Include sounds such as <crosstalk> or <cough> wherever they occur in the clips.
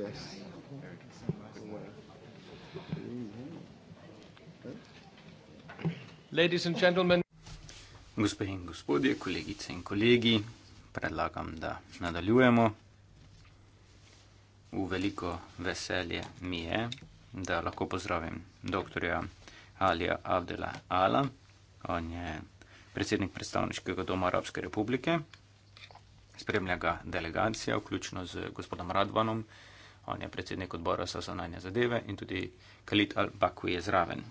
Yes. Ladies and gentlemen. Gospe in gospodje, kolegice in kolegi, predlagam, da nadaljujemo. V veliko veselje mi je, da lahko pozdravim dr. Alija Avdela Ala. On je predsednik predstavniškega doma Arabske republike. Spremlja ga delegacija, vključno z gospodom Radvanom, On je predsednik odbora za zonanje zadeve in tudi Khalid al-Baku je zraven.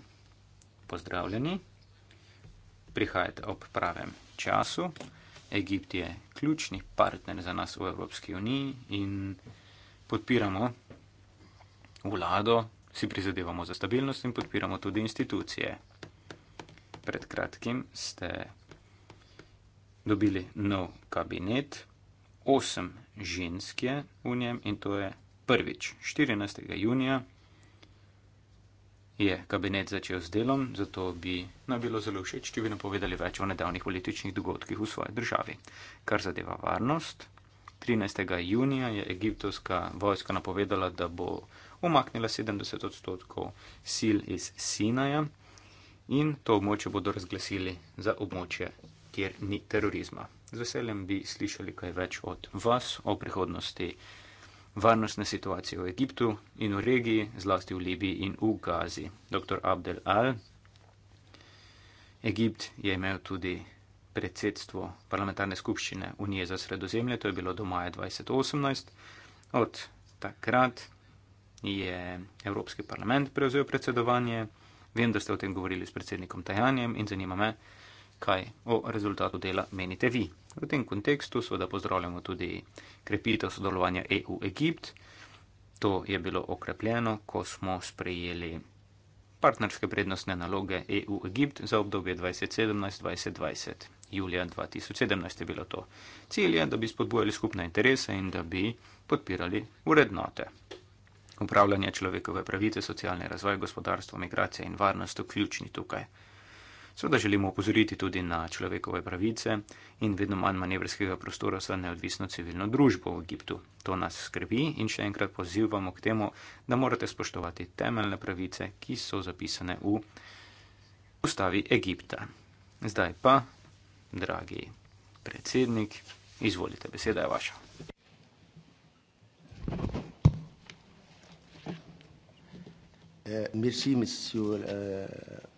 Pozdravljeni, prihajate ob pravem času. Egipt je ključni partner za nas v Evropski uniji in podpiramo vlado, si prizadevamo za stabilnost in podpiramo tudi institucije. Pred kratkim ste dobili nov kabinet, osem žensk je v njem in to je prvič, 14. junija, je kabinet začel z delom, zato bi nam bilo zelo všeč, če bi napovedali več o nedavnih političnih dogodkih v svoji državi. Kar zadeva varnost, 13. junija je egiptovska vojska napovedala, da bo umaknila 70 odstotkov sil iz Sinaja in to območje bodo razglasili za območje, kjer ni terorizma. Z veseljem bi slišali kaj več od vas o prihodnosti varnostne situacije v Egiptu in v regiji, zlasti v Libiji in v Gazi. Dr. Abdel Al. Egipt je imel tudi predsedstvo parlamentarne skupščine Unije za sredozemlje, to je bilo do maja 2018. Od takrat je Evropski parlament prevzel predsedovanje. Vem, da ste o tem govorili s predsednikom Tajanjem in zanima me, kaj o rezultatu dela menite vi. V tem kontekstu seveda pozdravljamo tudi krepitev sodelovanja EU-Egipt. To je bilo okrepljeno, ko smo sprejeli partnerske prednostne naloge EU-Egipt za obdobje 2017-2020. Julija 2017 je bilo to. Cilj je, da bi spodbujali skupne interese in da bi podpirali urednote. Upravljanje človekove pravice, socialni razvoj, gospodarstvo, migracija in varnost so ključni tukaj. Seveda želimo upozoriti tudi na človekove pravice in vedno manj manevrskega prostora za neodvisno civilno družbo v Egiptu. To nas skrbi in še enkrat pozivamo k temu, da morate spoštovati temeljne pravice, ki so zapisane v ustavi Egipta. Zdaj pa, dragi predsednik, izvolite, beseda je vaša. Eh, merci, monsieur. Euh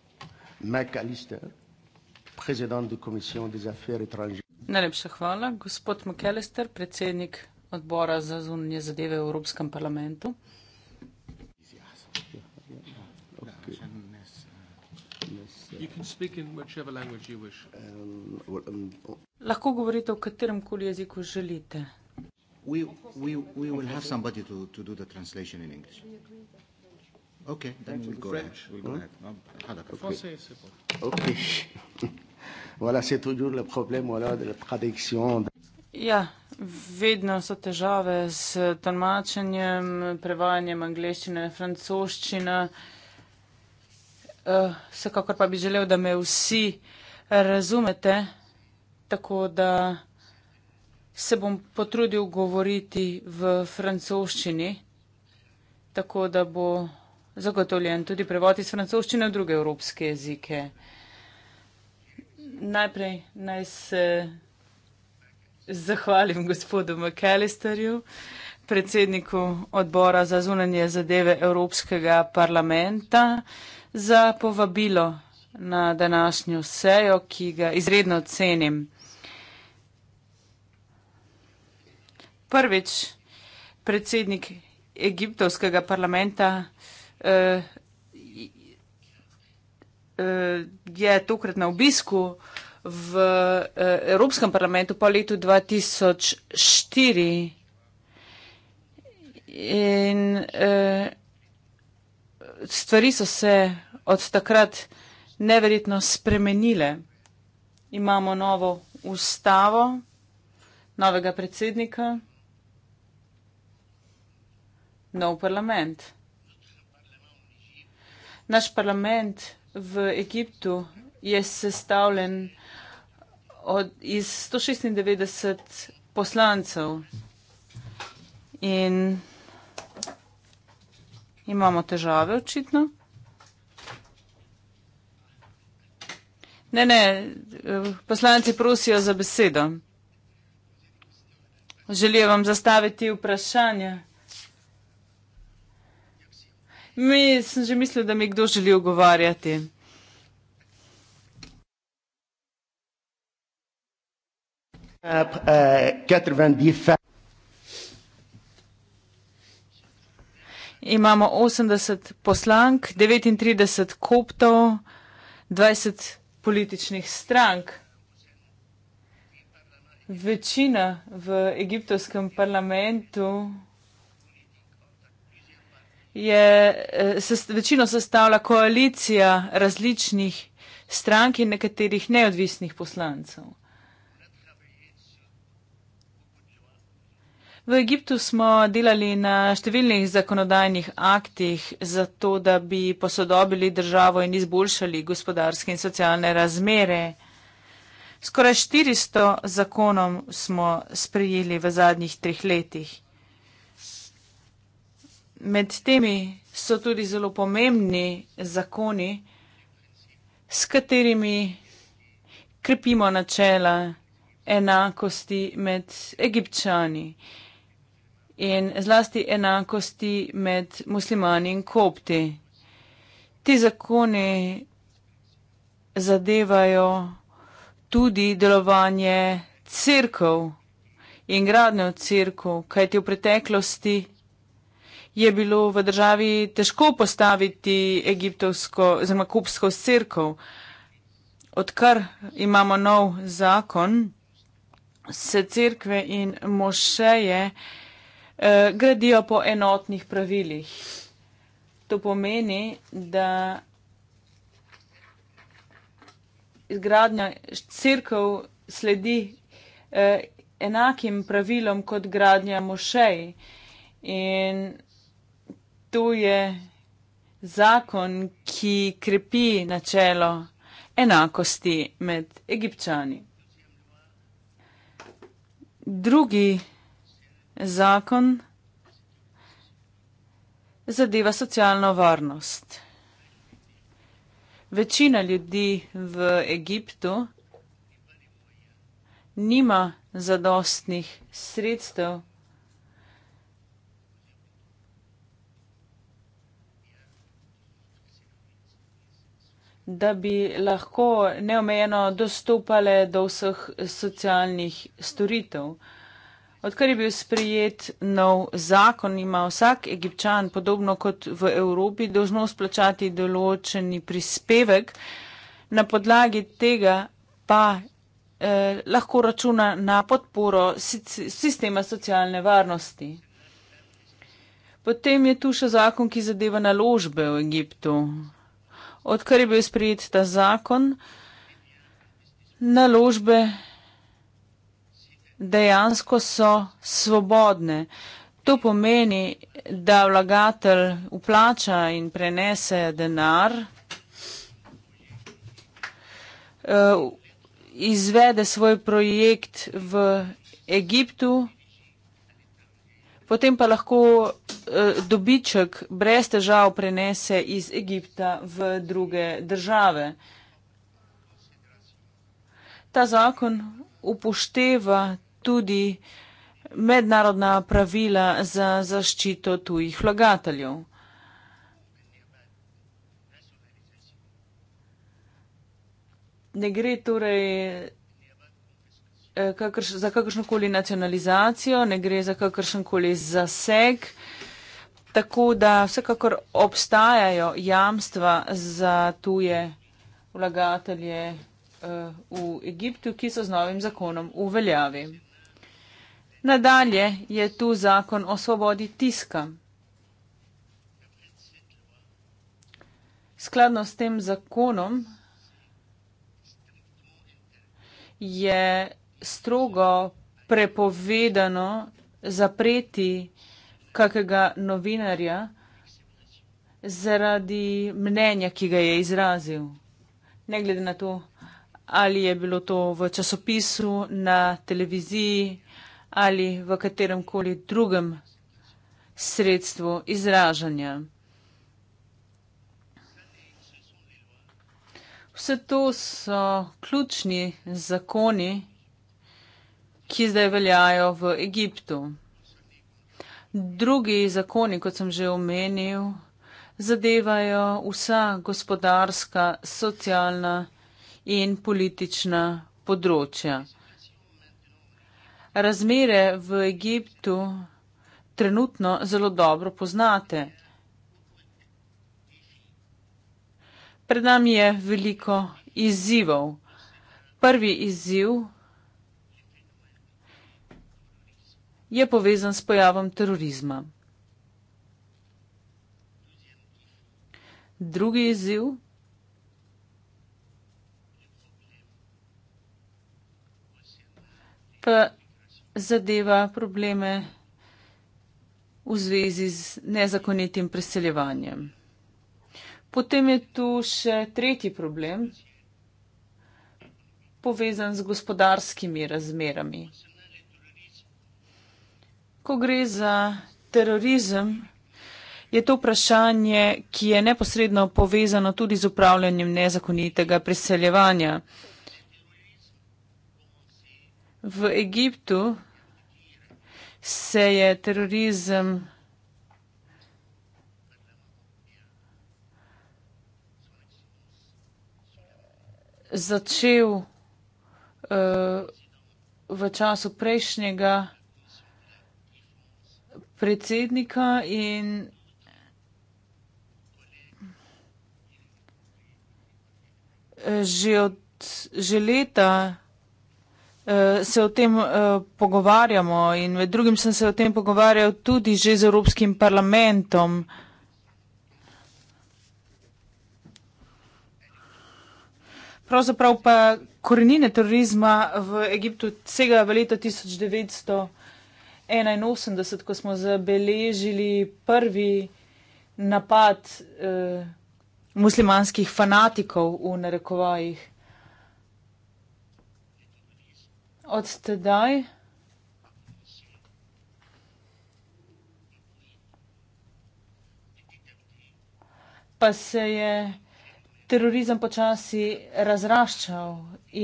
McAllister, predsednik Komisije za zadeve tranžije. Najlepša hvala, gospod McAllister, predsednik odbora za zunanje zadeve v Evropskem parlamentu. Lahko govorite v katerem koli jeziku želite. We, we, we will have somebody to, to do the translation in English. Okay, then we'll go ahead. Ja, vedno so težave s tolmačenjem, prevajanjem angleščine, francoščina. Eh, vsekakor pa bi želel, da me vsi razumete, tako da se bom potrudil govoriti v francoščini, tako da bo zagotovljen tudi prevod iz francoščine v druge evropske jezike. Najprej naj se zahvalim gospodu McAllisterju, predsedniku odbora za zunanje zadeve Evropskega parlamenta, za povabilo na današnjo sejo, ki ga izredno cenim. Prvič, predsednik Egiptovskega parlamenta, uh, je tokrat na obisku v uh, Evropskem parlamentu po letu 2004. In uh, stvari so se od takrat neverjetno spremenile. Imamo novo ustavo, novega predsednika, nov parlament. Naš parlament v Egiptu je sestavljen od, iz 196 poslancev in imamo težave očitno. Ne, ne, poslanci prosijo za besedo. Želijo vam zastaviti vprašanje. Mi sem že mislil, da mi kdo želi ogovarjati. Imamo 80 poslank, 39 koptov, 20 političnih strank. Večina v egiptovskem parlamentu je eh, sest, večino sestavlja koalicija različnih strank in nekaterih neodvisnih poslancev. V Egiptu smo delali na številnih zakonodajnih aktih za to, da bi posodobili državo in izboljšali gospodarske in socialne razmere. Skoraj 400 zakonov smo sprejeli v zadnjih treh letih. Med temi so tudi zelo pomembni zakoni, s katerimi krepimo načela enakosti med egipčani in zlasti enakosti med muslimani in kopti. Ti zakoni zadevajo tudi delovanje crkv in gradnjo crkv, kajti v preteklosti je bilo v državi težko postaviti egiptovsko, oziroma kupsko crkv. Odkar imamo nov zakon, se crkve in mošeje eh, gradijo po enotnih pravilih. To pomeni, da izgradnja crkv sledi eh, enakim pravilom kot gradnja mošej. In to je zakon, ki krepi načelo enakosti med egipčani. Drugi zakon zadeva socialno varnost. Večina ljudi v Egiptu nima zadostnih sredstev da bi lahko neomejeno dostopale do vseh socialnih storitev. Odkar je bil sprijet nov zakon, ima vsak egipčan, podobno kot v Evropi, dožnost plačati določeni prispevek, na podlagi tega pa eh, lahko računa na podporo sistema socialne varnosti. Potem je tu še zakon, ki zadeva naložbe v Egiptu odkar je bil sprejet ta zakon, naložbe dejansko so svobodne. To pomeni, da vlagatelj uplača in prenese denar, eh, izvede svoj projekt v Egiptu, potem pa lahko eh, dobiček brez težav prenese iz Egipta v druge države. Ta zakon upošteva tudi mednarodna pravila za zaščito tujih vlagateljev. Ne gre torej Eh, kakrš, za kakršnokoli nacionalizacijo, ne gre za kakršenkoli zaseg. Tako da vsekakor obstajajo jamstva za tuje vlagatelje eh, v Egiptu, ki so z novim zakonom v veljavi. Nadalje je tu zakon o svobodi tiska. Skladno s tem zakonom je strogo prepovedano zapreti kakega novinarja zaradi mnenja, ki ga je izrazil. Ne glede na to, ali je bilo to v časopisu, na televiziji ali v katerem koli drugem sredstvu izražanja. Vse to so ključni zakoni, ki zdaj veljajo v Egiptu. Drugi zakoni, kot sem že omenil, zadevajo vsa gospodarska, socialna in politična področja. Razmere v Egiptu trenutno zelo dobro poznate. Pred nami je veliko izzivov. Prvi izziv je povezan s pojavom terorizma. Drugi izziv pa zadeva probleme v zvezi z nezakonitim preseljevanjem. Potem je tu še tretji problem, povezan z gospodarskimi razmerami. Ko gre za terorizem, je to vprašanje, ki je neposredno povezano tudi z upravljanjem nezakonitega priseljevanja. V Egiptu se je terorizem začel uh, v času prejšnjega predsednika in že od že leta eh, se o tem eh, pogovarjamo in med drugim sem se o tem pogovarjal tudi že z Evropskim parlamentom. Pravzaprav pa korenine terorizma v Egiptu segajo v leto 1900. 81, ko smo zabeležili prvi napad eh, muslimanskih fanatikov v narekovajih. Od tedaj. Pa se je terorizem počasi razraščal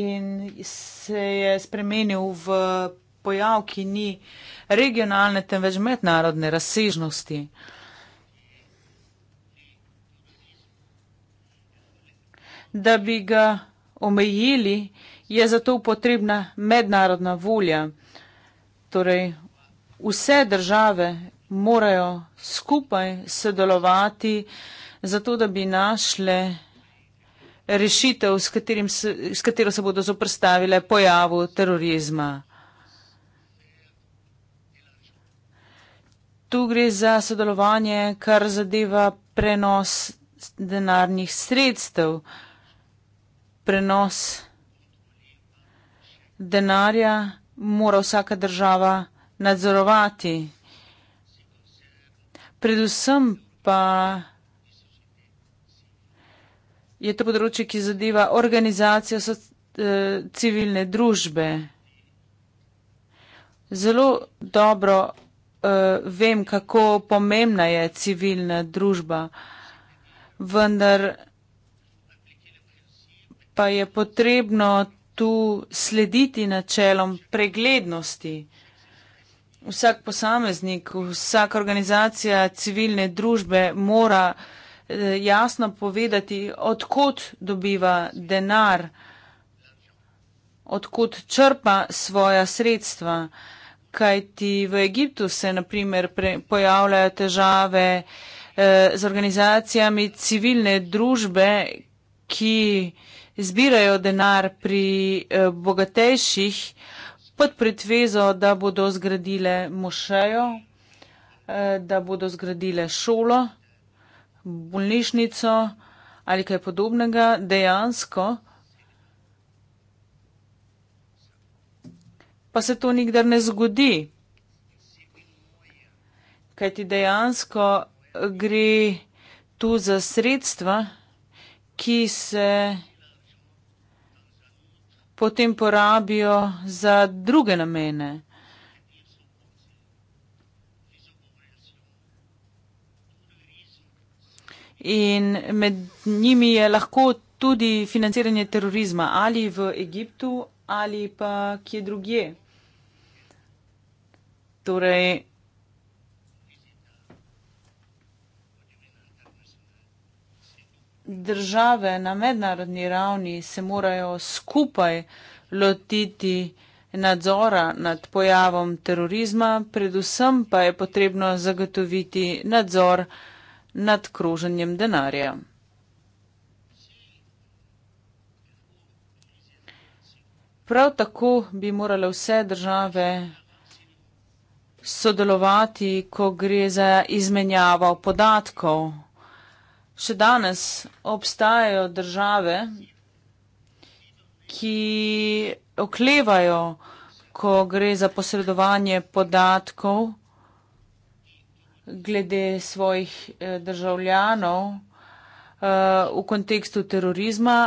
in se je spremenil v pojav, ki ni uh, regionalne, temveč mednarodne razsežnosti. Da bi ga omejili, je zato potrebna mednarodna volja. Torej, vse države morajo skupaj sodelovati, zato da bi našle rešitev, s, katerim, s katero se bodo zoprstavile pojavu terorizma. tu gre za sodelovanje, kar zadeva prenos denarnih sredstev, prenos denarja mora vsaka država nadzorovati. Predvsem pa je to področje, ki zadeva organizacijo so, eh, civilne družbe. Zelo dobro uh, vem, kako pomembna je civilna družba, vendar pa je potrebno tu slediti načelom preglednosti. Vsak posameznik, vsaka organizacija civilne družbe mora eh, jasno povedati, odkot dobiva denar, odkot črpa svoja sredstva kaj ti v Egiptu se naprimer pre, pojavljajo težave eh, z organizacijami civilne družbe, ki zbirajo denar pri eh, bogatejših pod pretvezo, da bodo zgradile mošejo, eh, da bodo zgradile šolo, bolnišnico ali kaj podobnega dejansko. pa se to nikdar ne zgodi. Kaj ti dejansko gre tu za sredstva, ki se potem porabijo za druge namene. In med njimi je lahko tudi financiranje terorizma ali v Egiptu ali pa kje drugje. Torej, države na mednarodni ravni se morajo skupaj lotiti nadzora nad pojavom terorizma, predvsem pa je potrebno zagotoviti nadzor nad kroženjem denarja. Prav tako bi morale vse države sodelovati, ko gre za izmenjavo podatkov. Še danes obstajajo države, ki oklevajo, ko gre za posredovanje podatkov glede svojih eh, državljanov eh, v kontekstu terorizma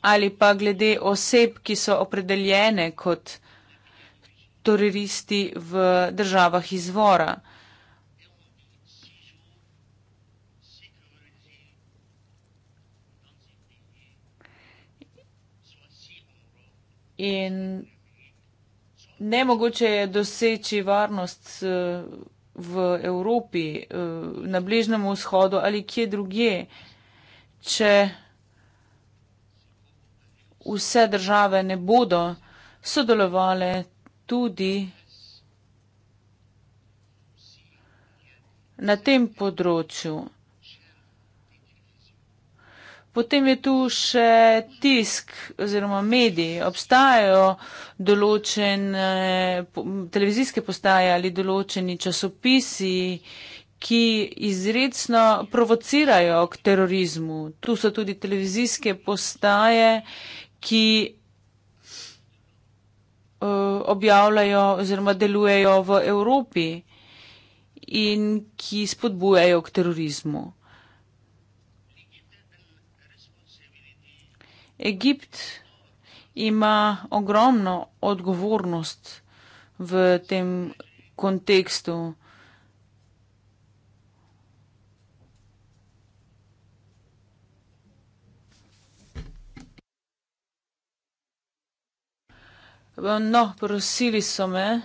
ali pa glede oseb, ki so opredeljene kot teroristi v državah izvora. In nemogoče je doseči varnost eh, v Evropi, eh, na Bližnjem vzhodu ali kje drugje, če vse države ne bodo sodelovale tudi na tem področju. Potem je tu še tisk oziroma mediji. Obstajajo določene televizijske postaje ali določeni časopisi, ki izredno provocirajo k terorizmu. Tu so tudi televizijske postaje, ki uh, objavljajo oziroma delujejo v Evropi in ki spodbujajo k terorizmu. Egipt ima ogromno odgovornost v tem kontekstu. No, prosili so me.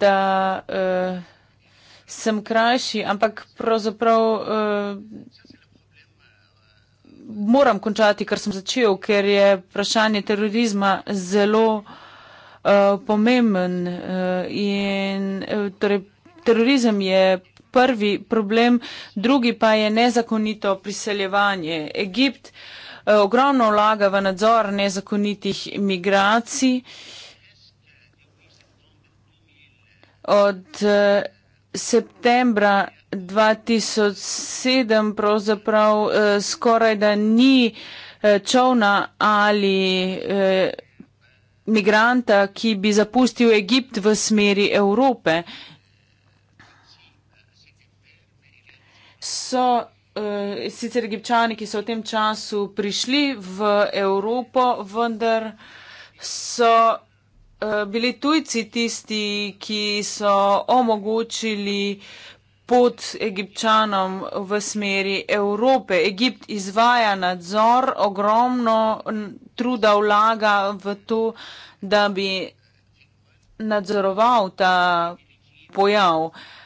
Da uh, sem krajši, ampak pravzaprav uh, moram končati, kar sem začel, ker je vprašanje terorizma zelo uh, pomemben. Uh, in, uh, torej, terorizem je prvi problem, drugi pa je nezakonito priseljevanje. Egipt eh, ogromno vlaga v nadzor nezakonitih migracij. Od eh, septembra 2007 pravzaprav eh, skoraj da ni čovna ali migranta, ki bi zapustil Egipt v smeri Evrope. so uh, sicer egipčani, ki so v tem času prišli v Evropo, vendar so uh, bili tujci tisti, ki so omogočili pot egipčanom v smeri Evrope. Egipt izvaja nadzor, ogromno truda vlaga v to, da bi nadzoroval ta pojav. Uh,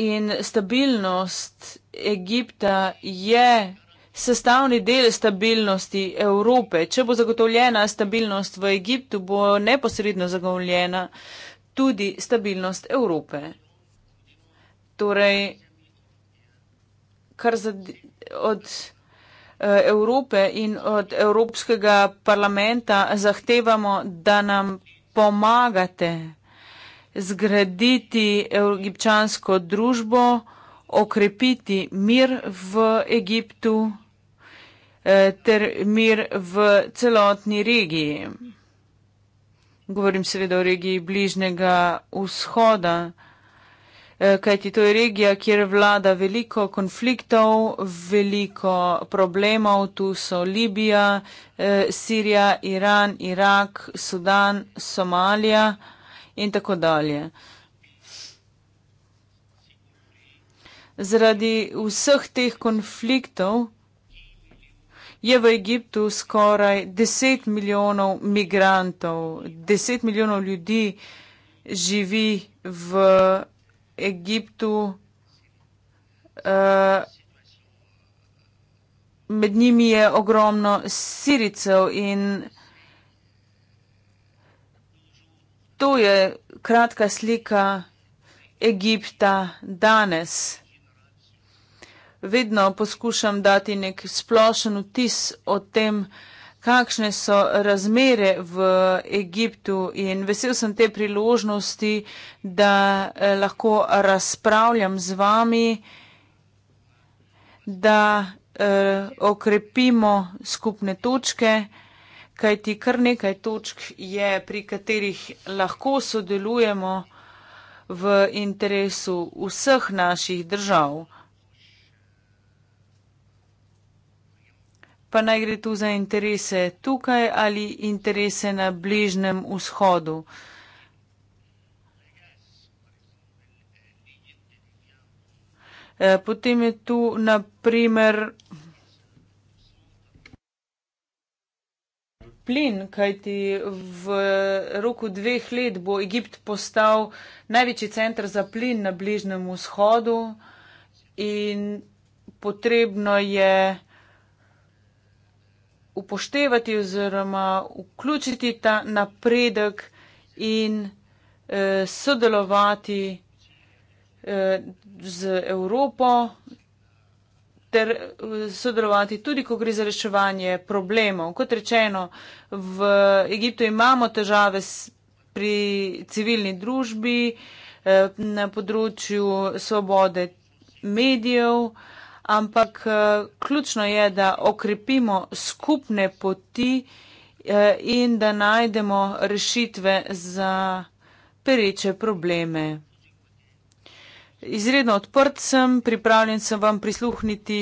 in stabilnost Egipta je sestavni del stabilnosti Evrope. Če bo zagotovljena stabilnost v Egiptu, bo neposredno zagotovljena tudi stabilnost Evrope. Torej, kar od eh, Evrope in od Evropskega parlamenta zahtevamo, da nam pomagate zgraditi egipčansko družbo, okrepiti mir v Egiptu eh, ter mir v celotni regiji. Govorim seveda o regiji bližnjega vzhoda, eh, kajti to je regija, kjer vlada veliko konfliktov, veliko problemov. Tu so Libija, eh, Sirija, Iran, Irak, Sudan, Somalija in tako dalje. Zaradi vseh teh konfliktov je v Egiptu skoraj 10 milijonov migrantov, 10 milijonov ljudi živi v Egiptu, eh, med njimi je ogromno siricev in To je kratka slika Egipta danes. Vedno poskušam dati nek splošen vtis o tem, kakšne so razmere v Egiptu in vesel sem te priložnosti, da eh, lahko razpravljam z vami, da eh, okrepimo skupne točke kaj ti kar nekaj točk je, pri katerih lahko sodelujemo v interesu vseh naših držav. Pa naj gre tu za interese tukaj ali interese na bližnem vzhodu. Eh, potem je tu, naprimer, plin, kajti v roku dveh let bo Egipt postal največji center za plin na Bližnem vzhodu in potrebno je upoštevati oziroma vključiti ta napredek in eh, sodelovati eh, z Evropo, ter eh, sodelovati tudi, ko gre za reševanje problemov. Kot rečeno, v Egiptu imamo težave pri civilni družbi, eh, na področju svobode medijev, ampak eh, ključno je, da okrepimo skupne poti in da najdemo rešitve za pereče probleme. Izredno odprt sem, pripravljen sem vam prisluhniti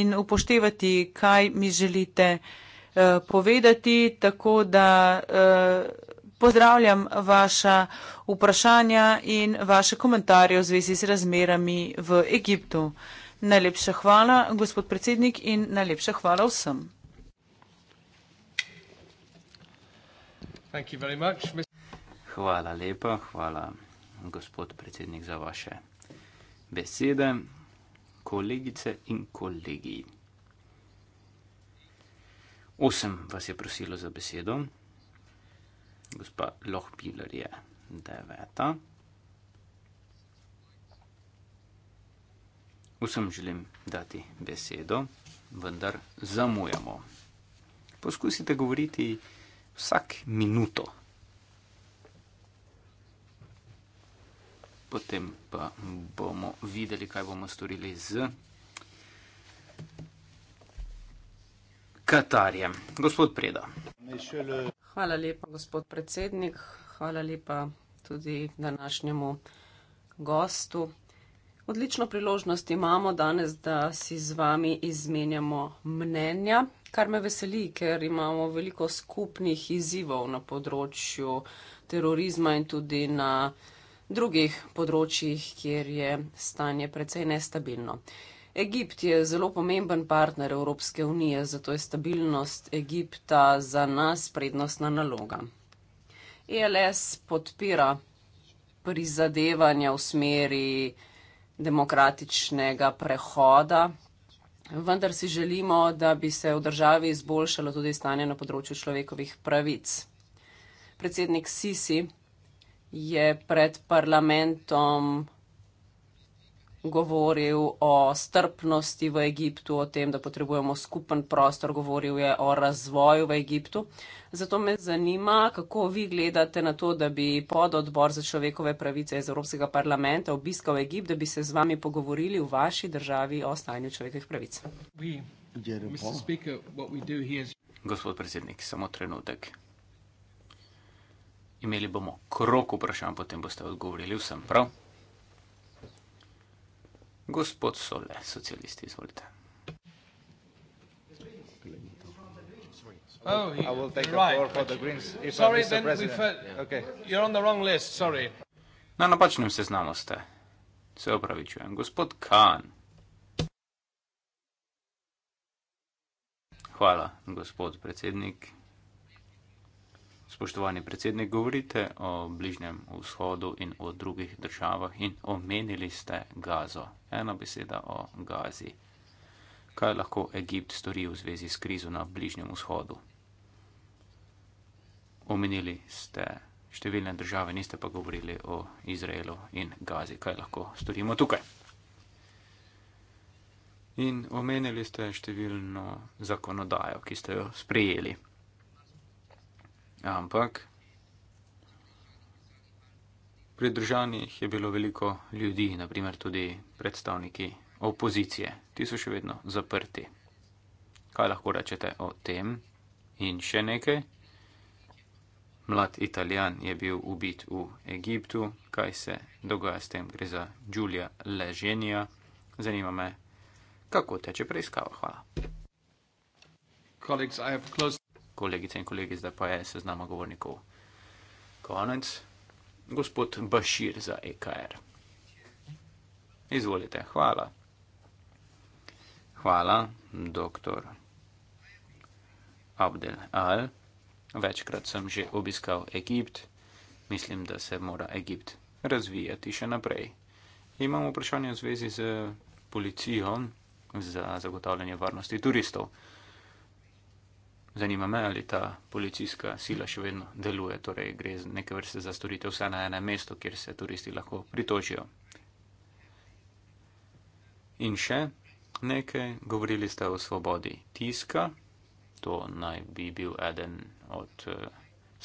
in upoštevati, kaj mi želite eh, povedati, tako da eh, pozdravljam vaša vprašanja in vaše komentarje v zvezi z razmerami v Egiptu. Najlepša hvala, gospod predsednik, in najlepša hvala vsem. Hvala lepa, hvala gospod predsednik za vaše besede, kolegice in kolegi. Osem vas je prosilo za besedo, gospa Lohpiler je deveta. Vsem želim dati besedo, vendar zamujamo. Poskusite govoriti vsak minuto. potem pa bomo videli, kaj bomo storili z Katarjem. Gospod Preda. Hvala lepa, gospod predsednik. Hvala lepa tudi današnjemu gostu. Odlično priložnost imamo danes, da si z vami izmenjamo mnenja, kar me veseli, ker imamo veliko skupnih izzivov na področju terorizma in tudi na uh, drugih področjih, kjer je stanje precej nestabilno. Egipt je zelo pomemben partner Evropske unije, zato je stabilnost Egipta za nas prednostna naloga. ELS podpira prizadevanja v smeri demokratičnega prehoda, vendar si želimo, da bi se v državi izboljšalo tudi stanje na področju človekovih pravic. Predsednik Sisi je pred parlamentom govoril o strpnosti v Egiptu, o tem, da potrebujemo skupen prostor, govoril je o razvoju v Egiptu. Zato me zanima, kako vi gledate na to, da bi pododbor za človekove pravice iz Evropskega parlamenta obiskal Egipt, da bi se z vami pogovorili v vaši državi o stanju človekovih pravic. Gospod predsednik, samo trenutek. Imeli bomo krok vprašanj, potem boste odgovorili vsem prav. Gospod Sole, socialisti, izvolite. Oh, he, I will take right. a floor for the Greens. If sorry, then the we felt... Okay. You're on the wrong list, sorry. Na napačnem seznamu ste. Se opravičujem. Gospod Kahn. Hvala, gospod predsednik. Spoštovani predsednik, govorite o Bližnjem vzhodu in o drugih državah in omenili ste Gazo. Ena beseda o Gazi. Kaj lahko Egipt stori v zvezi s krizo na Bližnjem vzhodu? Omenili ste številne države, niste pa govorili o Izraelu in Gazi. Kaj lahko storimo tukaj? In omenili ste številno zakonodajo, ki ste jo sprejeli. Ampak pridržanih je bilo veliko ljudi, naprimer tudi predstavniki opozicije. Ti so še vedno zaprti. Kaj lahko rečete o tem? In še nekaj. Mlad Italijan je bil ubit v Egiptu. Kaj se dogaja s tem? Gre za Giulia Leženija. Zanima me, kako teče preiskava. Hvala. Colleagues, I have closed kolegice in kolegi, zdaj pa je seznama govornikov konec. Gospod Bašir za EKR. Izvolite, hvala. Hvala, doktor Abdel Al. Večkrat sem že obiskal Egipt. Mislim, da se mora Egipt razvijati še naprej. Imam vprašanje v zvezi z policijo za zagotavljanje varnosti turistov. Zanima me, ali ta policijska sila še vedno deluje, torej gre z neke vrste za storitev vse na enem mestu, kjer se turisti lahko pritožijo. In še nekaj, govorili ste o svobodi tiska, to naj bi bil eden od eh,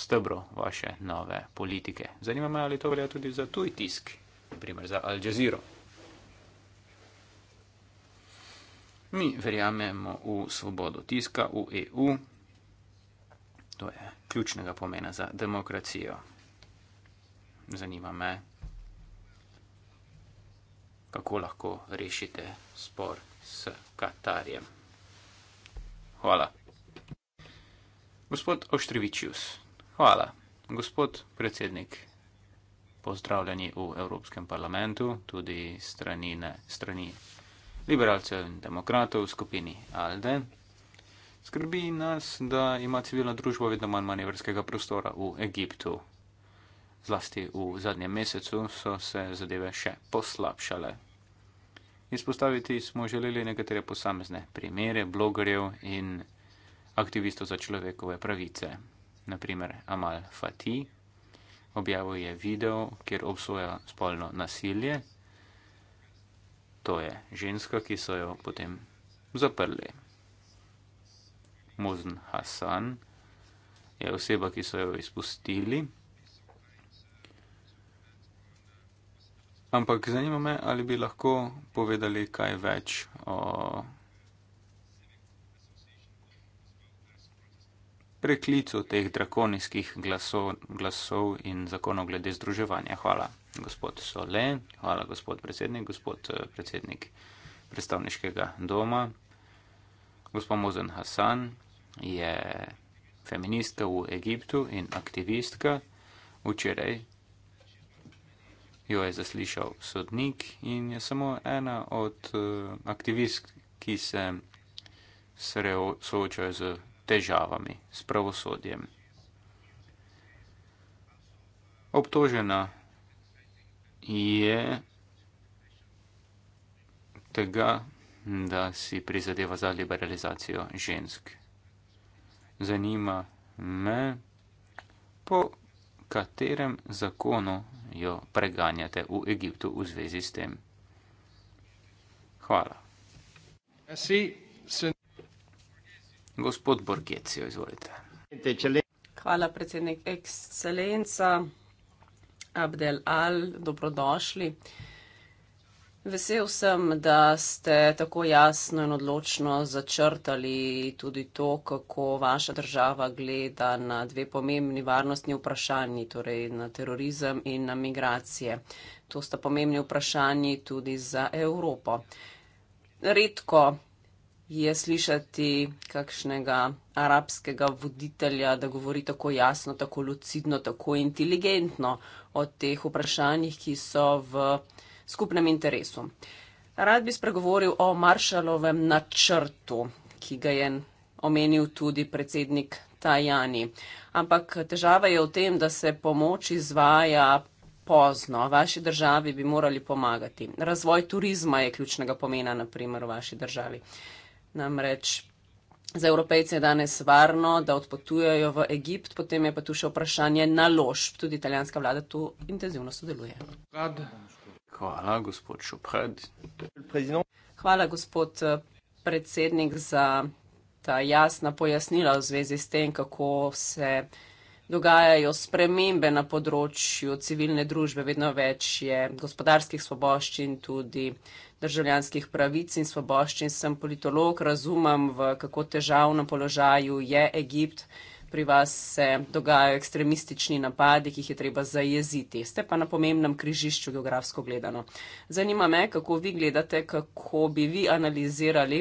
stebrov vaše nove politike. Zanima me, ali to velja tudi za tuj tisk, naprimer za Al Jazeera. Mi verjamemo v svobodo tiska v EU, To je ključnega pomena za demokracijo. Zanima me, kako lahko rešite spor s Katarjem. Hvala. Gospod Oštrevičius, hvala. Gospod predsednik. Pozdravljeni v Evropskem parlamentu, tudi strani, ne, strani liberalcev in demokratov v skupini Alden. Skrbi nas, da ima civilna družba vedno manj manevrskega prostora v Egiptu. Zlasti v zadnjem mesecu so se zadeve še poslabšale. Izpostaviti smo želeli nekatere posamezne primere blogerjev in aktivistov za človekove pravice. Naprimer Amal Fati objavil je video, kjer obsoja spolno nasilje. To je ženska, ki so jo potem zaprli. Mozen Hasan, je oseba, ki so jo izpustili. Ampak zanima me, ali bi lahko povedali kaj več o preklicu teh drakonijskih glasov, glasov in zakonov glede združevanja. Hvala, gospod Sole, hvala, gospod predsednik, gospod eh, predsednik predstavniškega doma. Gospa Mozen Hasan je feministka v Egiptu in aktivistka. Včeraj jo je zaslišal sodnik in je samo ena od eh, aktivistk, ki se soočajo z težavami, s pravosodjem. Obtožena je tega, da si prizadeva za liberalizacijo žensk. Zanima me, po katerem zakonu jo preganjate v Egiptu v zvezi s tem. Hvala. Gospod Borgecijo, izvolite. Hvala, predsednik, ekscelenca Abdel Al, dobrodošli. Uh, Vesel sem, da ste tako jasno in odločno začrtali tudi to, kako vaša država gleda na dve pomembni varnostni vprašanji, torej na terorizem in na migracije. To sta pomembni vprašanji tudi za Evropo. Redko je slišati kakšnega arabskega voditelja, da govori tako jasno, tako lucidno, tako inteligentno o teh vprašanjih, ki so v skupnem interesu. Rad bi spregovoril o Maršalovem načrtu, ki ga je omenil tudi predsednik Tajani. Ampak težava je v tem, da se pomoč izvaja pozno. Vaši državi bi morali pomagati. Razvoj turizma je ključnega pomena, naprimer, v vaši državi. Namreč za evropejce je danes varno, da odpotujajo v Egipt, potem je pa tu še vprašanje naložb. Tudi italijanska vlada tu intenzivno sodeluje. Kad? Hvala, gospod Šupred. Hvala, gospod eh, predsednik, za ta jasna pojasnila v zvezi s tem, kako se dogajajo spremembe na področju civilne družbe. Vedno več je gospodarskih svoboščin, tudi državljanskih pravic in svoboščin. Sem politolog, razumem, v kako težavnem položaju je Egipt pri vas se dogajajo ekstremistični napadi, ki jih je treba zajeziti. Ste pa na pomembnem križišču geografsko gledano. Zanima me, kako vi gledate, kako bi vi analizirali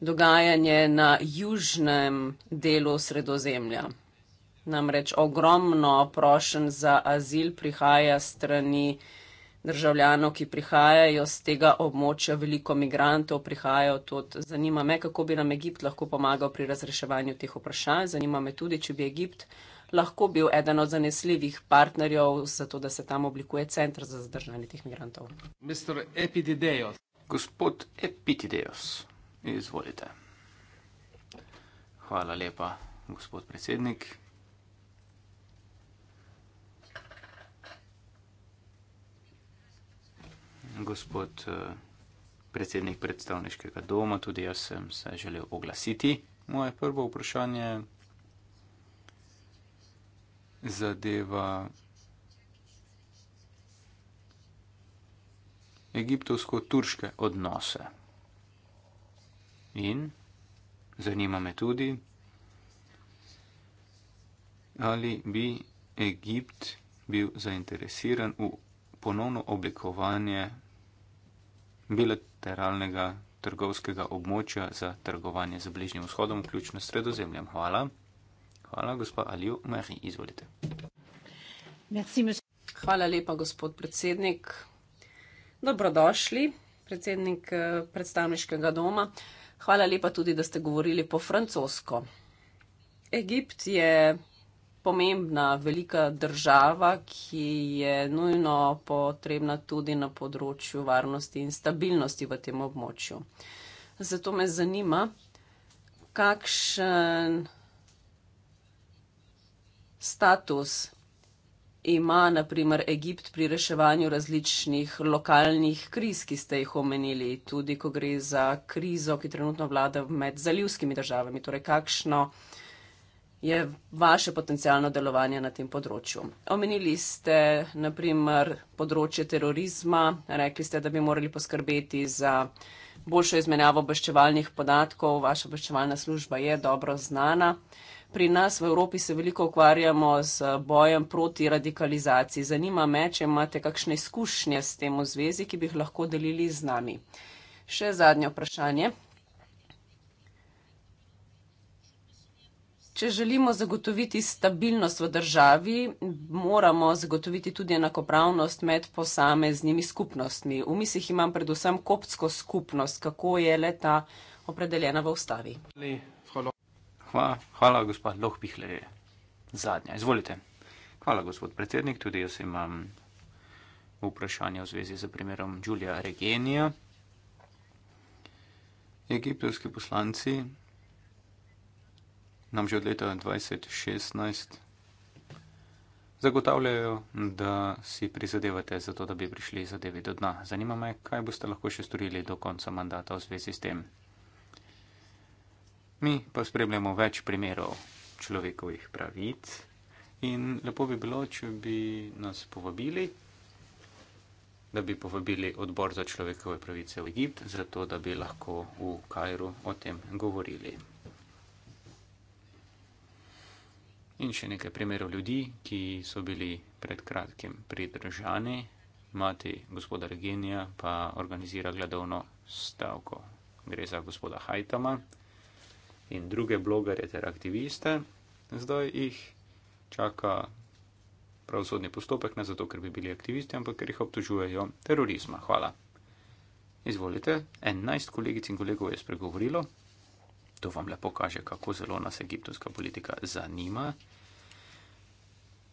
dogajanje na južnem delu sredozemlja. Namreč ogromno prošen za azil prihaja strani državljanov, ki prihajajo z tega območja, veliko migrantov prihajajo tod. Zanima me, kako bi nam Egipt lahko pomagal pri razreševanju teh vprašanj. Zanima me tudi, če bi Egipt lahko bil eden od zanesljivih partnerjev za to, da se tam oblikuje centr za zdržanje teh migrantov. Mr. Epitideos. Gospod Epitideos, izvolite. Hvala lepa, gospod predsednik. gospod eh, predsednik predstavniškega doma, tudi jaz sem se želel oglasiti. Moje prvo vprašanje zadeva egiptovsko-turške odnose. In zanima me tudi, ali bi Egipt bil zainteresiran v ponovno oblikovanje bilateralnega trgovskega območja za trgovanje z Bližnjim vzhodom, vključno s sredozemljem. Hvala. Hvala, gospod Aliu Mehi, izvolite. Hvala lepa, gospod predsednik. Dobrodošli, predsednik eh, predstavniškega doma. Hvala lepa tudi, da ste govorili po francosko. Egipt je pomembna, velika država, ki je nujno potrebna tudi na področju varnosti in stabilnosti v tem območju. Zato me zanima, kakšen status ima naprimer Egipt pri reševanju različnih lokalnih kriz, ki ste jih omenili, tudi ko gre za krizo, ki trenutno vlada med zalivskimi državami. Torej, kakšno je vaše potencijalno delovanje na tem področju. Omenili ste naprimer področje terorizma, rekli ste, da bi morali poskrbeti za boljšo izmenjavo obveščevalnih podatkov, vaša obveščevalna služba je dobro znana. Pri nas v Evropi se veliko ukvarjamo z bojem proti radikalizaciji. Zanima me, če imate kakšne izkušnje s tem v zvezi, ki bi jih lahko delili z nami. Še zadnje vprašanje. Če želimo zagotoviti stabilnost v državi, moramo zagotoviti tudi enakopravnost med posameznimi skupnostmi. V mislih imam predvsem koptsko skupnost, kako je le ta opredeljena v ustavi. Hvala, hvala gospod Lohpihle, zadnja. Izvolite. Hvala, gospod predsednik. Tudi jaz imam vprašanje v zvezi z primerom Đulija Regenija. Egiptovski poslanci nam že od leta 2016 zagotavljajo, da si prizadevate za to, da bi prišli zadevi do dna. Zanima me, kaj boste lahko še storili do konca mandata v zvezi s tem. Mi pa spremljamo več primerov človekovih pravic in lepo bi bilo, če bi nas povabili, da bi povabili odbor za človekove pravice v Egipt, zato da bi lahko v Kajru o tem govorili. In še nekaj primerov ljudi, ki so bili pred kratkim pridržani, mati gospoda Regenija pa organizira gledovno stavko. Gre za gospoda Hajtama in druge blogere ter aktiviste. Zdaj jih čaka pravosodni postopek, ne zato, ker bi bili aktivisti, ampak ker jih obtožujejo terorizma. Hvala. Izvolite, 11 kolegic in kolegov je spregovorilo. To vam lepo kaže, kako zelo nas egiptovska politika zanima.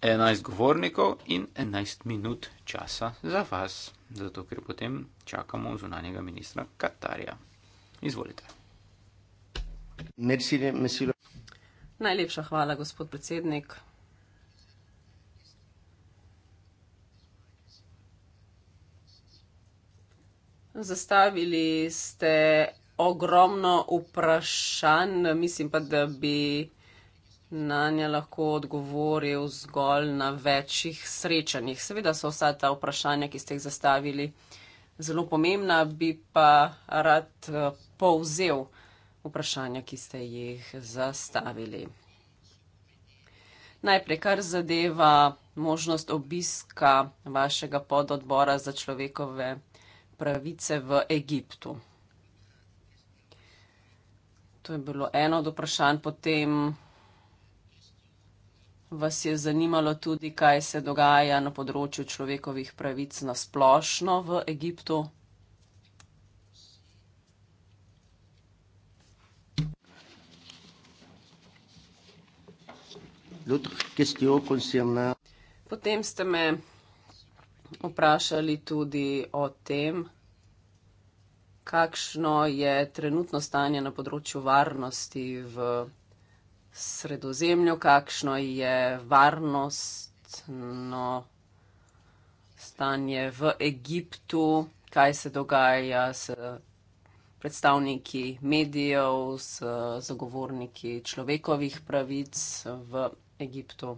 11 govornikov in 11 minut časa za vas, zato ker potem čakamo zunanjega ministra Katarja. Izvolite. Merci, monsieur. Najlepša hvala, gospod predsednik. Zastavili ste ogromno vprašanj, mislim pa, da bi na nje lahko odgovoril zgolj na večjih srečanjih. Seveda so vsa ta vprašanja, ki ste jih zastavili, zelo pomembna, bi pa rad eh, povzel vprašanja, ki ste jih zastavili. Najprej, kar zadeva možnost obiska vašega pododbora za človekove pravice v Egiptu. To je bilo eno od vprašanj. Potem vas je zanimalo tudi, kaj se dogaja na področju človekovih pravic na splošno v Egiptu. Potem ste me vprašali tudi o tem, kakšno je trenutno stanje na področju varnosti v sredozemlju, kakšno je varnostno stanje v Egiptu, kaj se dogaja s predstavniki medijev, s zagovorniki človekovih pravic v Egiptu.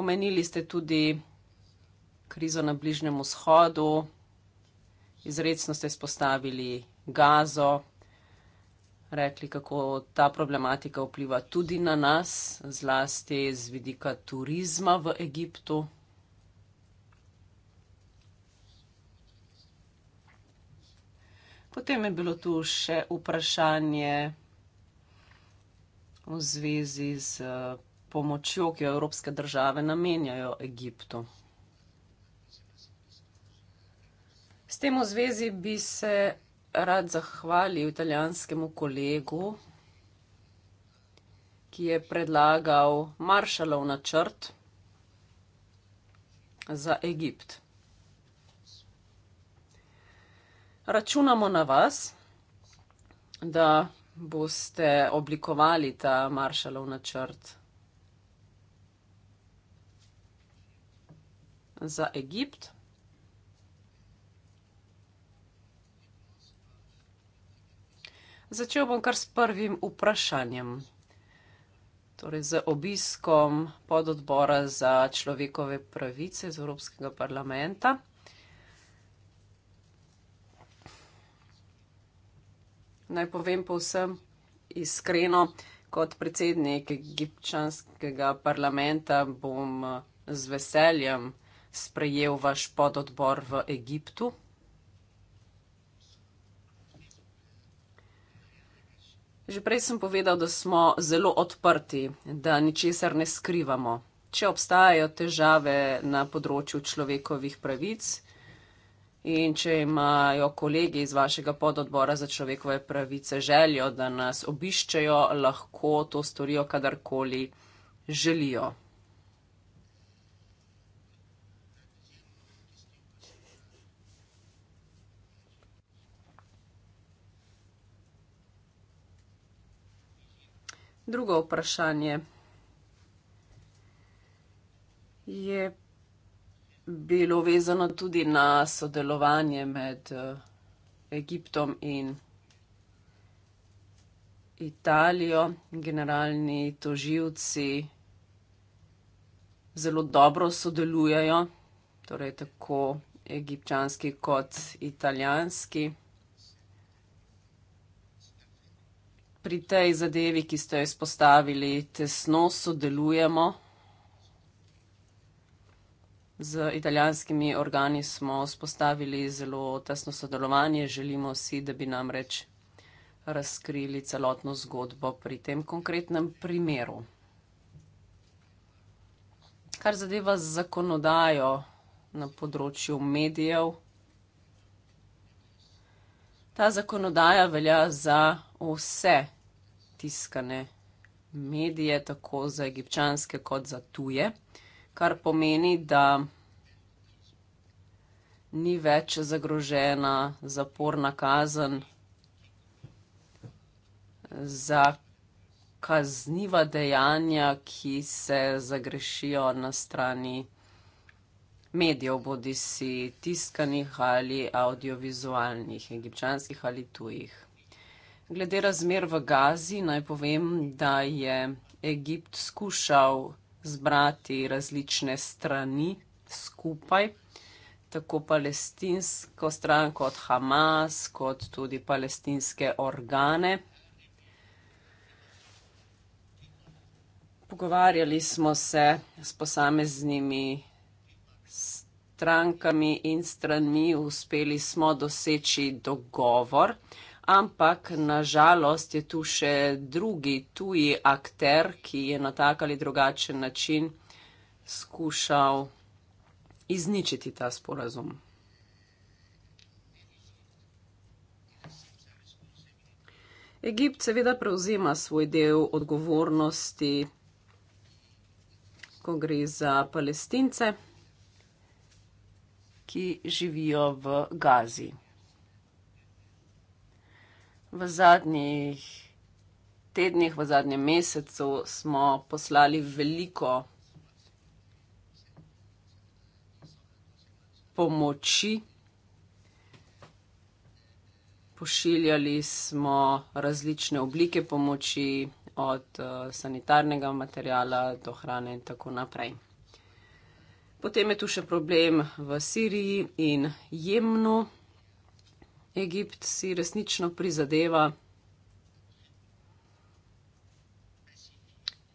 Omenili ste tudi krizo na Bližnjem vzhodu, izredno ste spostavili gazo, rekli, kako ta problematika vpliva tudi na nas, zlasti z vidika turizma v Egiptu. Potem je bilo tu še vprašanje v zvezi z pomočjo, ki jo evropske države namenjajo Egiptu. S tem v zvezi bi se rad zahvalil italijanskemu kolegu, ki je predlagal Maršalov načrt za Egipt. Računamo na vas, da boste oblikovali ta Maršalov načrt za Egipt. Začel bom kar s prvim vprašanjem, torej z obiskom pododbora za človekove pravice iz Evropskega parlamenta. Naj povem povsem iskreno, kot predsednik egipčanskega parlamenta bom z veseljem sprejel vaš pododbor v Egiptu. Že prej sem povedal, da smo zelo odprti, da ničesar ne skrivamo. Če obstajajo težave na področju človekovih pravic in če imajo kolegi iz vašega pododbora za človekove pravice željo, da nas obiščejo, lahko to storijo kadarkoli želijo. drugo vprašanje. Je bilo vezano tudi na sodelovanje med eh, Egiptom in Italijo. Generalni toživci zelo dobro sodelujajo, torej tako egipčanski kot italijanski. pri tej zadevi, ki ste jo izpostavili, tesno sodelujemo. Z italijanskimi organi smo spostavili zelo tesno sodelovanje. Želimo si, da bi nam reč razkrili celotno zgodbo pri tem konkretnem primeru. Kar zadeva zakonodajo na področju medijev, ta zakonodaja velja za vse tiskane medije, tako za egipčanske kot za tuje, kar pomeni, da ni več zagrožena zaporna kazen za kazniva dejanja, ki se zagrešijo na strani medijev, bodi si tiskanih ali audiovizualnih, egipčanskih ali tujih. Glede razmer v Gazi naj povem, da je Egipt skušal zbrati različne strani skupaj, tako palestinsko stran kot Hamas, kot tudi palestinske organe. Pogovarjali smo se s posameznimi strankami in stranmi, uspeli smo doseči dogovor ampak nažalost je tu še drugi tuji akter, ki je na tak ali drugačen način skušal izničiti ta sporazum. Egipt seveda prevzema svoj del odgovornosti, ko gre za palestince, ki živijo v Gazi. V zadnjih tednih, v zadnjem mesecu smo poslali veliko pomoči. Pošiljali smo različne oblike pomoči, od eh, sanitarnega materijala do hrane in tako naprej. Potem je tu še problem v Siriji in Jemnu. Egipt si resnično prizadeva,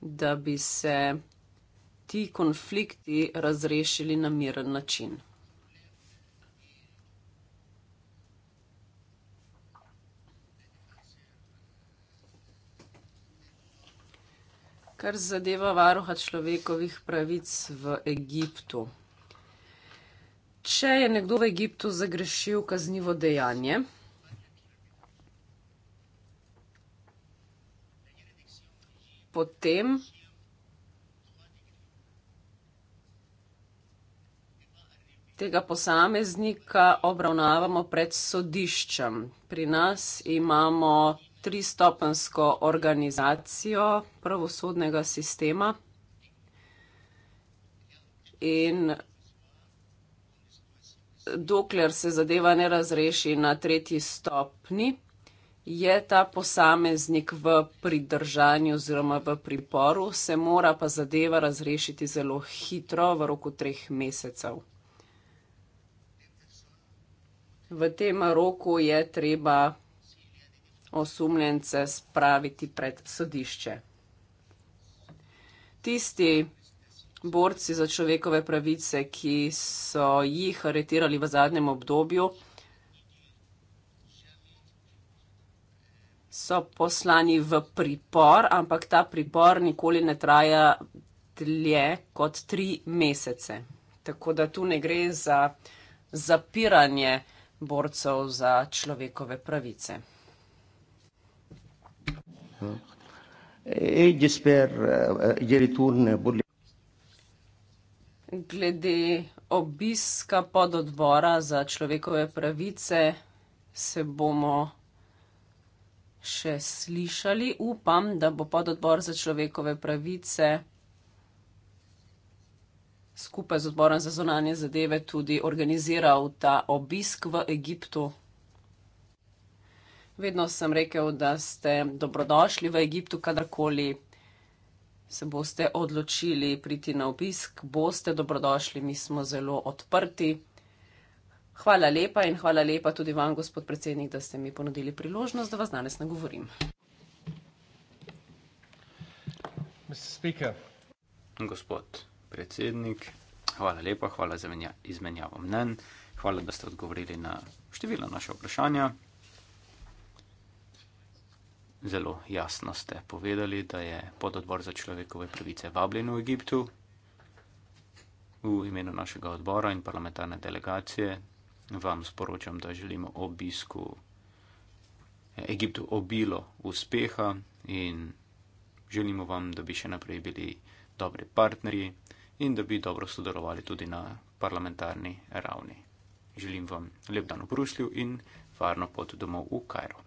da bi se ti konflikti razrešili na miren način. Kar zadeva varuha človekovih pravic v Egiptu če je nekdo v Egiptu zagrešil kaznivo dejanje, potem tega posameznika obravnavamo pred sodiščem. Pri nas imamo tristopensko organizacijo pravosodnega sistema in dokler se zadeva ne razreši na tretji stopni, je ta posameznik v pridržanju oziroma v priporu, se mora pa zadeva razrešiti zelo hitro, v roku treh mesecev. V tem roku je treba osumljence spraviti pred sodišče. Tisti, borci za človekove pravice, ki so jih aretirali v zadnjem obdobju, so poslani v pripor, ampak ta pripor nikoli ne traja dlje kot tri mesece. Tako da tu ne gre za zapiranje borcev za človekove pravice. Hm. E, disper, uh, glede obiska pododbora za človekove pravice se bomo še slišali. Upam, da bo pododbor za človekove pravice skupaj z odborom za zonanje zadeve tudi organiziral ta obisk v Egiptu. Vedno sem rekel, da ste dobrodošli v Egiptu, kadarkoli se boste odločili priti na obisk, boste dobrodošli, mi smo zelo odprti. Hvala lepa in hvala lepa tudi vam, gospod predsednik, da ste mi ponudili priložnost, da vas danes nagovorim. Gospod predsednik, hvala lepa, hvala za izmenjavo mnen, hvala, da ste odgovorili na številna naša vprašanja zelo jasno ste povedali, da je pododbor za človekove pravice vabljen v Egiptu v imenu našega odbora in parlamentarne delegacije. Vam sporočam, da želimo obisku eh, Egiptu obilo uspeha in želimo vam, da bi še naprej bili dobri partnerji in da bi dobro sodelovali tudi na parlamentarni ravni. Želim vam lep dan v Bruslju in varno pot domov v Kajro.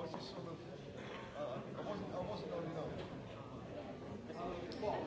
Almost, almost no, no. Uh, well,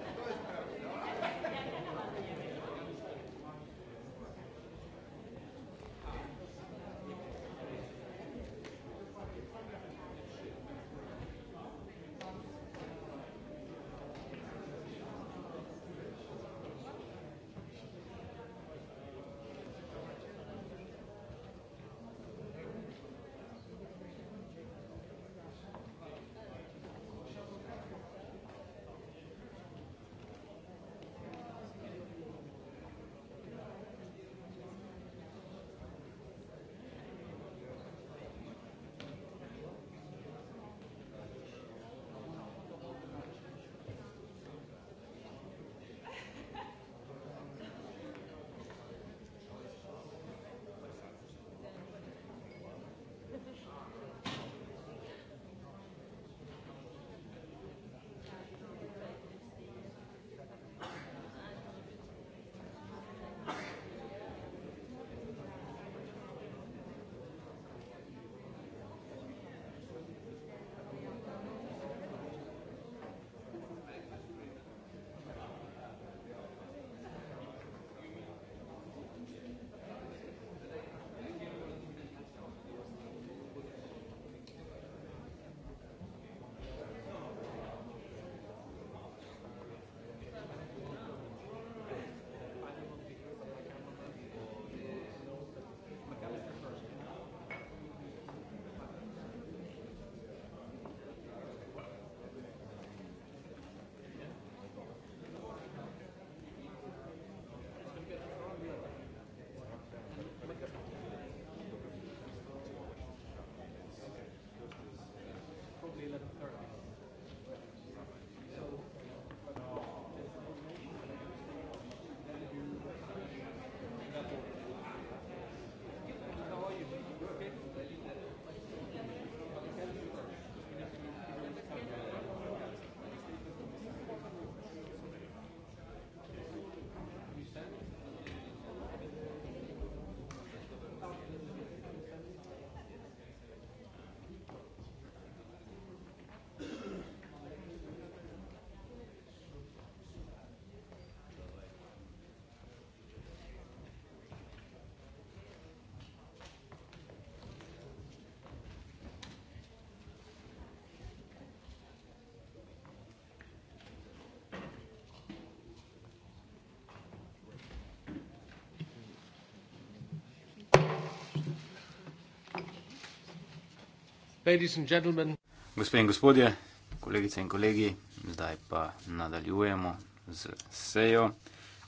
Gospe in gospodje, kolegice in kolegi, zdaj pa nadaljujemo z sejo.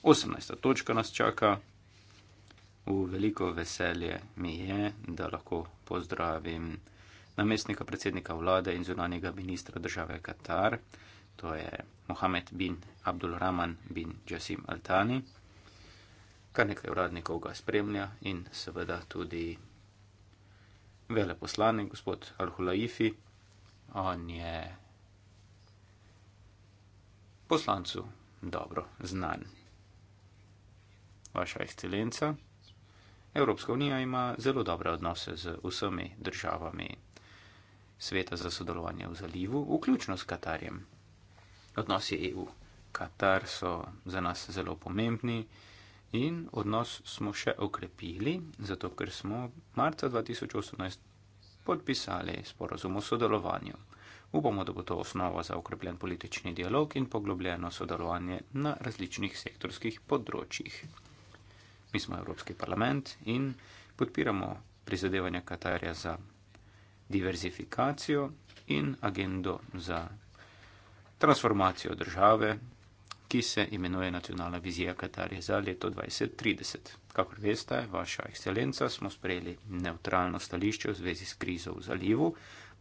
18. točka nas čaka. V veliko veselje mi je, da lahko pozdravim namestnika predsednika vlade in zunanjega ministra države Katar, to je Mohamed bin Abdul Rahman bin Jasim Altani. Kar nekaj uradnikov ga spremlja in seveda tudi veleposlanik, gospod Al-Hulaifi. On je poslancu dobro znan. Vaša ekscelenca, Evropska unija ima zelo dobre odnose z vsemi državami sveta za sodelovanje v zalivu, vključno s Katarjem. Odnosi EU. Katar so za nas zelo pomembni. In odnos smo še okrepili, zato ker smo marca 2018 podpisali sporozum o sodelovanju. Upamo, da bo to osnova za okrepljen politični dialog in poglobljeno sodelovanje na različnih sektorskih področjih. Mi smo Evropski parlament in podpiramo prizadevanja Katarja za diverzifikacijo in agendo za transformacijo države ki se imenuje Nacionalna vizija Katarja za leto 2030. Kakor veste, vaša ekscelenca, smo sprejeli neutralno stališče v zvezi s krizo v zalivu.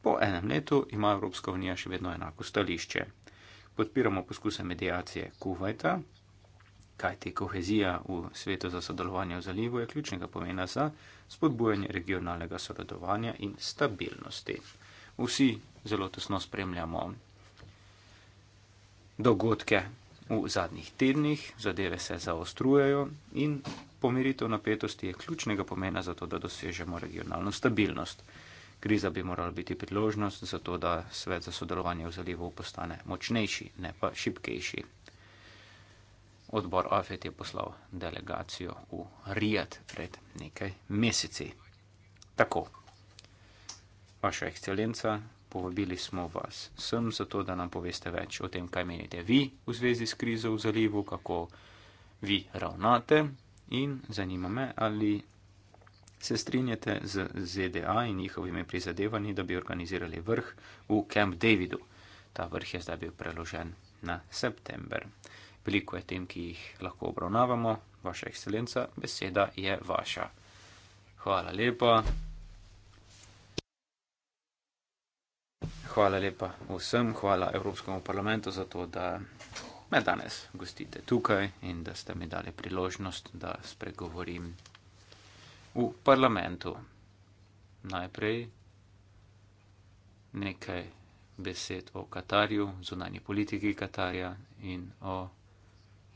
Po enem letu ima Evropska unija še vedno enako stališče. Podpiramo poskuse medijacije Kuwaita, kajti kohezija v svetu za sodelovanje v zalivu je ključnega pomena za spodbujanje regionalnega sodelovanja in stabilnosti. Vsi zelo tesno spremljamo dogodke V zadnjih tednih zadeve se zaostrujejo in pomiritev napetosti je ključnega pomena za to, da dosežemo regionalno stabilnost. Kriza bi morala biti priložnost za to, da svet za sodelovanje v zalivu postane močnejši, ne pa šipkejši. Odbor AFET je poslal delegacijo v Rijad pred nekaj meseci. Tako. Vaša ekscelenca, povabili smo vas sem zato, da nam poveste več o tem, kaj menite vi v zvezi s krizo v zalivu, kako vi ravnate in zanima me, ali se strinjate z ZDA in njihovimi prizadevanji, da bi organizirali vrh v Camp Davidu. Ta vrh je zdaj bil preložen na september. Veliko je tem, ki jih lahko obravnavamo, vaša ekscelenca, beseda je vaša. Hvala lepa. hvala lepa vsem, hvala Evropskemu parlamentu za to, da me danes gostite tukaj in da ste mi dali priložnost, da spregovorim v parlamentu. Najprej nekaj besed o Katarju, zunanji politiki Katarja in o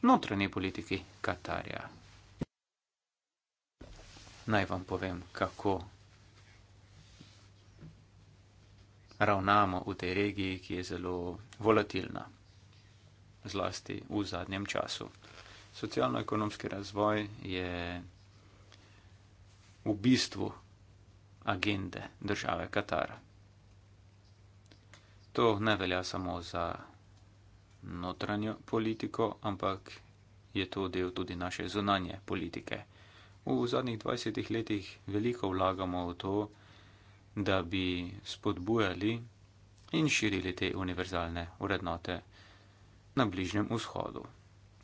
notranji politiki Katarja. Naj vam povem, kako ravnamo v tej regiji, ki je zelo volatilna, zlasti v zadnjem času. Socialno-ekonomski razvoj je v bistvu agende države Katar. To ne velja samo za notranjo politiko, ampak je to del tudi naše zunanje politike. V zadnjih 20 letih veliko vlagamo v to, da bi spodbujali in širili te univerzalne vrednote na Bližnjem vzhodu.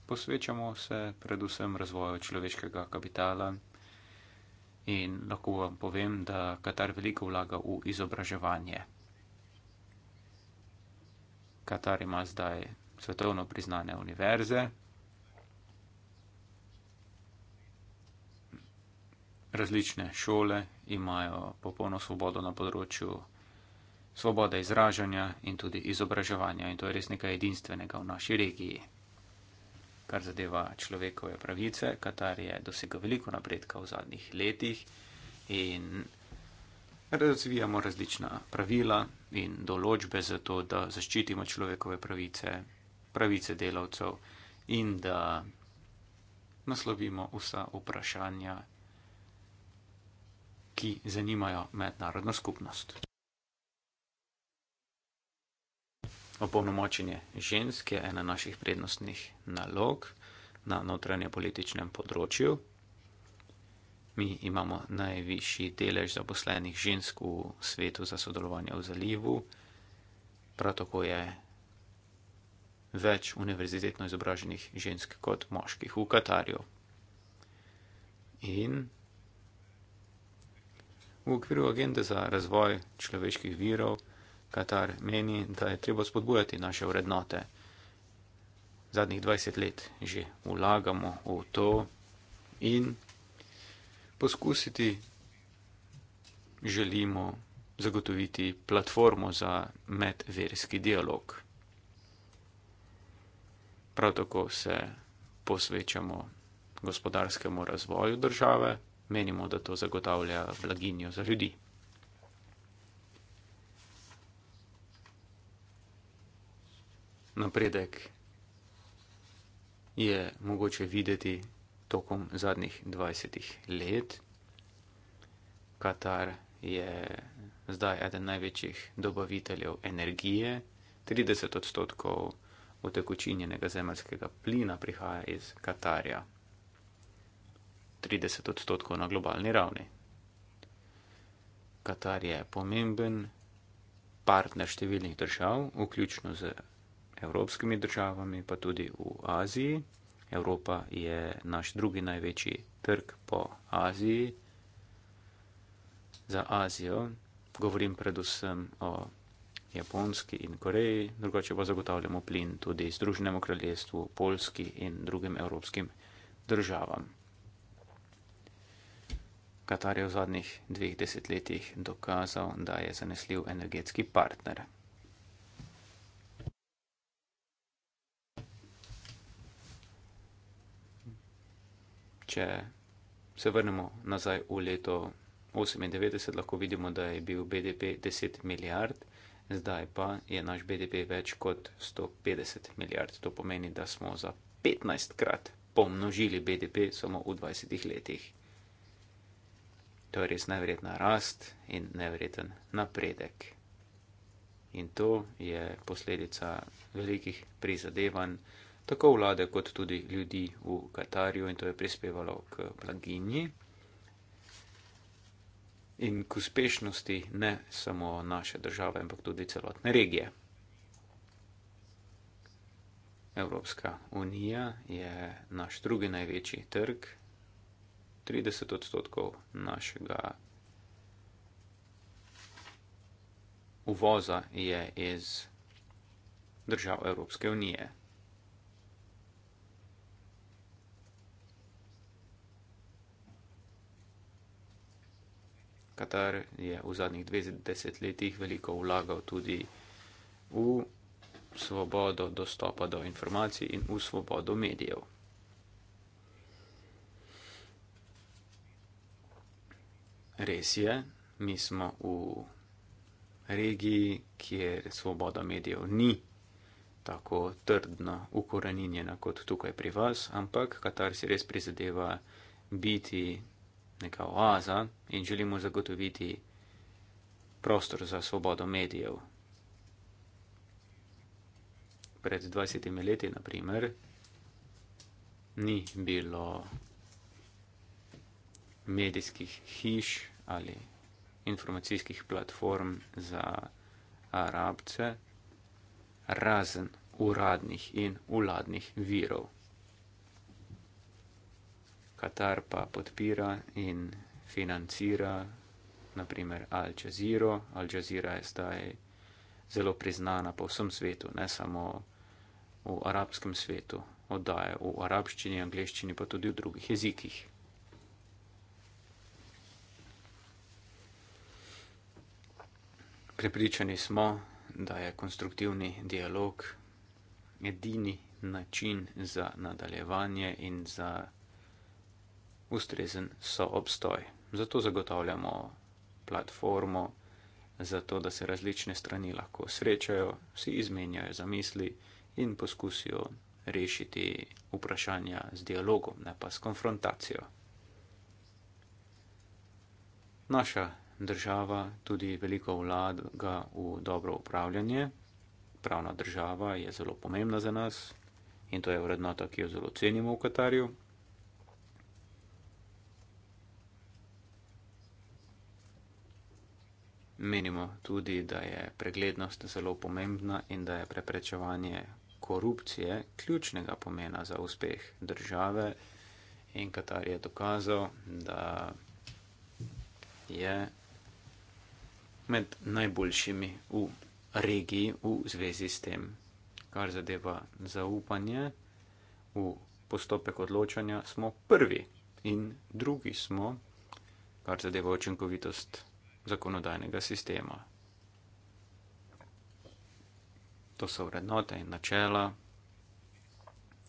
Posvečamo se predvsem razvoju človeškega kapitala in lahko vam povem, da Katar veliko vlaga v izobraževanje. Katar ima zdaj svetovno priznane univerze, različne šole imajo popolno svobodo na področju svobode izražanja in tudi izobraževanja. In to je res nekaj edinstvenega v naši regiji. Kar zadeva človekove pravice, Katar je dosegel veliko napredka v zadnjih letih in razvijamo različna pravila in določbe za to, da zaščitimo človekove pravice, pravice delavcev in da naslovimo vsa vprašanja ki zanimajo mednarodno skupnost. Opolnomočenje žensk je ena naših prednostnih nalog na notranjem političnem področju. Mi imamo najvišji delež zaposlenih žensk v svetu za sodelovanje v zalivu, prav tako je več univerzitetno izobraženih žensk kot moških v Katarju. In V okviru agende za razvoj človeških virov Katar meni, da je treba spodbujati naše vrednote. Zadnjih 20 let že vlagamo v to in poskusiti želimo zagotoviti platformo za medverski dialog. Prav tako se posvečamo gospodarskemu razvoju države menimo, da to zagotavlja blaginjo za ljudi. Napredek je mogoče videti tokom zadnjih 20 let. Katar je zdaj eden največjih dobaviteljev energije. 30 odstotkov utekočinjenega zemljskega plina prihaja iz Katarja. 30 odstotkov na globalni ravni. Katar je pomemben partner številnih držav, vključno z evropskimi državami, pa tudi v Aziji. Evropa je naš drugi največji trg po Aziji. Za Azijo govorim predvsem o Japonski in Koreji, drugače pa zagotavljamo plin tudi Združenemu kraljestvu, Polski in drugim evropskim državam. Katar je v zadnjih dveh desetletjih dokazal, da je zanesljiv energetski partner. Če se vrnemo nazaj v leto 1998, lahko vidimo, da je bil BDP 10 milijard, zdaj pa je naš BDP več kot 150 milijard. To pomeni, da smo za 15 krat pomnožili BDP samo v 20 letih. To je res nevredna rast in nevreden napredek. In to je posledica velikih prizadevanj tako vlade kot tudi ljudi v Katarju in to je prispevalo k blaginji in k uspešnosti ne samo naše države, ampak tudi celotne regije. Evropska unija je naš drugi največji trg, 30 odstotkov našega uvoza je iz držav Evropske unije. Katar je v zadnjih 20 letih veliko vlagal tudi v svobodo dostopa do informacij in v svobodo medijev. Res je, mi smo v regiji, kjer svoboda medijev ni tako trdno ukoreninjena kot tukaj pri vas, ampak Katar si res prizadeva biti neka oaza in želimo zagotoviti prostor za svobodo medijev. Pred 20 leti, naprimer, ni bilo medijskih hiš ali informacijskih platform za arabce, razen uradnih in uladnih virov. Katar pa podpira in financira naprimer Al Jazeera. Al Jazeera je zdaj zelo priznana po vsem svetu, ne samo v arabskem svetu, oddaje v arabščini, angliščini, pa tudi v drugih jezikih. prepričani smo, da je konstruktivni dialog edini način za nadaljevanje in za ustrezen soobstoj. Zato zagotavljamo platformo, zato da se različne strani lahko srečajo, si izmenjajo zamisli in poskusijo rešiti vprašanja z dialogom, ne pa s konfrontacijo. Naša država tudi veliko vlaga v dobro upravljanje. Pravna država je zelo pomembna za nas in to je vrednota, ki jo zelo cenimo v Katarju. Menimo tudi, da je preglednost zelo pomembna in da je preprečevanje korupcije ključnega pomena za uspeh države in Katar je dokazal, da je med najboljšimi v regiji v zvezi s tem, kar zadeva zaupanje v postopek odločanja, smo prvi in drugi smo, kar zadeva učinkovitost zakonodajnega sistema. To so vrednote in načela,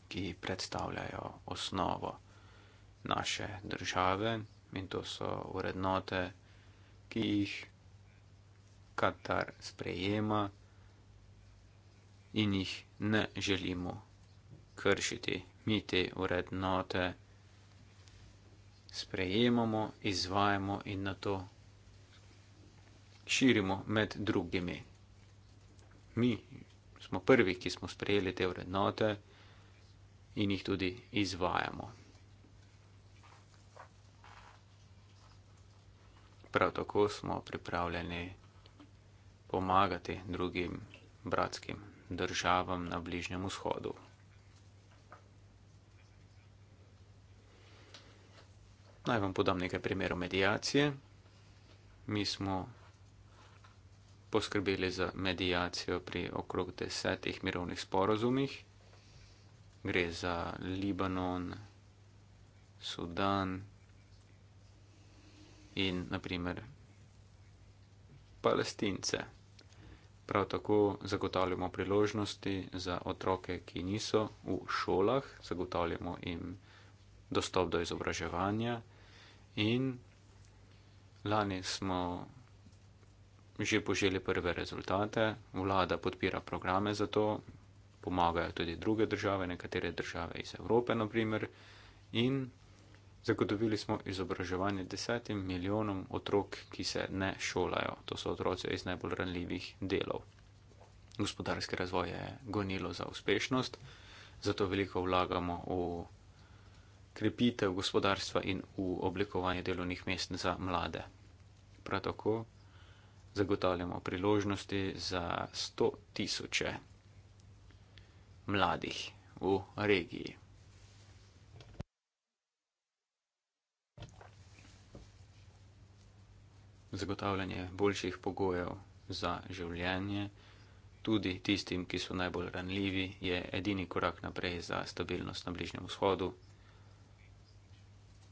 ki predstavljajo osnovo naše države in to so vrednote, ki jih Katar sprejema in jih ne želimo kršiti. Mi te urednote sprejemamo, izvajamo in na to širimo med drugimi. Mi smo prvi, ki smo sprejeli te urednote in jih tudi izvajamo. Prav tako smo pripravljeni pomagati drugim bratskim državam na Bližnjem vzhodu. Naj vam podam nekaj primerov medijacije. Mi smo poskrbeli za medijacijo pri okrog desetih mirovnih sporozumih. Gre za Libanon, Sudan in naprimer palestince. Prav tako zagotavljamo priložnosti za otroke, ki niso v šolah, zagotavljamo jim dostop do izobraževanja in lani smo že poželi prve rezultate, vlada podpira programe za to, pomagajo tudi druge države, nekatere države iz Evrope naprimer in Zagotovili smo izobraževanje desetim milijonom otrok, ki se ne šolajo. To so otroci iz najbolj ranljivih delov. Gospodarski razvoj je gonilo za uspešnost, zato veliko vlagamo v krepitev gospodarstva in v oblikovanje delovnih mest za mlade. Prav tako zagotavljamo priložnosti za sto tisoče mladih v regiji. zagotavljanje boljših pogojev za življenje, tudi tistim, ki so najbolj ranljivi, je edini korak naprej za stabilnost na Bližnjem vzhodu.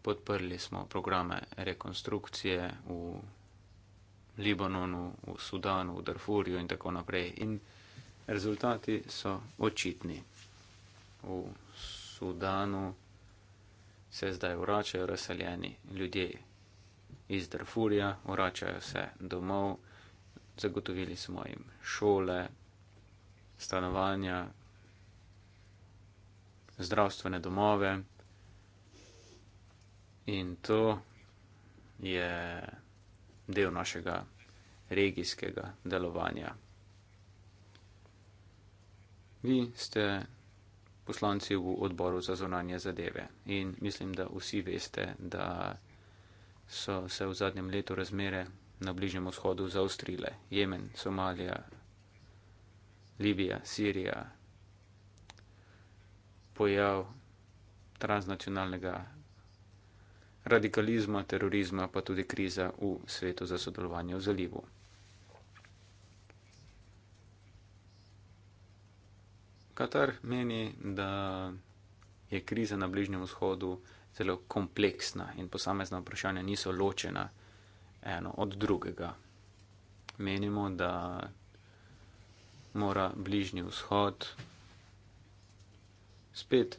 Podprli smo programe rekonstrukcije v Libanonu, v Sudanu, v Darfurju in tako naprej. In rezultati so očitni. V Sudanu se zdaj vračajo razseljeni ljudje, iz Darfurja, vračajo se domov, zagotovili smo jim šole, stanovanja, zdravstvene domove in to je del našega regijskega delovanja. Vi ste poslanci v odboru za zonanje zadeve in mislim, da vsi veste, da so se v zadnjem letu razmere na Bližnjem vzhodu zaostrile. Jemen, Somalija, Libija, Sirija, pojav transnacionalnega radikalizma, terorizma, pa tudi kriza v svetu za sodelovanje v zalivu. Katar meni, da je kriza na Bližnjem vzhodu zelo kompleksna in posamezna vprašanja niso ločena eno od drugega. Menimo, da mora Bližnji vzhod spet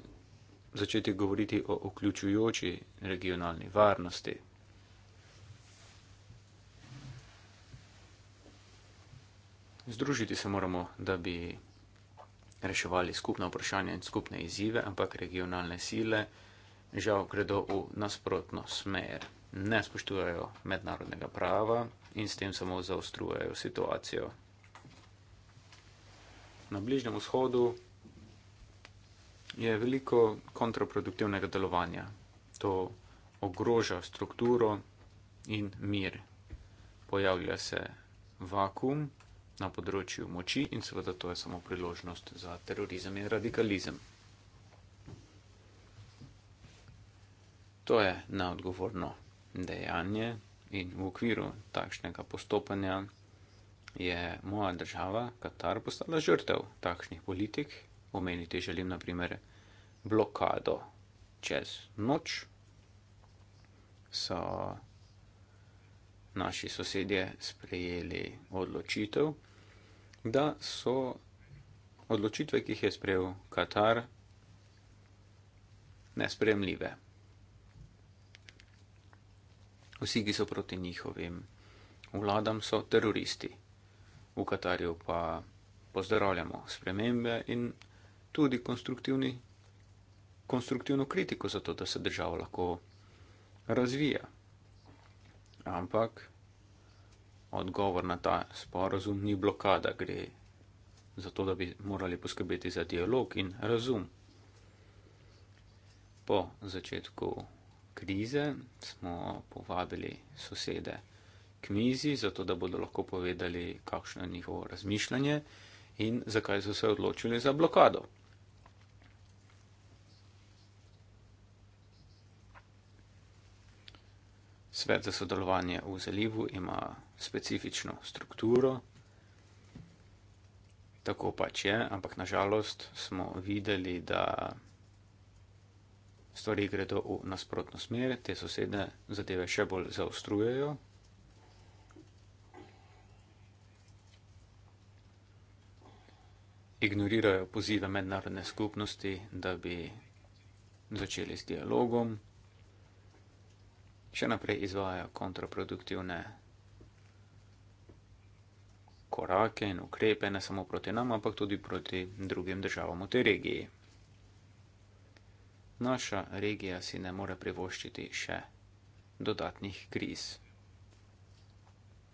začeti govoriti o vključujoči regionalni varnosti. Združiti se moramo, da bi reševali skupna vprašanja in skupne izzive, ampak regionalne sile žal gredo v nasprotno smer. Ne spoštujejo mednarodnega prava in s tem samo zaostrujejo situacijo. Na Bližnjem vzhodu je veliko kontraproduktivnega delovanja. To ogroža strukturo in mir. Pojavlja se vakum na področju moči in seveda to je samo priložnost za terorizem in radikalizem. To je neodgovorno dejanje in v okviru takšnega postopanja je moja država, Katar, postala žrtev takšnih politik. Omeniti želim naprimer blokado čez noč. So naši sosedje sprejeli odločitev, da so odločitve, ki jih je sprejel Katar, nespremljive. Vsi, ki so proti njihovim vladam, so teroristi, v Katarju pa pozdravljamo spremembe in tudi konstruktivno kritiko za to, da se država lahko razvija. Ampak odgovor na ta sporozum ni blokada, gre za to, da bi morali poskrbeti za dialog in razum. Po začetku krize smo povabili sosede k mizi, zato da bodo lahko povedali, kakšno je njihovo razmišljanje in zakaj so se odločili za blokado. Svet za sodelovanje v zalivu ima specifično strukturo, tako pač je, ampak nažalost smo videli, da stvari gredo v nasprotno smer, te sosedne zadeve še bolj zaostrujejo. Ignorirajo pozive mednarodne skupnosti, da bi začeli s dialogom, še naprej izvajajo kontraproduktivne korake in ukrepe ne samo proti nam, ampak tudi proti drugim državam v tej regiji naša regija si ne more privoščiti še dodatnih kriz.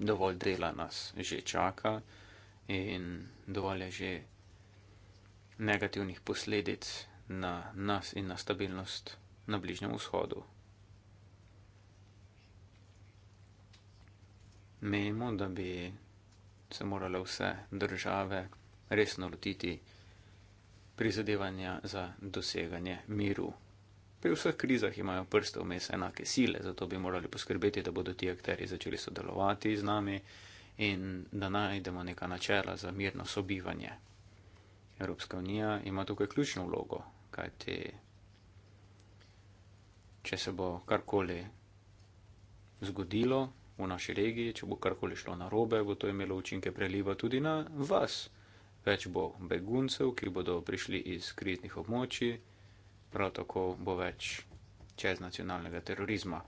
Dovolj dela nas že čaka in dovolj je že negativnih posledic na nas in na stabilnost na Bližnjem vzhodu. Menimo, da bi se morale vse države resno lotiti prizadevanja za doseganje miru. Pri vseh krizah imajo prste vmes enake sile, zato bi morali poskrbeti, da bodo ti akteri začeli sodelovati z nami in da najdemo neka načela za mirno sobivanje. Evropska unija ima tukaj ključno vlogo, kajti če se bo karkoli zgodilo v naši regiji, če bo karkoli šlo narobe, bo to imelo učinke preliva tudi na vas. Več bo beguncev, ki bodo prišli iz kriznih območij, prav tako bo več čeznacionalnega terorizma.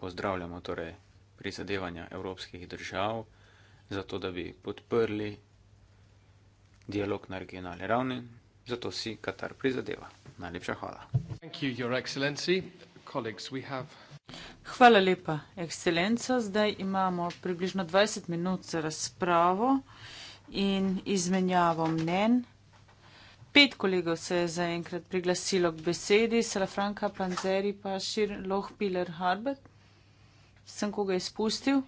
Pozdravljamo torej prizadevanja evropskih držav za to, da bi podprli dialog na regionalni ravni, zato si Katar prizadeva. Najlepša hvala. Thank you, Your Excellency. Colleagues, we have... Hvala lepa, ekscelenca. Zdaj imamo približno 20 minut za razpravo in izmenjavo mnen. Pet kolegov se je zaenkrat priglasilo k besedi. Salafranka, Panzeri, Pašir, Loh, Piler, Harbet. Sem koga izpustil.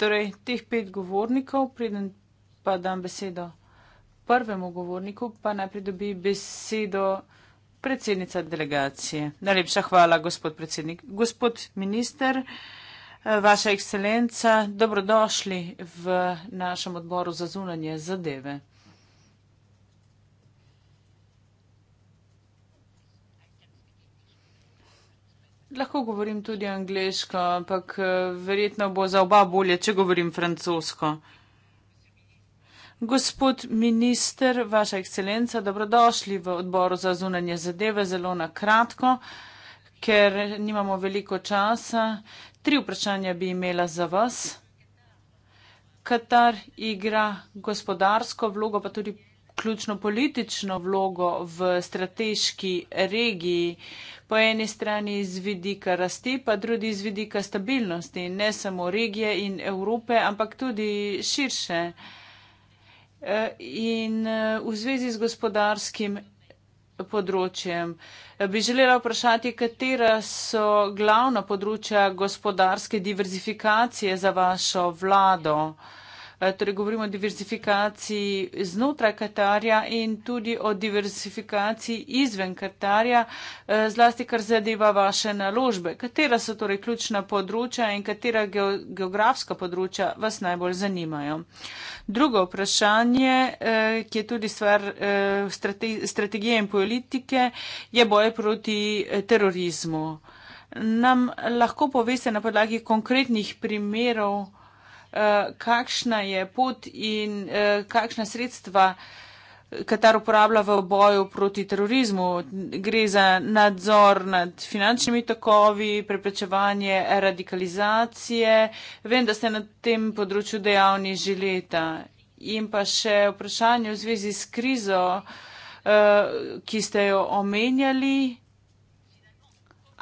Torej, teh pet govornikov, preden pa dam besedo prvemu govorniku, pa najprej dobi besedo predsednica delegacije. Najlepša hvala, gospod predsednik. Gospod minister, eh, vaša ekscelenca, dobrodošli v našem odboru za zunanje zadeve. Lahko govorim tudi angliško, ampak eh, verjetno bo za oba bolje, če govorim francosko. Gospod minister, vaša ekscelenca, dobrodošli v odboru za zunanje zadeve. Zelo na kratko, ker nimamo veliko časa. Tri vprašanja bi imela za vas. Katar igra gospodarsko vlogo, pa tudi ključno politično vlogo v strateški regiji. Po eni strani z vidika rasti, pa drugi z vidika stabilnosti ne samo regije in Evrope, ampak tudi širše in eh, v zvezi z gospodarskim področjem. Eh, bi želela vprašati, katera so glavna področja gospodarske diverzifikacije za vašo vlado? Eh, torej govorimo o diversifikaciji znotraj Katarja in tudi o diversifikaciji izven Katarja, eh, zlasti kar zadeva vaše naložbe. Katera so torej ključna področja in katera geografska področja vas najbolj zanimajo? Drugo vprašanje, eh, ki je tudi stvar strategije in politike, je boje proti terorizmu. Nam lahko poveste na podlagi konkretnih primerov, Eh, kakšna je pot in eh, kakšna sredstva Katar uporablja v boju proti terorizmu. Gre za nadzor nad finančnimi tokovi, preprečevanje radikalizacije. Vem, da ste na tem področju dejavni že leta. In pa še vprašanje v zvezi s krizo, eh, ki ste jo omenjali.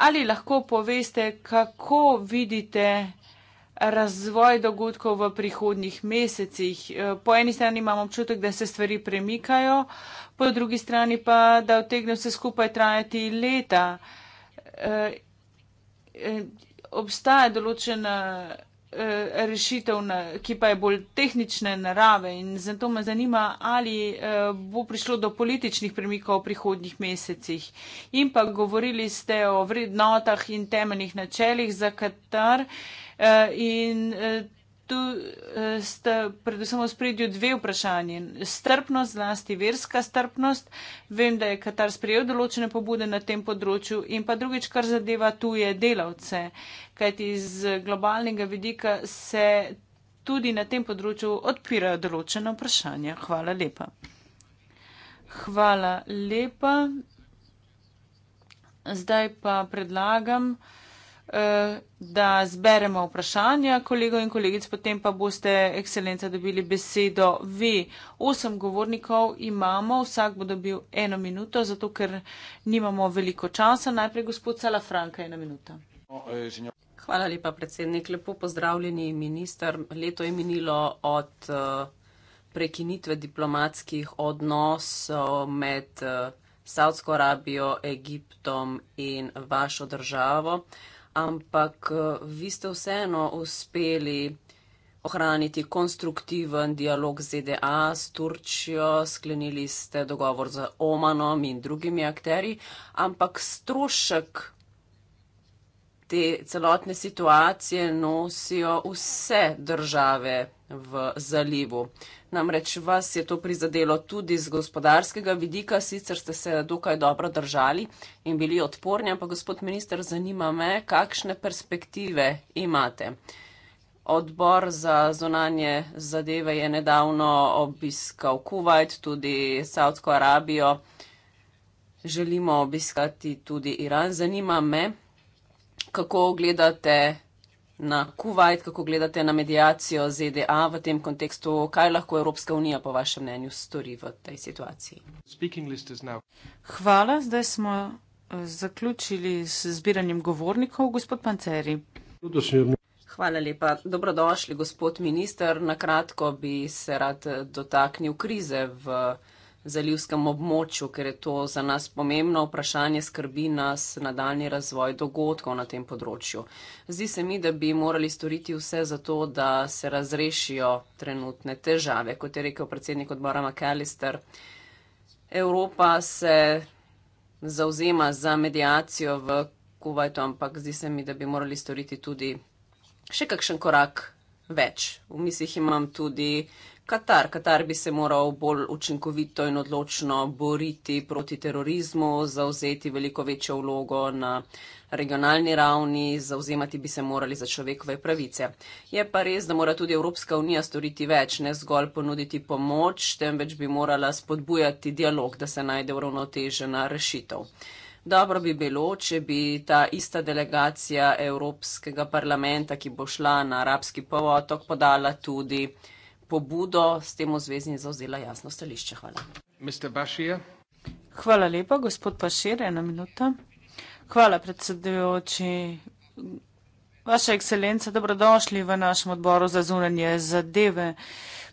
Ali lahko poveste, kako vidite razvoj dogodkov v prihodnjih mesecih. Eh, po eni strani imam občutek, da se stvari premikajo, po drugi strani pa, da vtegne vse skupaj trajati leta. Eh, eh, obstaja določena rešitev, ki pa je bolj tehnične narave in zato me zanima, ali bo prišlo do političnih premikov v prihodnjih mesecih. In pa govorili ste o vrednotah in temeljnih načelih, za katar Eh, in eh, tu eh, sta predvsem v spredju dve vprašanje. Strpnost, zlasti verska strpnost. Vem, da je Katar sprejel določene pobude na tem področju in pa drugič, kar zadeva tuje delavce, kajti iz globalnega vidika se tudi na tem področju odpirajo določene vprašanja. Hvala lepa. Hvala lepa. Zdaj pa predlagam, Eh, da zberemo vprašanja kolegov in kolegic, potem pa boste, ekscelenca, dobili besedo. Vi, osem govornikov imamo, vsak bo dobil eno minuto, zato ker nimamo veliko časa. Najprej gospod Salafranka, ena minuta. Hvala lepa, predsednik. Lepo pozdravljeni, minister. Leto je minilo od eh, prekinitve diplomatskih odnosov med eh, Saudsko Arabijo, Egiptom in vašo državo ampak eh, vi ste vseeno uspeli ohraniti konstruktiven dialog z ZDA, s Turčjo, sklenili ste dogovor z Omanom in drugimi akteri, ampak strošek te celotne situacije nosijo vse države v zalivu. Namreč vas je to prizadelo tudi z gospodarskega vidika, sicer ste se dokaj dobro držali in bili odporni, ampak gospod minister, zanima me, kakšne perspektive imate. Odbor za zonanje zadeve je nedavno obiskal Kuwait, tudi Saudsko Arabijo. Želimo obiskati tudi Iran. Zanima me, kako gledate na Kuwait, kako gledate na medijacijo ZDA v tem kontekstu, kaj lahko Evropska unija po vašem mnenju stori v tej situaciji. Hvala, zdaj smo eh, zaključili s zbiranjem govornikov, gospod Panceri. Hvala lepa. Dobrodošli, gospod minister. Na kratko bi se rad dotaknil krize v zalivskem območju, ker je to za nas pomembno vprašanje, skrbi nas nadaljni razvoj dogodkov na tem področju. Zdi se mi, da bi morali storiti vse za to, da se razrešijo trenutne težave. Kot je rekel predsednik odbora McAllister, Evropa se zauzema za medijacijo v Kuwaitu, ampak zdi se mi, da bi morali storiti tudi še kakšen korak. Več. V mislih imam tudi Katar. Katar bi se moral bolj učinkovito in odločno boriti proti terorizmu, zauzeti veliko večjo vlogo na regionalni ravni, zauzemati bi se morali za človekove pravice. Je pa res, da mora tudi Evropska unija storiti več, ne zgolj ponuditi pomoč, temveč bi morala spodbujati dialog, da se najde uravnotežena rešitev. Dobro bi bilo, če bi ta ista delegacija Evropskega parlamenta, ki bo šla na arabski povotok, podala tudi pobudo s tem v zvezi zauzela jasno stališče. Hvala. Hvala lepa, gospod Pašir, ena minuta. Hvala, predsedujoči. Vaša ekscelenca, dobrodošli v našem odboru za zunanje zadeve.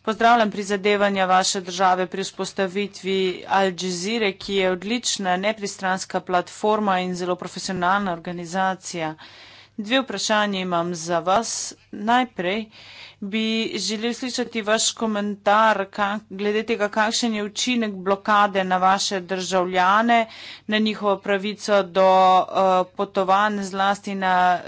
Pozdravljam prizadevanja vaše države pri vzpostavitvi Al Jazeera, ki je odlična nepristranska platforma in zelo profesionalna organizacija. Dve vprašanje imam za vas. Najprej bi želel slišati vaš komentar kak, glede tega, kakšen je učinek blokade na vaše državljane, na njihovo pravico do uh, potovanj zlasti na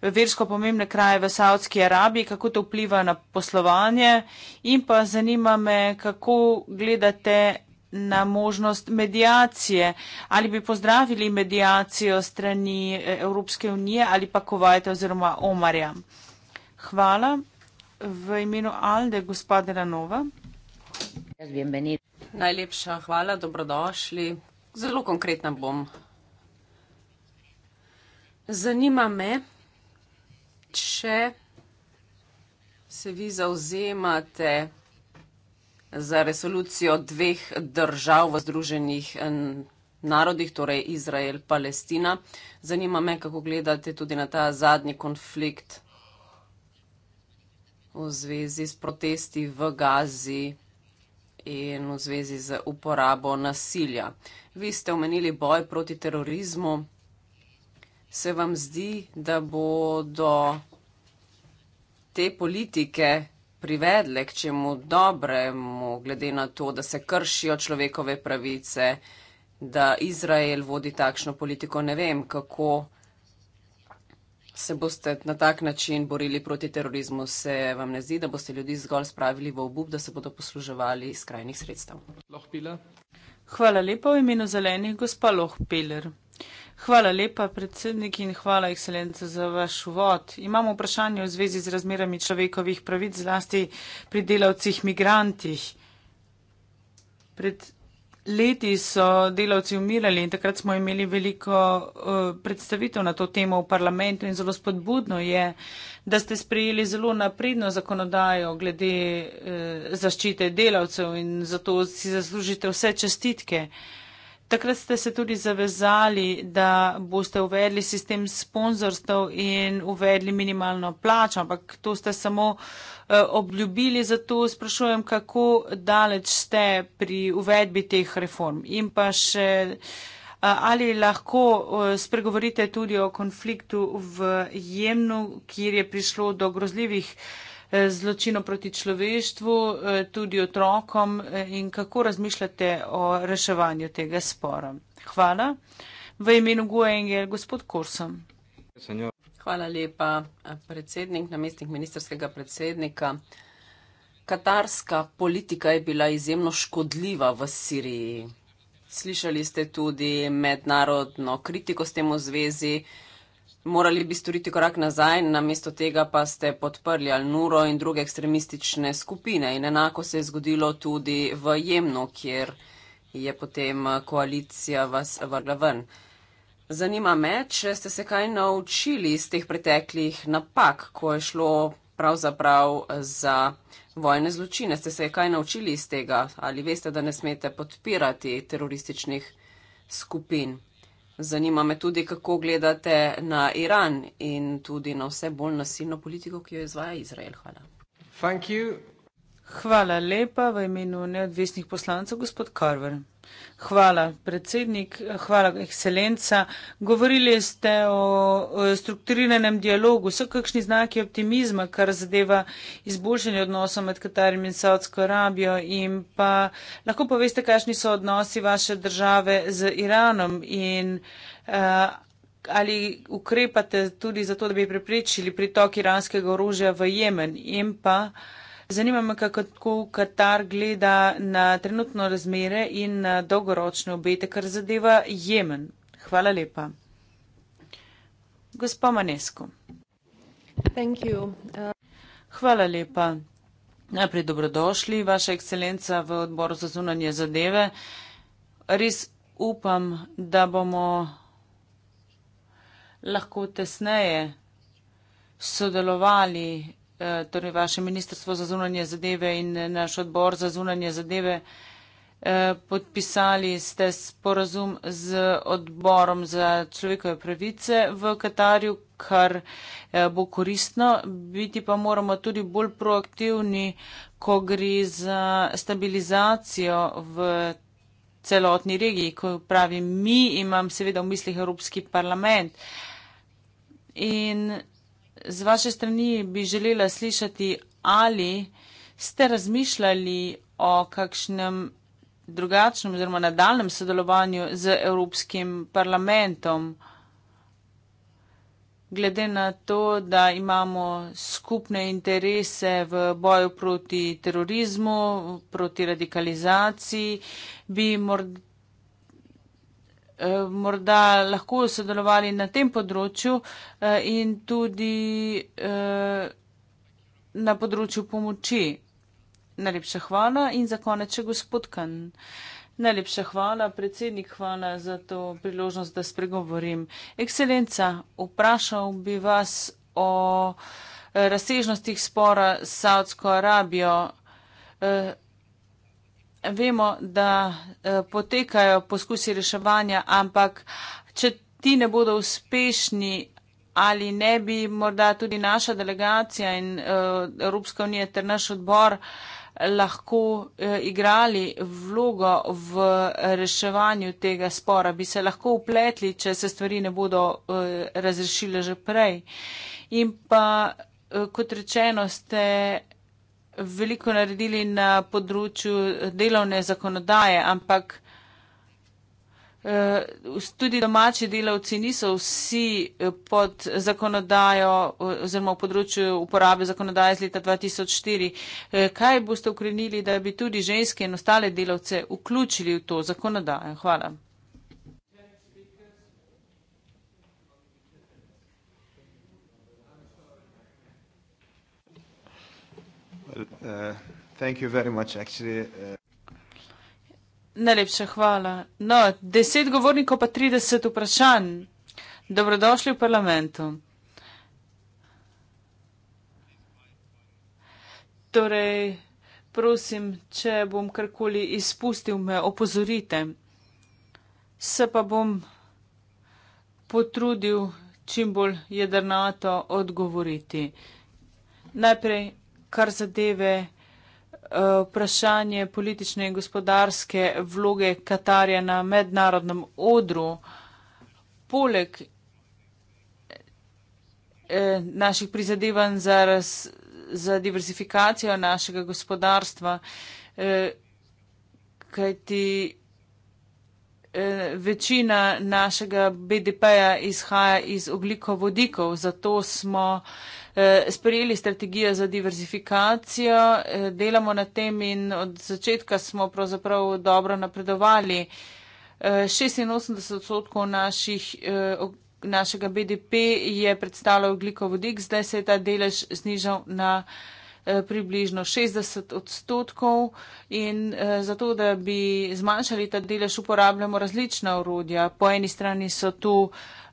uh, versko pomembne kraje v Saudski Arabiji, kako to vpliva na poslovanje in pa zanima me, kako gledate na možnost medijacije. Ali bi pozdravili medijacijo strani eh, Evropske unije ali pa Kovajta oziroma Omarja? Hvala. V imenu Alde, gospoda Ranova. Najlepša hvala, dobrodošli. Zelo konkretna bom. Zanima me, če se vi zauzemate za resolucijo dveh držav v Združenih eh, narodih, torej Izrael-Palestina. Zanima me, kako gledate tudi na ta zadnji konflikt v zvezi s protesti v Gazi in v zvezi z uporabo nasilja. Vi ste omenili boj proti terorizmu. Se vam zdi, da bodo te politike privedle k čemu dobremu, glede na to, da se kršijo človekove pravice, da Izrael vodi takšno politiko. Ne vem, kako se boste na tak način borili proti terorizmu. Se vam ne zdi, da boste ljudi zgolj spravili v obup, da se bodo posluževali skrajnih sredstev? Hvala lepa v imenu zelenih, gospa Lohpeler. Hvala lepa, predsednik, in hvala, ekscelenca, za vaš uvod. Imamo vprašanje v zvezi z razmerami človekovih pravic, zlasti pri delavcih migrantih. Pred leti so delavci umirali in takrat smo imeli veliko eh, predstavitev na to temo v parlamentu in zelo spodbudno je, da ste sprejeli zelo napredno zakonodajo glede eh, zaščite delavcev in zato si zaslužite vse čestitke. Takrat ste se tudi zavezali, da boste uvedli sistem sponzorstv in uvedli minimalno plačo, ampak to ste samo eh, obljubili, zato sprašujem, kako daleč ste pri uvedbi teh reform. In pa še, eh, ali lahko eh, spregovorite tudi o konfliktu v Jemnu, kjer je prišlo do grozljivih Eh, zločino proti človeštvu, eh, tudi otrokom eh, in kako razmišljate o reševanju tega spora. Hvala. V imenu Guengel, gospod Korsom. Hvala lepa, predsednik, namestnik ministerskega predsednika. Katarska politika je bila izjemno škodljiva v Siriji. Slišali ste tudi mednarodno kritiko s tem v zvezi morali bi storiti korak nazaj, namesto tega pa ste podprli Al-Nuro in druge ekstremistične skupine. In enako se je zgodilo tudi v Jemnu, kjer je potem koalicija vas vrgla ven. Zanima me, če ste se kaj naučili iz teh preteklih napak, ko je šlo pravzaprav za vojne zločine. Ste se kaj naučili iz tega ali veste, da ne smete podpirati terorističnih skupin? Zanima me tudi, kako gledate na Iran in tudi na vse bolj nasilno politiko, ki jo izvaja Izrael. Hvala. Hvala lepa v imenu neodvisnih poslancev, gospod Karver. Hvala, predsednik. Hvala, ekscelenca. Govorili ste o strukturiranem dialogu. So kakšni znaki optimizma, kar zadeva izboljšanje odnosov med Katarim in Saudsko Arabijo? In pa lahko poveste, kakšni so odnosi vaše države z Iranom in uh, ali ukrepate tudi zato, da bi preprečili pritok iranskega orožja v Jemen? In pa. Uh, Zanima me, kako Katar gleda na trenutno razmere in na dolgoročne obete, kar zadeva Jemen. Hvala lepa. Gospod Manesko. Uh, Hvala lepa. Najprej dobrodošli, Vaša ekscelenca v odboru za zunanje zadeve. Res upam, da bomo lahko tesneje sodelovali Eh, torej vaše ministrstvo za zunanje zadeve in eh, naš odbor za zunanje zadeve, eh, podpisali ste sporazum z odborom za človekove pravice v Katarju, kar bo koristno. Biti pa moramo tudi bolj proaktivni, ko gre za stabilizacijo v celotni regiji, ko pravi mi, imam seveda v mislih Evropski parlament. In z vaše strani bi želela slišati, ali ste razmišljali o kakšnem drugačnem oziroma nadaljem sodelovanju z Evropskim parlamentom, glede na to, da imamo skupne interese v boju proti terorizmu, proti radikalizaciji, bi morda Eh, morda lahko sodelovali na tem področju eh, in tudi eh, na področju pomoči. Najlepša hvala in za konec, če gospod Kan. Najlepša hvala, predsednik, hvala za to priložnost, da spregovorim. Ekscelenca, vprašal bi vas o razsežnostih spora s Saudsko Arabijo vemo, da eh, potekajo poskusi reševanja, ampak če ti ne bodo uspešni, ali ne bi morda tudi naša delegacija in eh, Evropska unija ter naš odbor eh, lahko igrali vlogo v reševanju tega spora, bi se lahko upletli, če se stvari ne bodo razrešile že prej. In pa, kot rečeno, ste veliko naredili na področju delovne zakonodaje, ampak eh, tudi domači delavci niso vsi eh, pod zakonodajo oziroma v področju uporabe zakonodaje iz leta 2004. Eh, kaj boste ukrenili, da bi tudi ženske in ostale delavce vključili v to zakonodajo? Hvala. thank you very much, actually. Uh, Najlepša hvala. No, deset govornikov pa 30 vprašanj. Dobrodošli v parlamentu. Torej, prosim, če bom karkoli izpustil, me opozorite. Se pa bom potrudil čim bolj jedrnato odgovoriti. Najprej kar zadeve uh, vprašanje politične in gospodarske vloge Katarja na mednarodnem odru, poleg eh, naših prizadevanj za, raz, za diversifikacijo našega gospodarstva, eh, kajti eh, večina našega BDP-ja izhaja iz oglikovodikov, zato smo eh, Eh, sprejeli strategijo za diverzifikacijo, eh, delamo na tem in od začetka smo pravzaprav dobro napredovali. 86 eh, odstotkov naših, našega BDP je predstavljal glikovodik, zdaj se je ta delež znižal na približno 60 odstotkov in zato, da bi zmanjšali ta delež, uporabljamo različna urodja. Po eni strani so tu uh,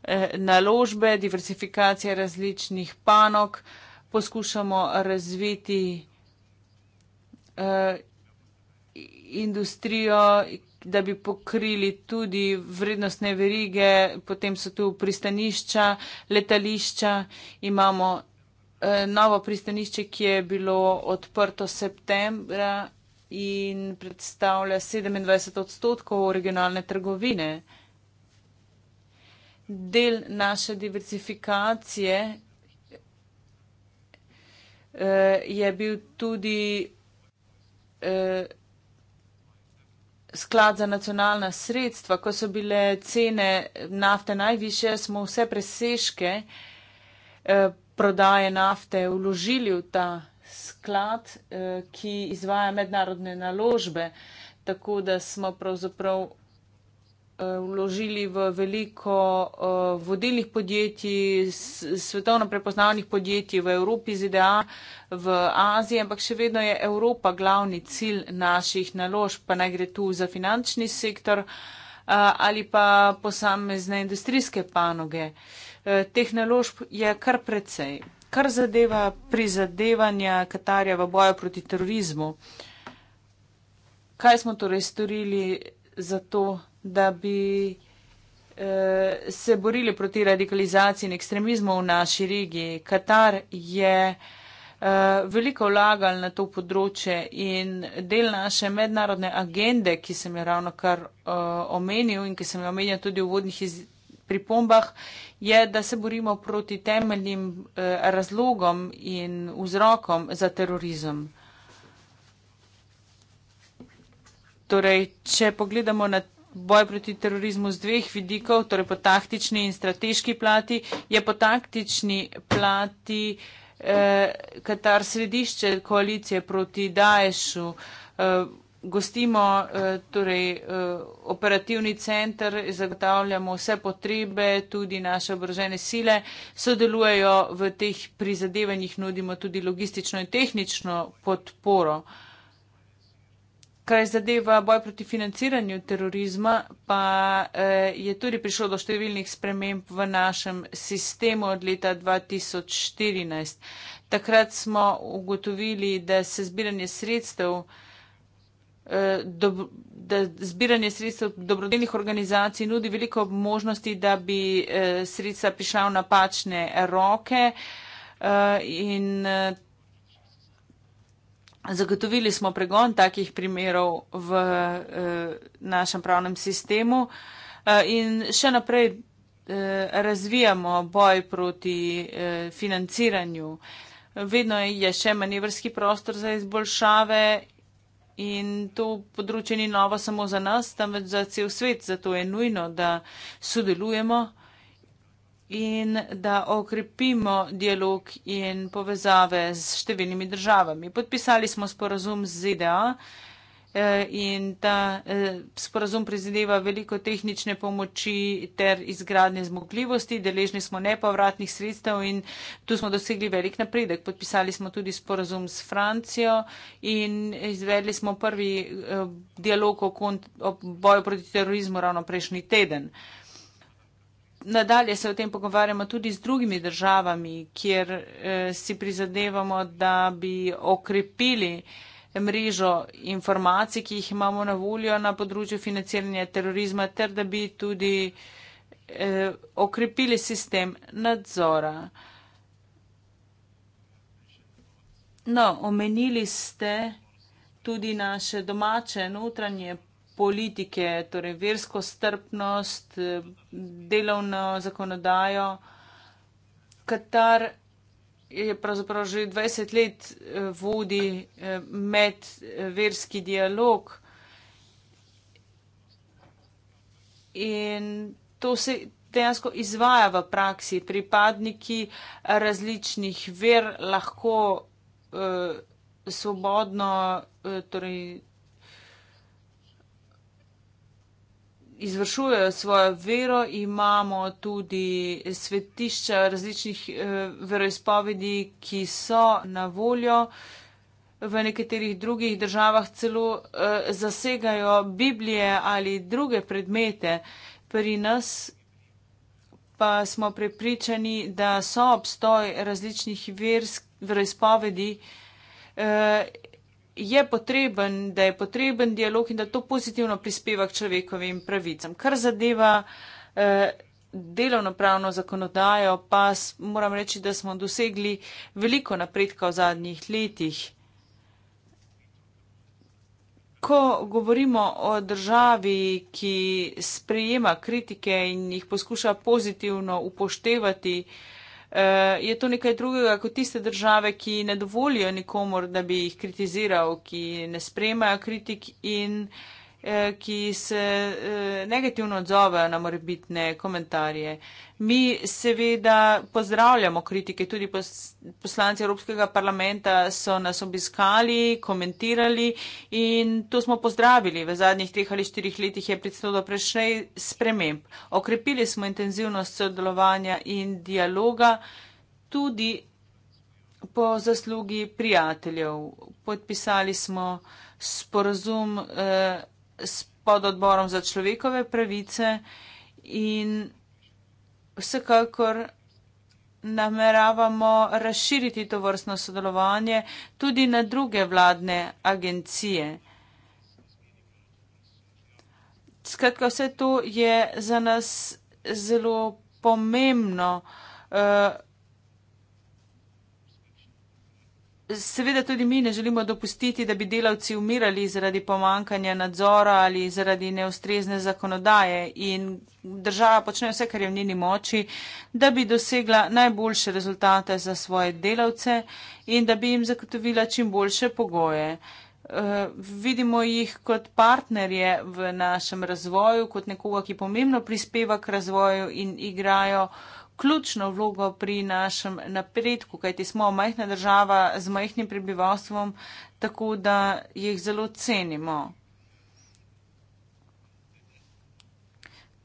Eh, naložbe, diversifikacije različnih panok, poskušamo razviti eh, industrijo, da bi pokrili tudi vrednostne verige, potem so tu pristanišča, letališča, imamo eh, novo pristanišče, ki je bilo odprto septembra in predstavlja 27 odstotkov regionalne trgovine del naše diversifikacije eh, je bil tudi eh, sklad za nacionalna sredstva. Ko so bile cene nafte najviše, smo vse preseške eh, prodaje nafte vložili v ta sklad, ki izvaja mednarodne naložbe. Tako da smo pravzaprav Eh, vložili v veliko eh, vodilnih podjetij, svetovno prepoznavnih podjetij v Evropi, ZDA, v Aziji, ampak še vedno je Evropa glavni cilj naših naložb, pa naj gre tu za finančni sektor eh, ali pa posamezne industrijske panoge. Teh naložb je kar precej. Kar zadeva prizadevanja Katarja v boju proti terorizmu, kaj smo torej storili za to, da bi eh, se borili proti radikalizaciji in ekstremizmu v naši regiji. Katar je eh, veliko vlagal na to področje in del naše mednarodne agende, ki sem jo ravno kar eh, omenil in ki sem jo omenil tudi v vodnih izdelkih, pri pombah je, da se borimo proti temeljnim eh, razlogom in vzrokom za terorizem. Torej, če pogledamo na boj proti terorizmu z dveh vidikov, torej po taktični in strateški plati. Je po taktični plati eh, Katar središče koalicije proti Daješu. Eh, Gostimo eh, torej, eh, operativni center, zagotavljamo vse potrebe, tudi naše obrožene sile sodelujejo v teh prizadevanjih, nudimo tudi logistično in tehnično podporo. Kaj zadeva boj proti financiranju terorizma, pa eh, je tudi prišlo do številnih sprememb v našem sistemu od leta 2014. Takrat smo ugotovili, da se zbiranje sredstev, eh, dob, zbiranje sredstev dobrodelnih organizacij nudi veliko možnosti, da bi eh, sredstva prišla v napačne roke. Uh, in uh, Zagotovili smo pregon takih primerov v uh, našem pravnem sistemu uh, in še naprej uh, razvijamo boj proti uh, financiranju. Vedno je še manevrski prostor za izboljšave in to področje ni novo samo za nas, temveč za cel svet. Zato je nujno, da sodelujemo in da okrepimo dialog in povezave z številnimi državami. Podpisali smo sporazum z ZDA eh, in ta eh, sporazum prizadeva veliko tehnične pomoči ter izgradne zmogljivosti. Deležni smo nepovratnih sredstev in tu smo dosegli velik napredek. Podpisali smo tudi sporazum s Francijo in izvedli smo prvi eh, dialog o, kont, o boju proti terorizmu ravno prejšnji teden nadalje se o tem pogovarjamo tudi z drugimi državami, kjer eh, si prizadevamo, da bi okrepili mrežo informacij, ki jih imamo na voljo na področju financiranja terorizma, ter da bi tudi eh, okrepili sistem nadzora. No, omenili ste tudi naše domače, notranje politike, torej versko strpnost, delovno zakonodajo. Katar je pravzaprav že 20 let eh, vodi eh, medverski eh, dialog in to se dejansko izvaja v praksi. Pripadniki različnih ver lahko eh, svobodno, eh, torej izvršujejo svojo vero, imamo tudi svetišča različnih e, veroizpovedi, ki so na voljo. V nekaterih drugih državah celo e, zasegajo Biblije ali druge predmete. Pri nas pa smo prepričani, da so obstoj različnih verskih veroizpovedi. Eh, je potreben, da je potreben dialog in da to pozitivno prispeva k človekovim pravicam. Kar zadeva eh, delovno-pravno zakonodajo, pa moram reči, da smo dosegli veliko napredka v zadnjih letih. Ko govorimo o državi, ki sprejema kritike in jih poskuša pozitivno upoštevati, eh, Eh, je to nekaj drugega kot tiste države, ki ne dovolijo nikomor, da bi jih kritiziral, ki ne spremajo kritik in uh, Eh, ki se eh, negativno odzovejo na morebitne komentarje. Mi seveda pozdravljamo kritike, tudi poslanci Evropskega parlamenta so nas obiskali, komentirali in to smo pozdravili. V zadnjih treh ali štirih letih je predstavilo do prejšnjih sprememb. Okrepili smo intenzivnost sodelovanja in dialoga tudi po zaslugi prijateljev. Podpisali smo sporozum. Eh, s pododborom za človekove pravice in vsekakor nameravamo razširiti to vrstno sodelovanje tudi na druge vladne agencije. Skratka, vse to je za nas zelo pomembno. Uh, Seveda tudi mi ne želimo dopustiti, da bi delavci umirali zaradi pomankanja nadzora ali zaradi neustrezne zakonodaje in država počne vse, kar je v njeni moči, da bi dosegla najboljše rezultate za svoje delavce in da bi jim zagotovila čim boljše pogoje. Eh, vidimo jih kot partnerje v našem razvoju, kot nekoga, ki pomembno prispeva k razvoju in igrajo ključno vlogo pri našem napredku, kajti smo majhna država z majhnim prebivalstvom, tako da jih zelo cenimo.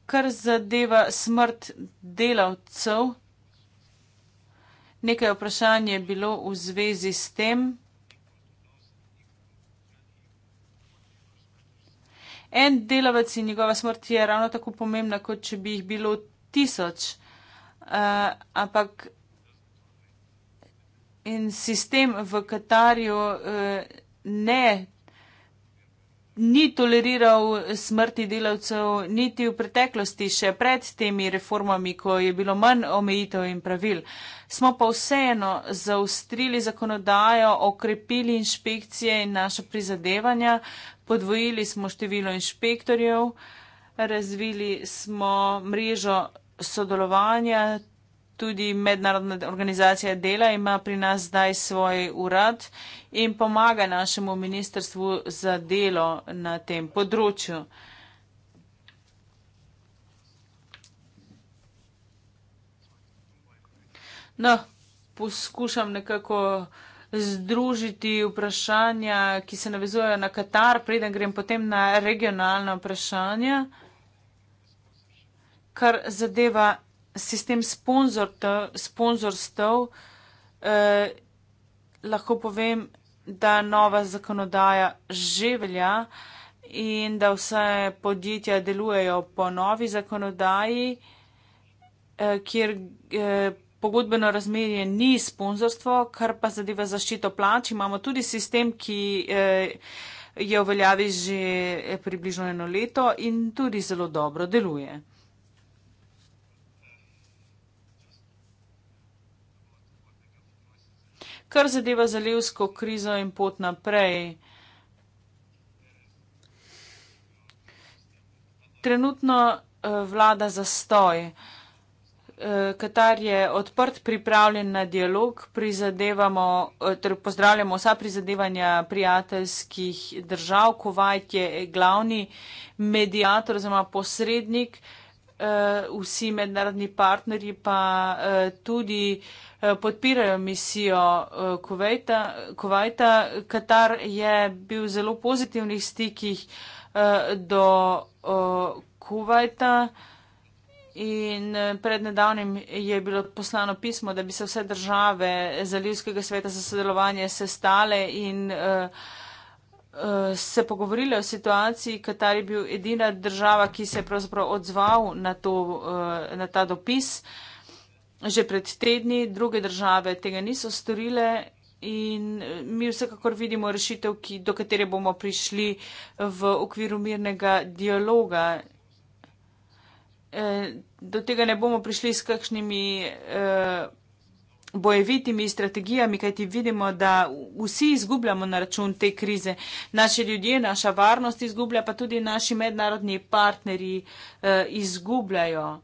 Kar zadeva smrt delavcev, nekaj vprašanj je bilo v zvezi s tem. En delavec in njegova smrt je ravno tako pomembna, kot če bi jih bilo tisoč uh, ampak in sistem v Katarju uh, ne. Ni toleriral smrti delavcev niti v preteklosti, še pred temi reformami, ko je bilo manj omejitev in pravil. Smo pa vseeno zaustrili zakonodajo, okrepili inšpekcije in naša prizadevanja, podvojili smo število inšpektorjev, razvili smo mrežo sodelovanja, tudi mednarodna organizacija dela ima pri nas zdaj svoj urad in pomaga našemu ministrstvu za delo na tem področju. No, poskušam nekako združiti vprašanja, ki se navezujejo na Katar, preden grem potem na regionalna vprašanja kar zadeva sistem sponzorstv, eh, lahko povem, da nova zakonodaja že velja in da vse podjetja delujejo po novi zakonodaji, eh, kjer eh, Pogodbeno razmerje ni sponzorstvo, kar pa zadeva zaščito plač. Imamo tudi sistem, ki eh, je v veljavi že eh, približno eno leto in tudi zelo dobro deluje. kar zadeva zalivsko krizo in pot naprej. Trenutno eh, vlada zastoj. Eh, Katar je odprt, pripravljen na dialog, eh, torej pozdravljamo vsa prizadevanja prijateljskih držav, Kuwait je glavni medijator oziroma posrednik. Eh, vsi mednarodni partnerji pa eh, tudi eh, podpirajo misijo Kuvajta. Kuvajta. Katar je bil v zelo pozitivnih stikih do Kuvajta in prednedavnim je bilo poslano pismo, da bi se vse države Zalivskega sveta za sodelovanje sestale in uh, Eh, se pogovorili o situaciji, Katar je bil edina država, ki se je pravzaprav odzval na, to, eh, na ta dopis. Že pred tedni druge države tega niso storile in eh, mi vsekakor vidimo rešitev, ki, do katere bomo prišli v okviru mirnega dialoga. Do tega ne bomo prišli s kakšnimi bojevitimi strategijami, kajti vidimo, da vsi izgubljamo na račun te krize. Naši ljudje, naša varnost izgublja, pa tudi naši mednarodni partnerji eh, izgubljajo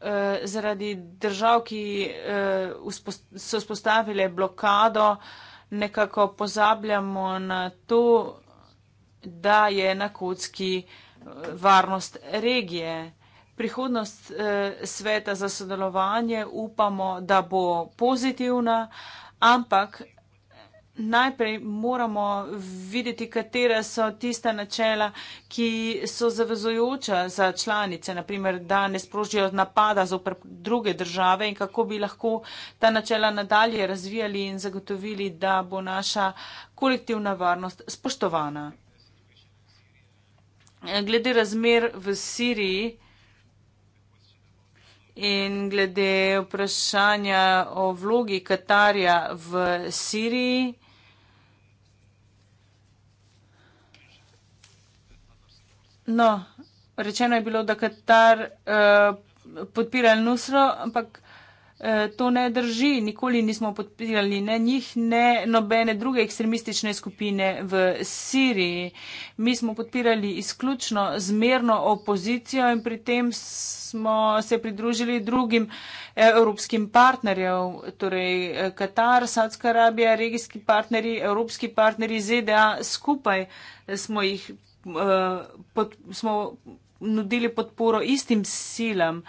eh, zaradi držav, ki eh, uspost so spostavile blokado, nekako pozabljamo na to, da je na kocki eh, varnost regije prihodnost eh, sveta za sodelovanje upamo, da bo pozitivna, ampak najprej moramo videti, katera so tista načela, ki so zavezojoča za članice, naprimer, da ne sprožijo napada za druge države in kako bi lahko ta načela nadalje razvijali in zagotovili, da bo naša kolektivna varnost spoštovana. Glede razmer v Siriji, In glede vprašanja o vlogi Katarja v Siriji. No, rečeno je bilo, da Katar uh, podpira Nusro, ampak. Eh, to ne drži. Nikoli nismo podpirali ne njih, ne nobene druge ekstremistične skupine v Siriji. Mi smo podpirali izključno zmerno opozicijo in pri tem smo se pridružili drugim eh, evropskim partnerjev, torej eh, Katar, Sadska Arabija, regijski partnerji, evropski partnerji, ZDA, skupaj smo jih. Pod, smo nudili podporo istim silam.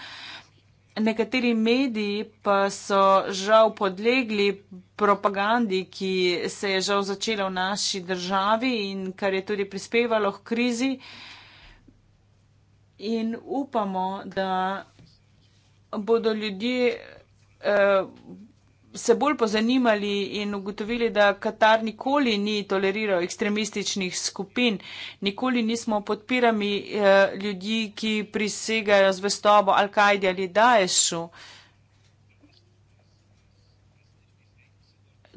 Nekateri mediji pa so žal podlegli propagandi, ki se je žal začela v naši državi in kar je tudi prispevalo k krizi. In upamo, da bodo ljudje. Eh, se bolj pozanimali in ugotovili, da Katar nikoli ni toleriral ekstremističnih skupin, nikoli nismo podpirami eh, ljudi, ki prisegajo z vestobo Al-Kaidi ali Daešu.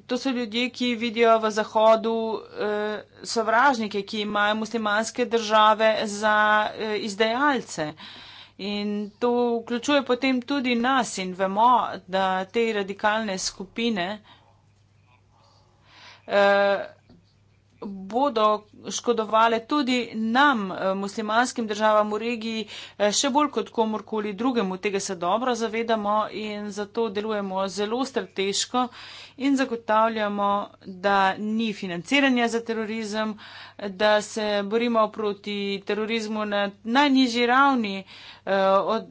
To so ljudje, ki vidijo v Zahodu eh, sovražnike, ki imajo muslimanske države za eh, izdajalce. Eh, In to vključuje potem tudi nas in vemo, da te radikalne skupine. Uh, bodo škodovale tudi nam, eh, muslimanskim državam v regiji, eh, še bolj kot komorkoli drugemu. Tega se dobro zavedamo in zato delujemo zelo strateško in zagotavljamo, da ni financiranja za terorizem, da se borimo proti terorizmu na najnižji ravni. Eh,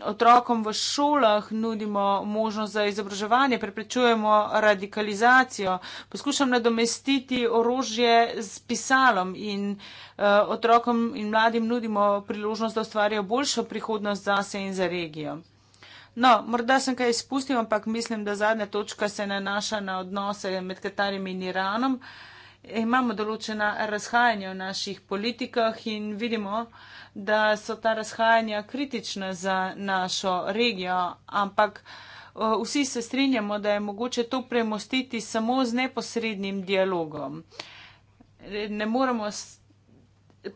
otrokom v šolah nudimo možnost za izobraževanje, preprečujemo radikalizacijo, poskušam nadomestiti orožje z pisalom in uh, otrokom in mladim nudimo priložnost, da ustvarijo boljšo prihodnost zase in za regijo. No, morda sem kaj izpustil, ampak mislim, da zadnja točka se nanaša na odnose med Katarjem in Iranom. Uh, imamo določena razhajanja v naših politikah in vidimo, da so ta razhajanja kritična za našo regijo, ampak vsi se strinjamo, da je mogoče to premostiti samo z neposrednim dialogom. Ne moremo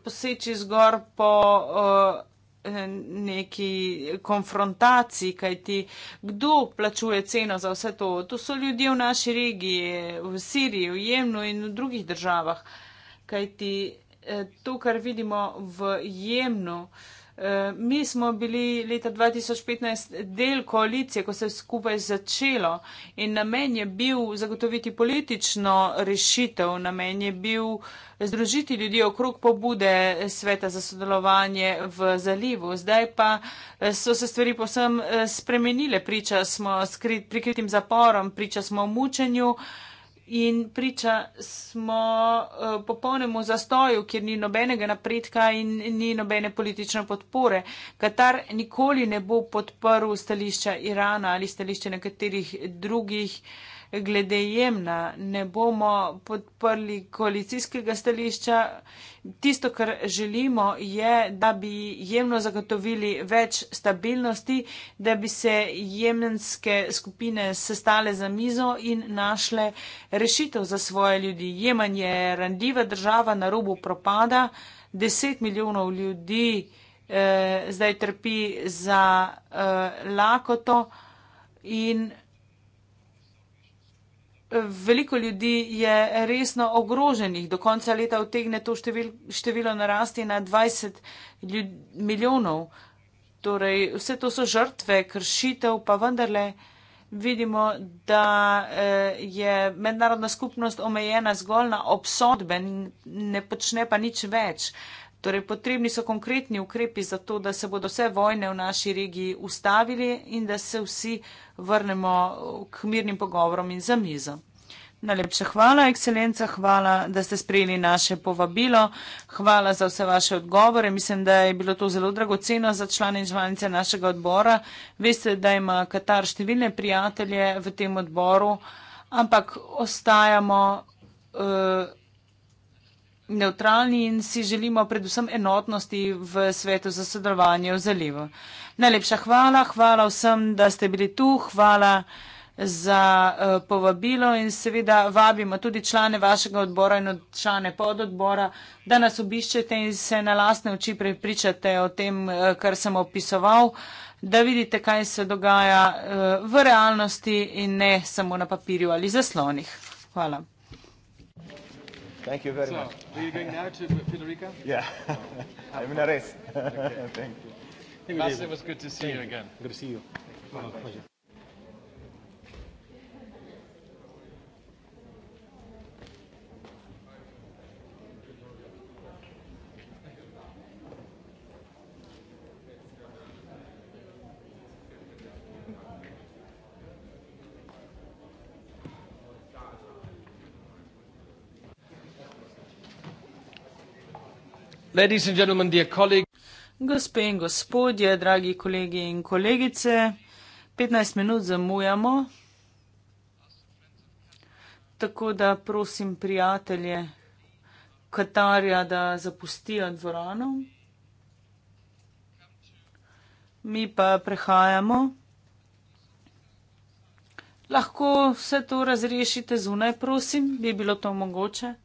poseči zgor po uh, neki konfrontaciji, kaj ti kdo plačuje ceno za vse to. To so ljudje v naši regiji, v Siriji, v Jemnu in v drugih državah. Kaj ti eh, to, kar vidimo v Jemnu, eh, Eh, mi smo bili leta 2015 del koalicije, ko se je skupaj začelo in namen je bil zagotoviti politično rešitev, namen je bil združiti ljudi okrog pobude sveta za sodelovanje v zalivu. Zdaj pa eh, so se stvari posem eh, spremenile, priča smo skrit, prikritim zaporom, priča smo mučenju in priča smo uh, popolnemu zastoju, kjer ni nobenega napredka in ni nobene politične podpore. Katar nikoli ne bo podprl stališča Irana ali stališča nekaterih drugih uh, glede jemna, ne bomo podprli koalicijskega stališča. Tisto, kar želimo, je, da bi jemno zagotovili več stabilnosti, da bi se jemenske skupine sestale za mizo in našle rešitev za svoje ljudi. Jemen je randljiva država na robu propada, deset milijonov ljudi eh, zdaj trpi za eh, lakoto. In Veliko ljudi je resno ogroženih. Do konca leta utegne to števil, število narasti na 20 ljud, milijonov. Torej, vse to so žrtve, kršitev, pa vendarle vidimo, da eh, je mednarodna skupnost omejena zgolj na obsodben in ne počne pa nič več. Eh, Torej, potrebni so konkretni ukrepi za to, da se bodo vse vojne v naši regiji ustavili in da se vsi vrnemo k mirnim pogovorom in za mizo. Najlepša hvala, ekscelenca, hvala, da ste sprejeli naše povabilo. Hvala za vse vaše odgovore. Mislim, da je bilo to zelo dragoceno za člane in članice našega odbora. Veste, da ima Katar številne prijatelje v tem odboru, ampak ostajamo. Uh, neutralni in si želimo predvsem enotnosti v svetu za sodelovanje v zalivu. Najlepša hvala, hvala vsem, da ste bili tu, hvala za eh, povabilo in seveda vabimo tudi člane vašega odbora in člane pododbora, da nas obiščete in se na lastne oči prepričate o tem, eh, kar sem opisoval, da vidite, kaj se dogaja eh, v realnosti in ne samo na papirju ali zaslonih. Hvala. Thank you very so, much. Are you going now to Federica? <laughs> Yeah. <laughs> I'm in a race. Okay. <laughs> Thank you. Lasse, it was good to see Thank you again. Good to see you. Thank you. Thank you. Ladies and gentlemen, dear colleagues. Gospe in gospodje, dragi kolegi in kolegice, 15 minut zamujamo. Tako da prosim prijatelje Katarja, da zapustijo dvorano. Mi pa prehajamo. Lahko vse to razrešite zunaj, prosim, bi bilo to mogoče.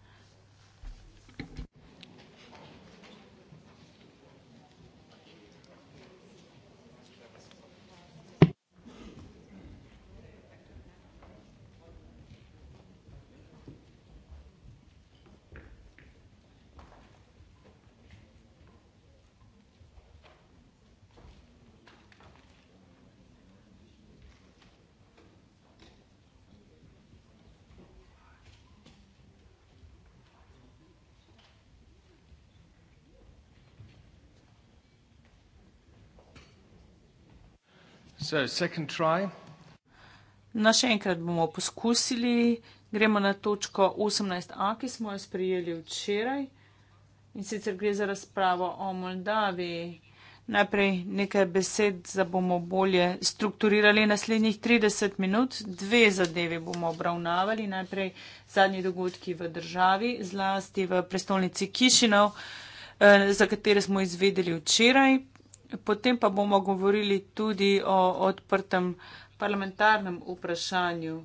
So, second try. Na no, še enkrat bomo poskusili. Gremo na točko 18a, ki smo jo sprijeli včeraj. In sicer gre za razpravo o Moldaviji. Najprej nekaj besed, da bomo bolje strukturirali naslednjih 30 minut. Dve zadeve bomo obravnavali. Najprej zadnji dogodki v državi, zlasti v prestolnici Kišinov, eh, za katere smo izvedeli včeraj. Potem pa bomo govorili tudi o odprtem parlamentarnem vprašanju.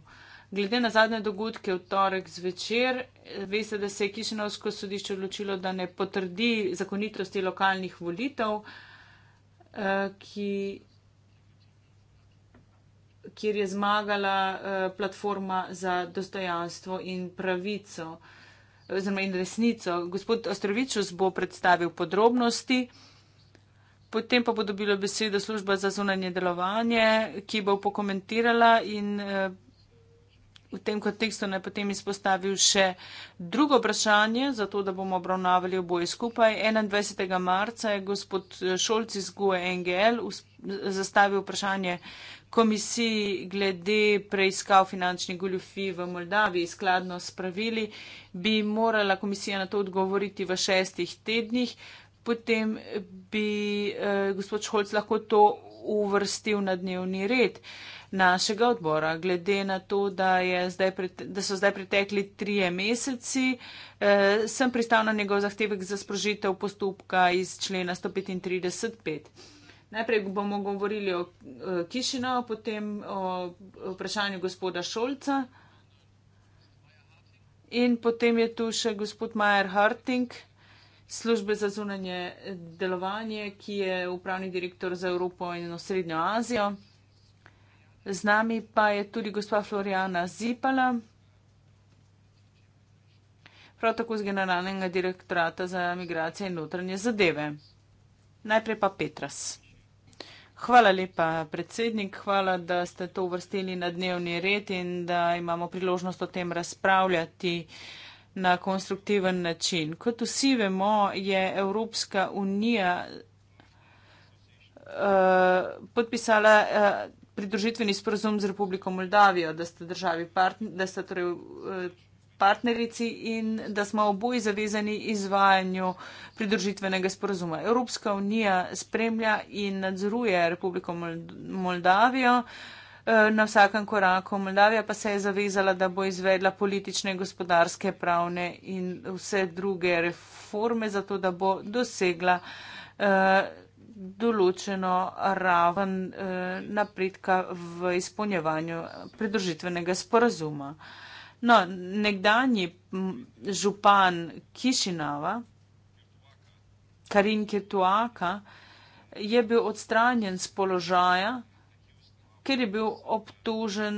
Glede na zadnje dogodke v torek zvečer, veste, da se je Kišinovsko sodišče odločilo, da ne potrdi zakonitosti lokalnih volitev, eh, ki, kjer je zmagala eh, platforma za dostojanstvo in pravico, oziroma in resnico. Gospod Ostrovičus bo predstavil podrobnosti potem pa bo dobila besedo služba za zunanje delovanje, ki bo pokomentirala in eh, v tem kontekstu naj potem izpostavil še drugo vprašanje, zato da bomo obravnavali oboje skupaj. 21. marca je gospod eh, Šolc iz GUE NGL zastavil vprašanje komisiji glede preiskav finančnih goljufij v Moldaviji skladno s pravili. Bi morala komisija na to odgovoriti v šestih tednih potem bi eh, gospod Šolc lahko to uvrstil na dnevni red našega odbora. Glede na to, da, zdaj, da so zdaj pretekli trije meseci, eh, sem pristal na njegov zahtevek za sprožitev postopka iz člena 135. Najprej bomo govorili o eh, Kišino, potem o vprašanju gospoda Šolca. In potem je tu še gospod Majer Harting službe za zunanje delovanje, ki je upravni direktor za Evropo in Srednjo Azijo. Z nami pa je tudi gospa Floriana Zipala, prav tako z generalnega direktorata za migracije in notranje zadeve. Najprej pa Petras. Hvala lepa, predsednik, hvala, da ste to uvrstili na dnevni red in da imamo priložnost o tem razpravljati. Uh, na konstruktiven način. Kot vsi vemo, je Evropska unija uh, podpisala uh, pridružitveni sporozum z Republiko Moldavijo, da ste državi partner, da ste torej, uh, partnerici in da smo oboji zavezani izvajanju pridružitvenega sporozuma. Evropska unija spremlja in nadzoruje Republiko Moldavijo. Uh, Eh, na vsakem koraku. Moldavija pa se je zavezala, da bo izvedla politične, gospodarske, pravne in vse druge reforme, zato da bo dosegla eh, določeno raven eh, napredka v izpolnjevanju pridružitvenega sporazuma. No, nekdanji župan Kišinava, Karin Ketuaka, je bil odstranjen z položaja, ker je bil obtožen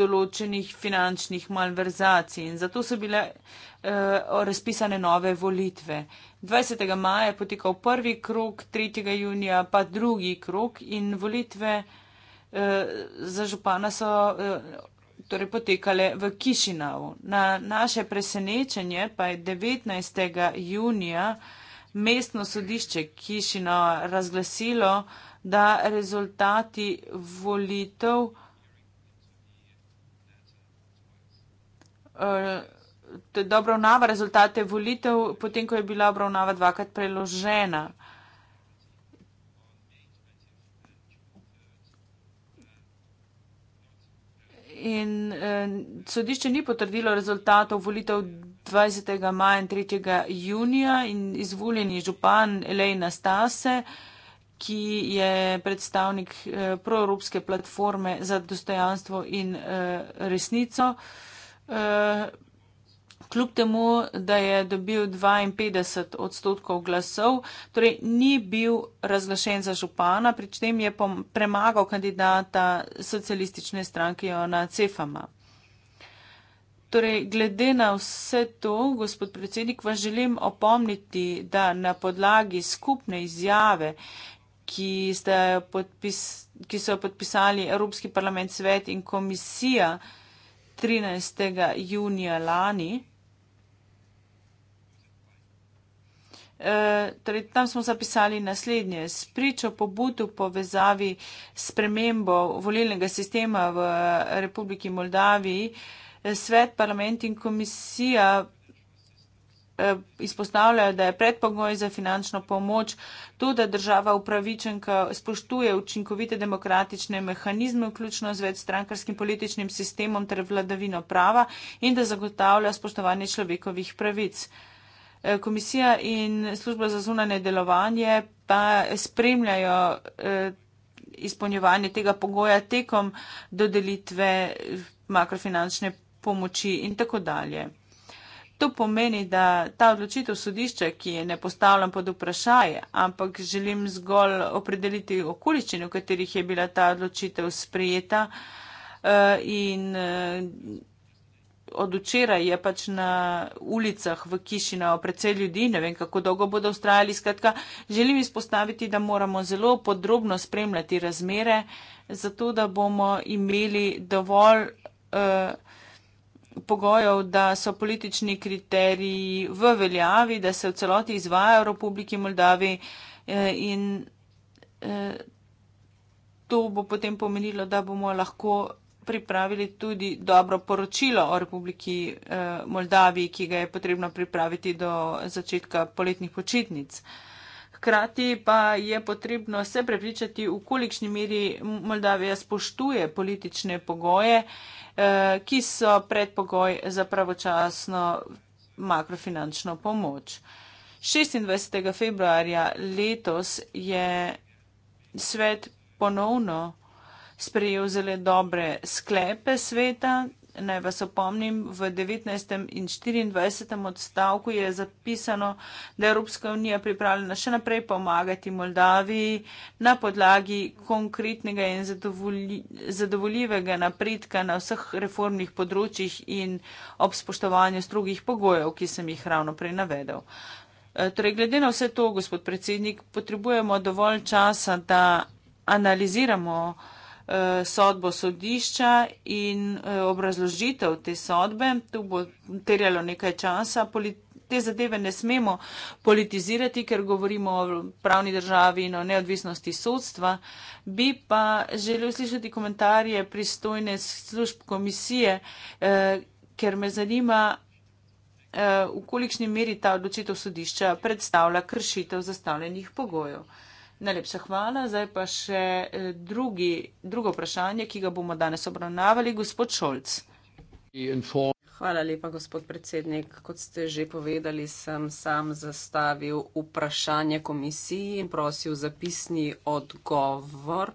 določenih finančnih malverzacij in zato so bile uh, razpisane nove volitve. 20. maja je potekal prvi krok, 3. junija pa drugi krok in volitve uh, za župana so uh, torej potekale v Kišinavu. Na naše presenečenje pa je 19. junija mestno sodišče Kišinava razglasilo, uh, da rezultati volitev eh, da obravnava rezultate volitev, potem ko je bila obravnava dvakrat preložena. In eh, sodišče ni potrdilo rezultatov volitev 20. maja in 3. junija in izvoljeni župan Elena Stase eh, ki je predstavnik eh, proevropske platforme za dostojanstvo in eh, resnico. Eh, kljub temu, da je dobil 52 odstotkov glasov, torej ni bil razglašen za župana, pri čem je premagal kandidata socialistične stranke Jona Cefama. Torej, glede na vse to, gospod predsednik, vas želim opomniti, da na podlagi skupne izjave ki, podpis, ki so jo podpisali Evropski parlament, svet in komisija 13. junija lani. E, torej, tam smo zapisali naslednje. Spričo pobudu povezavi s premembo volilnega sistema v Republiki Moldaviji, svet, parlament in komisija Eh, izpostavljajo, da je predpogoj za finančno pomoč to, da država upravičenka spoštuje učinkovite demokratične mehanizme, vključno z večstrankarskim političnim sistemom ter vladavino prava in da zagotavlja spoštovanje človekovih pravic. Eh, komisija in služba za zunanje delovanje pa spremljajo eh, izpolnjevanje tega pogoja tekom dodelitve makrofinančne pomoči in tako dalje. To pomeni, da ta odločitev sodišča, ki je ne postavljam pod vprašaj, ampak želim zgolj opredeliti okoličine, v katerih je bila ta odločitev sprejeta eh, in eh, od včeraj je pač na ulicah v Kišina precej ljudi, ne vem, kako dolgo bodo ustrajali. Skratka, želim izpostaviti, da moramo zelo podrobno spremljati razmere, zato da bomo imeli dovolj. Uh, pogojev, da so politični kriteriji v veljavi, da se v celoti izvajajo v Republiki Moldavi eh, in eh, to bo potem pomenilo, da bomo lahko pripravili tudi dobro poročilo o Republiki eh, Moldavi, ki ga je potrebno pripraviti do začetka poletnih počitnic. Hkrati pa je potrebno se prepričati, v kolikšni meri Moldavija spoštuje politične pogoje. Eh, ki so predpogoj za pravočasno makrofinančno pomoč. 26. februarja letos je svet ponovno sprejel zelo dobre sklepe sveta, naj vas opomnim, v 19. in 24. odstavku je zapisano, da je Evropska unija pripravljena še naprej pomagati Moldaviji na podlagi konkretnega in zadovolj, zadovoljivega napredka na vseh reformnih področjih in ob spoštovanju strogih pogojev, ki sem jih ravno prej navedel. E, torej, glede na vse to, gospod predsednik, potrebujemo dovolj časa, da analiziramo Eh, sodbo sodišča in eh, obrazložitev te sodbe. Tu bo terjalo nekaj časa. Te zadeve ne smemo politizirati, ker govorimo o pravni državi in o neodvisnosti sodstva. Bi pa želel slišati komentarje pristojne služb komisije, eh, ker me zanima, v kolikšni meri ta odločitev sodišča predstavlja kršitev zastavljenih pogojev. Najlepša hvala. Zdaj pa še eh, drugi, drugo vprašanje, ki ga bomo danes obravnavali, gospod Šolc. Hvala lepa, gospod predsednik. Kot ste že povedali, sem sam zastavil vprašanje komisiji in prosil za pisni odgovor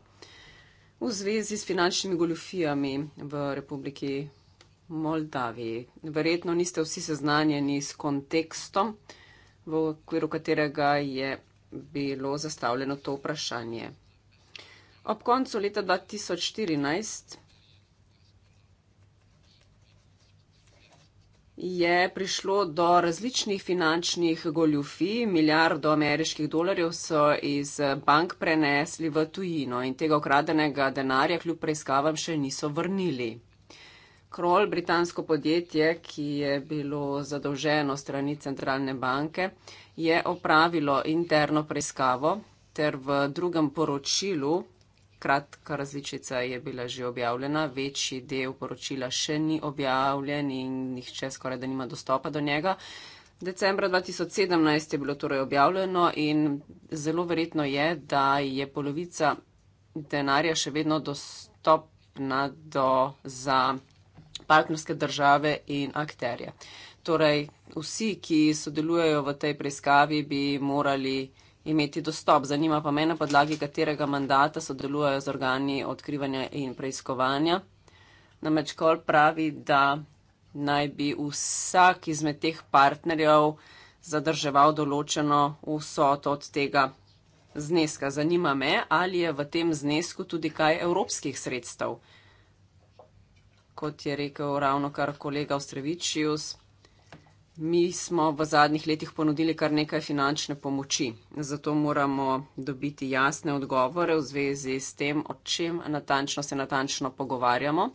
v zvezi s finančnimi goljufijami v Republiki Moldaviji. Verjetno niste vsi seznanjeni s kontekstom, v okviru katerega je bilo zastavljeno to vprašanje. Ob koncu leta 2014 je prišlo do različnih finančnih goljufij. Milijardo ameriških dolarjev so iz bank prenesli v tujino in tega ukradenega denarja kljub preiskavam še niso vrnili. Kroll, britansko podjetje, ki je bilo zadolženo strani centralne banke, je opravilo interno preiskavo ter v drugem poročilu, kratka različica je bila že objavljena, večji del poročila še ni objavljen in nihče skoraj da nima dostopa do njega. Decembra 2017 je bilo torej objavljeno in zelo verjetno je, da je polovica denarja še vedno dostopna do za partnerske države in akterje. Torej, vsi, ki sodelujejo v tej preiskavi, bi morali imeti dostop. Zanima pa me, na podlagi katerega mandata sodelujejo z organi odkrivanja in preiskovanja. Namreč Kol pravi, da naj bi vsak izmed teh partnerjev zadrževal določeno vsoto od tega zneska. Zanima me, ali je v tem znesku tudi kaj evropskih sredstev kot je rekel ravno kar kolega Ostrevičius, mi smo v zadnjih letih ponudili kar nekaj finančne pomoči. Zato moramo dobiti jasne odgovore v zvezi s tem, o čem natančno se natančno pogovarjamo,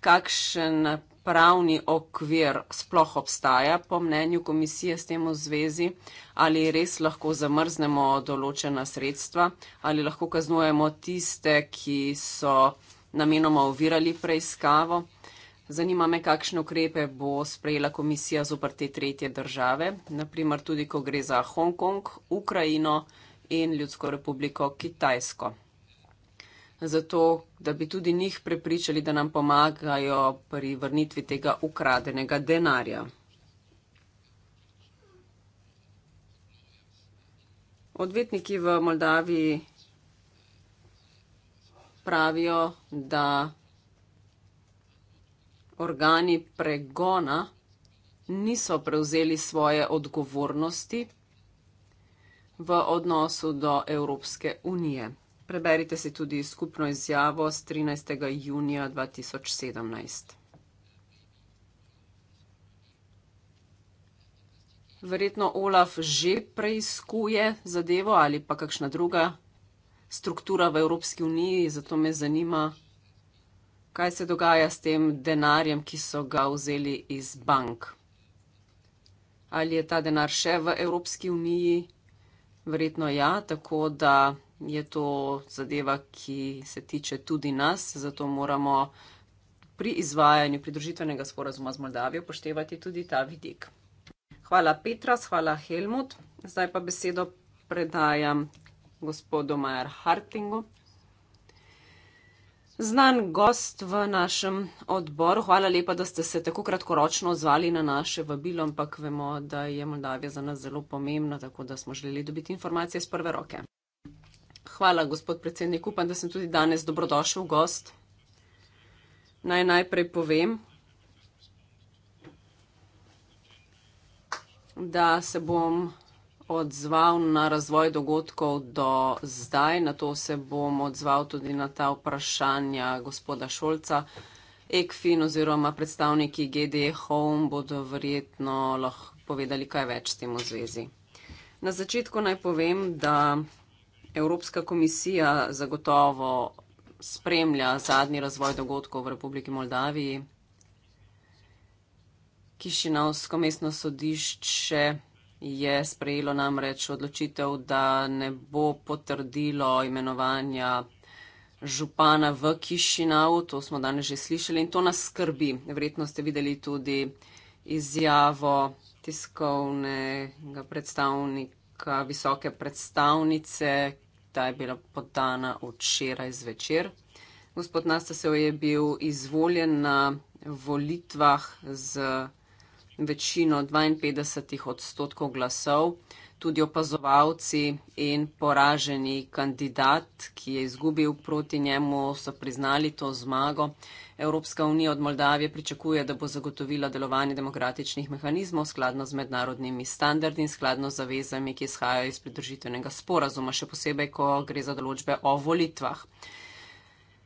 kakšen pravni okvir sploh obstaja po mnenju komisije s tem v zvezi, ali res lahko zamrznemo določena sredstva, ali lahko kaznujemo tiste, ki so namenoma ovirali preiskavo. Zanima me, kakšne ukrepe bo sprejela komisija zoper te tretje države, naprimer tudi, ko gre za Hongkong, Ukrajino in Ljudsko republiko Kitajsko. Zato, da bi tudi njih prepričali, da nam pomagajo pri vrnitvi tega ukradenega denarja. Odvetniki v Moldaviji pravijo, da organi pregona niso prevzeli svoje odgovornosti v odnosu do Evropske unije. Preberite si tudi skupno izjavo z 13. junija 2017. Verjetno Olaf že preiskuje zadevo ali pa kakšna druga struktura v Evropski uniji, zato me zanima, kaj se dogaja s tem denarjem, ki so ga vzeli iz bank. Ali je ta denar še v Evropski uniji? Verjetno ja, tako da je to zadeva, ki se tiče tudi nas, zato moramo pri izvajanju pridružitvenega sporazuma z Moldavijo poštevati tudi ta vidik. Hvala Petras, hvala Helmut. Zdaj pa besedo predajam gospodu Majer Hartingu. Znan gost v našem odboru, hvala lepa, da ste se tako kratkoročno odzvali na naše vabilo, ampak vemo, da je Moldavija za nas zelo pomembna, tako da smo želeli dobiti informacije z prve roke. Hvala, gospod predsednik, upam, da sem tudi danes dobrodošel gost. Naj najprej povem, da se bom odzval na razvoj dogodkov do zdaj, na to se bom odzval tudi na ta vprašanja gospoda Šolca. ECFIN oziroma predstavniki GDE Home bodo verjetno lahko povedali kaj več s tem v zvezi. Na začetku naj povem, da Evropska komisija zagotovo spremlja zadnji razvoj dogodkov v Republiki Moldaviji. Kišinovsko mestno sodišče je sprejelo namreč odločitev, da ne bo potrdilo imenovanja župana v Kišinau. To smo danes že slišali in to nas skrbi. Verjetno ste videli tudi izjavo tiskovnega predstavnika, visoke predstavnice, ta je bila podana včeraj zvečer. Gospod Nastasev je bil izvoljen na volitvah z večino 52 odstotkov glasov. Tudi opazovalci in poraženi kandidat, ki je izgubil proti njemu, so priznali to zmago. Evropska unija od Moldavije pričakuje, da bo zagotovila delovanje demokratičnih mehanizmov skladno z mednarodnimi standardi in skladno z zavezami, ki izhajajo iz pridržitvenega sporazuma, še posebej, ko gre za določbe o volitvah.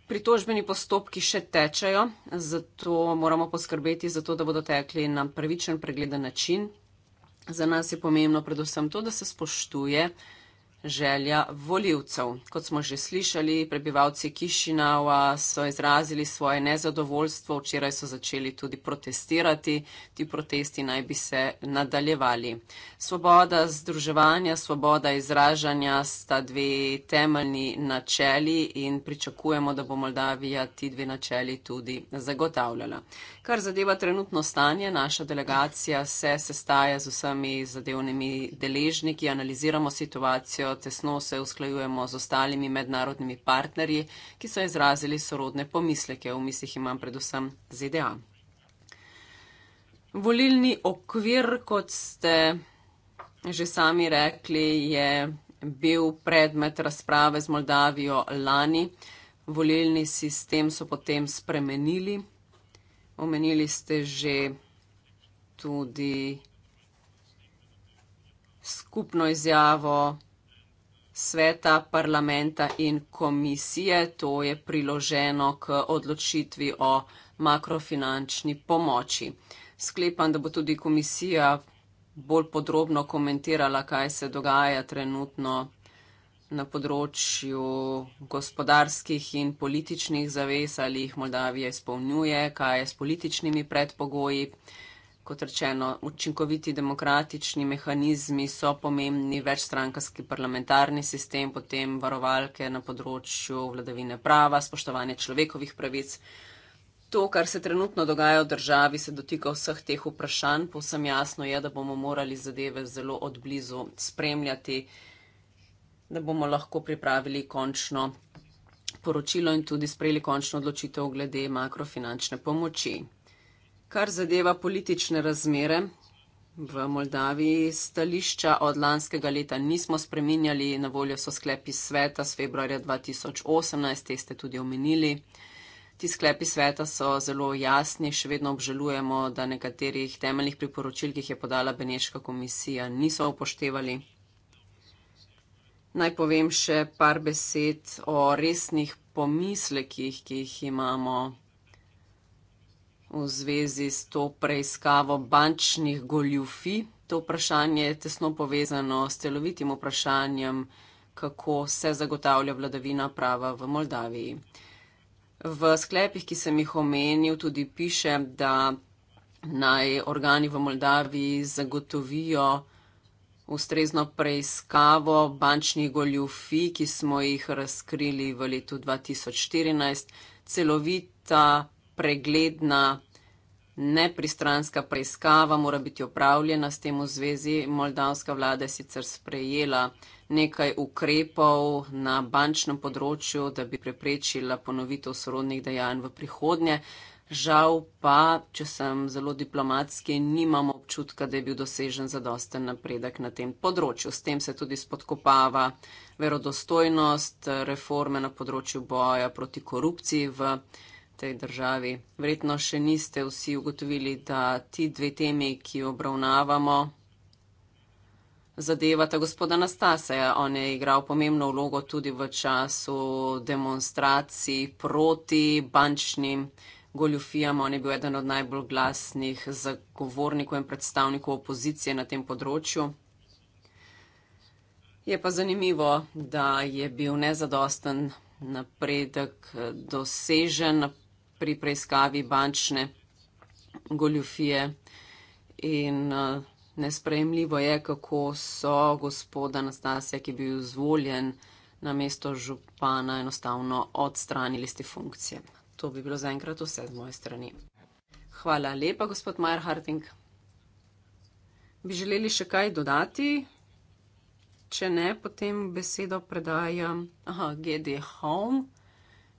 Pritožbeni postopki še tečajo, zato moramo poskrbeti za to, da bodo tekli na pravičen, pregleden način. Za nas je pomembno predvsem to, da se spoštuje želja voljivcev. Kot smo že slišali, prebivalci Kišinava so izrazili svoje nezadovoljstvo, včeraj so začeli tudi protestirati, ti protesti naj bi se nadaljevali. Svoboda združevanja, svoboda izražanja sta dve temeljni načeli in pričakujemo, da bo Moldavija ti dve načeli tudi zagotavljala. Kar zadeva trenutno stanje, naša delegacija se sestaja z vsemi zadevnimi deležniki, analiziramo situacijo, tesno se usklajujemo z ostalimi mednarodnimi partnerji, ki so izrazili sorodne pomisleke. V mislih imam predvsem ZDA. Volilni okvir, kot ste že sami rekli, je bil predmet razprave z Moldavijo lani. Volilni sistem so potem spremenili. Omenili ste že tudi skupno izjavo sveta, parlamenta in komisije, to je priloženo k odločitvi o makrofinančni pomoči. Sklepam, da bo tudi komisija bolj podrobno komentirala, kaj se dogaja trenutno na področju gospodarskih in političnih zavez, ali jih Moldavija izpolnjuje, kaj je s političnimi predpogoji kot rečeno, učinkoviti demokratični mehanizmi so pomembni, večstrankarski parlamentarni sistem, potem varovalke na področju vladavine prava, spoštovanje človekovih pravic. To, kar se trenutno dogaja v državi, se dotika vseh teh vprašanj. Povsem jasno je, da bomo morali zadeve zelo odblizu spremljati, da bomo lahko pripravili končno poročilo in tudi sprejeli končno odločitev glede makrofinančne pomoči. Kar zadeva politične razmere v Moldaviji, stališča od lanskega leta nismo spreminjali, na voljo so sklepi sveta z februarja 2018, te ste tudi omenili. Ti sklepi sveta so zelo jasni, še vedno obžalujemo, da nekaterih temeljnih priporočil, ki jih je podala Beneška komisija, niso upoštevali. Naj povem še par besed o resnih pomislekih, ki jih imamo v zvezi s to preiskavo bančnih goljufi. To vprašanje je tesno povezano s celovitim vprašanjem, kako se zagotavlja vladavina prava v Moldaviji. V sklepih, ki sem jih omenil, tudi piše, da naj organi v Moldaviji zagotovijo ustrezno preiskavo bančnih goljufi, ki smo jih razkrili v letu 2014. Celovita pregledna, nepristranska preiskava mora biti opravljena s tem v zvezi. Moldavska vlada je sicer sprejela nekaj ukrepov na bančnem področju, da bi preprečila ponovitev sorodnih dejanj v prihodnje. Žal pa, če sem zelo diplomatski, nimamo občutka, da je bil dosežen zadosten napredek na tem področju. S tem se tudi spodkopava verodostojnost reforme na področju boja proti korupciji v tej državi. Verjetno še niste vsi ugotovili, da ti dve temi, ki jo obravnavamo, zadevata gospoda Nastaseja. On je igral pomembno vlogo tudi v času demonstracij proti bančnim goljufijam. On je bil eden od najbolj glasnih zagovornikov in predstavnikov opozicije na tem področju. Je pa zanimivo, da je bil nezadosten napredek dosežen, pri preiskavi bančne goljufije. In uh, nesprejemljivo je, kako so gospoda Nastasija, ki je bil izvoljen na mesto župana, enostavno odstranili ste funkcije. To bi bilo zaenkrat vse z moje strani. Hvala lepa, gospod Majer Harting. Bi želeli še kaj dodati? Če ne, potem besedo predajam. Aha, GD Home.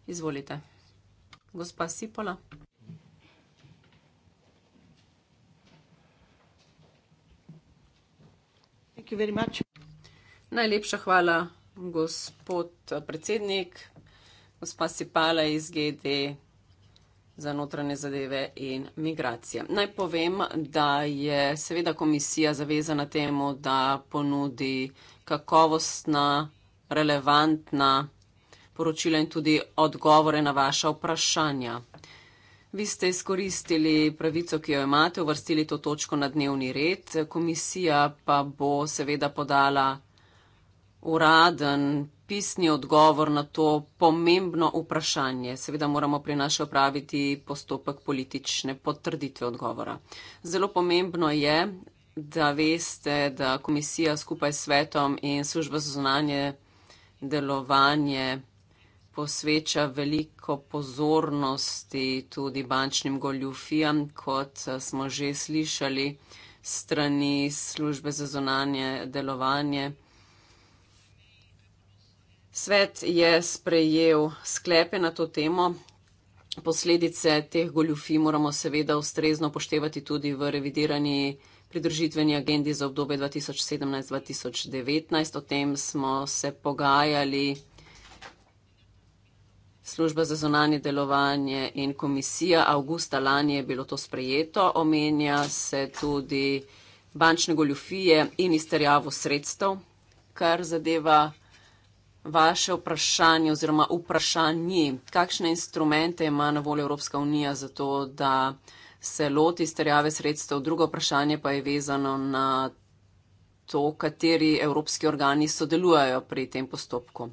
Izvolite gospa Sipola. Najlepša hvala, gospod predsednik, gospa Sipala iz GD za notranje zadeve in migracije. Naj povem, da je seveda komisija zavezana temu, da ponudi kakovostna, relevantna poročila in tudi odgovore na vaša vprašanja. Vi ste izkoristili pravico, ki jo imate, uvrstili to točko na dnevni red, komisija pa bo seveda podala uraden pisni odgovor na to pomembno vprašanje. Seveda moramo pri naši opraviti postopek politične potrditve odgovora. Zelo pomembno je, da veste, da komisija skupaj s svetom in službo za zunanje delovanje posveča veliko pozornosti tudi bančnim goljufijam, kot eh, smo že slišali strani službe za zonanje delovanje. Svet je sprejel sklepe na to temo. Posledice teh goljufij moramo seveda ustrezno poštevati tudi v revidirani pridružitveni agendi za obdobje 2017-2019. O tem smo se pogajali služba za zonanje delovanje in komisija. Augusta lani je bilo to sprejeto. Omenja se tudi bančne goljufije in izterjavo sredstev, kar zadeva vaše vprašanje oziroma vprašanje, kakšne instrumente ima na voljo Evropska unija za to, da se loti izterjave sredstev. Drugo vprašanje pa je vezano na to, kateri evropski organi sodelujejo pri tem postopku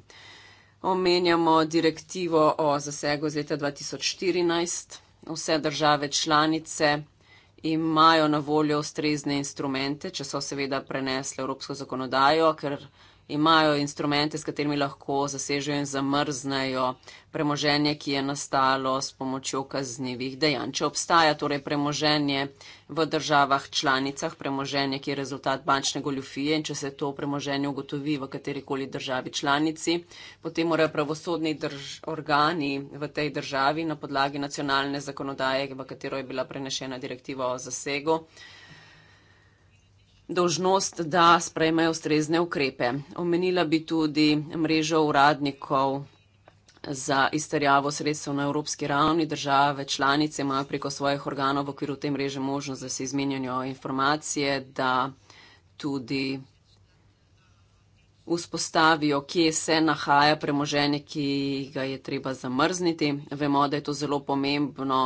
omenjamo direktivo o zasegu iz leta 2014. Vse države članice imajo na voljo ustrezne instrumente, če so seveda prenesle evropsko zakonodajo, ker imajo instrumente, s katerimi lahko zasežejo in zamrznejo premoženje, ki je nastalo s pomočjo kaznjivih dejanj. Če obstaja torej premoženje v državah članicah, premoženje, ki je rezultat bančne goljufije in če se to premoženje ugotovi v katerikoli državi članici, potem morajo pravosodni organi v tej državi na podlagi nacionalne zakonodaje, v katero je bila prenešena direktiva o zasegu, dožnost, da sprejmejo ustrezne ukrepe. Omenila bi tudi mrežo uradnikov za izterjavo sredstev na evropski ravni. Države članice imajo preko svojih organov v okviru te mreže možnost, da se izmenjajo informacije, da tudi vzpostavijo, kje se nahaja premoženje, ki ga je treba zamrzniti. Vemo, da je to zelo pomembno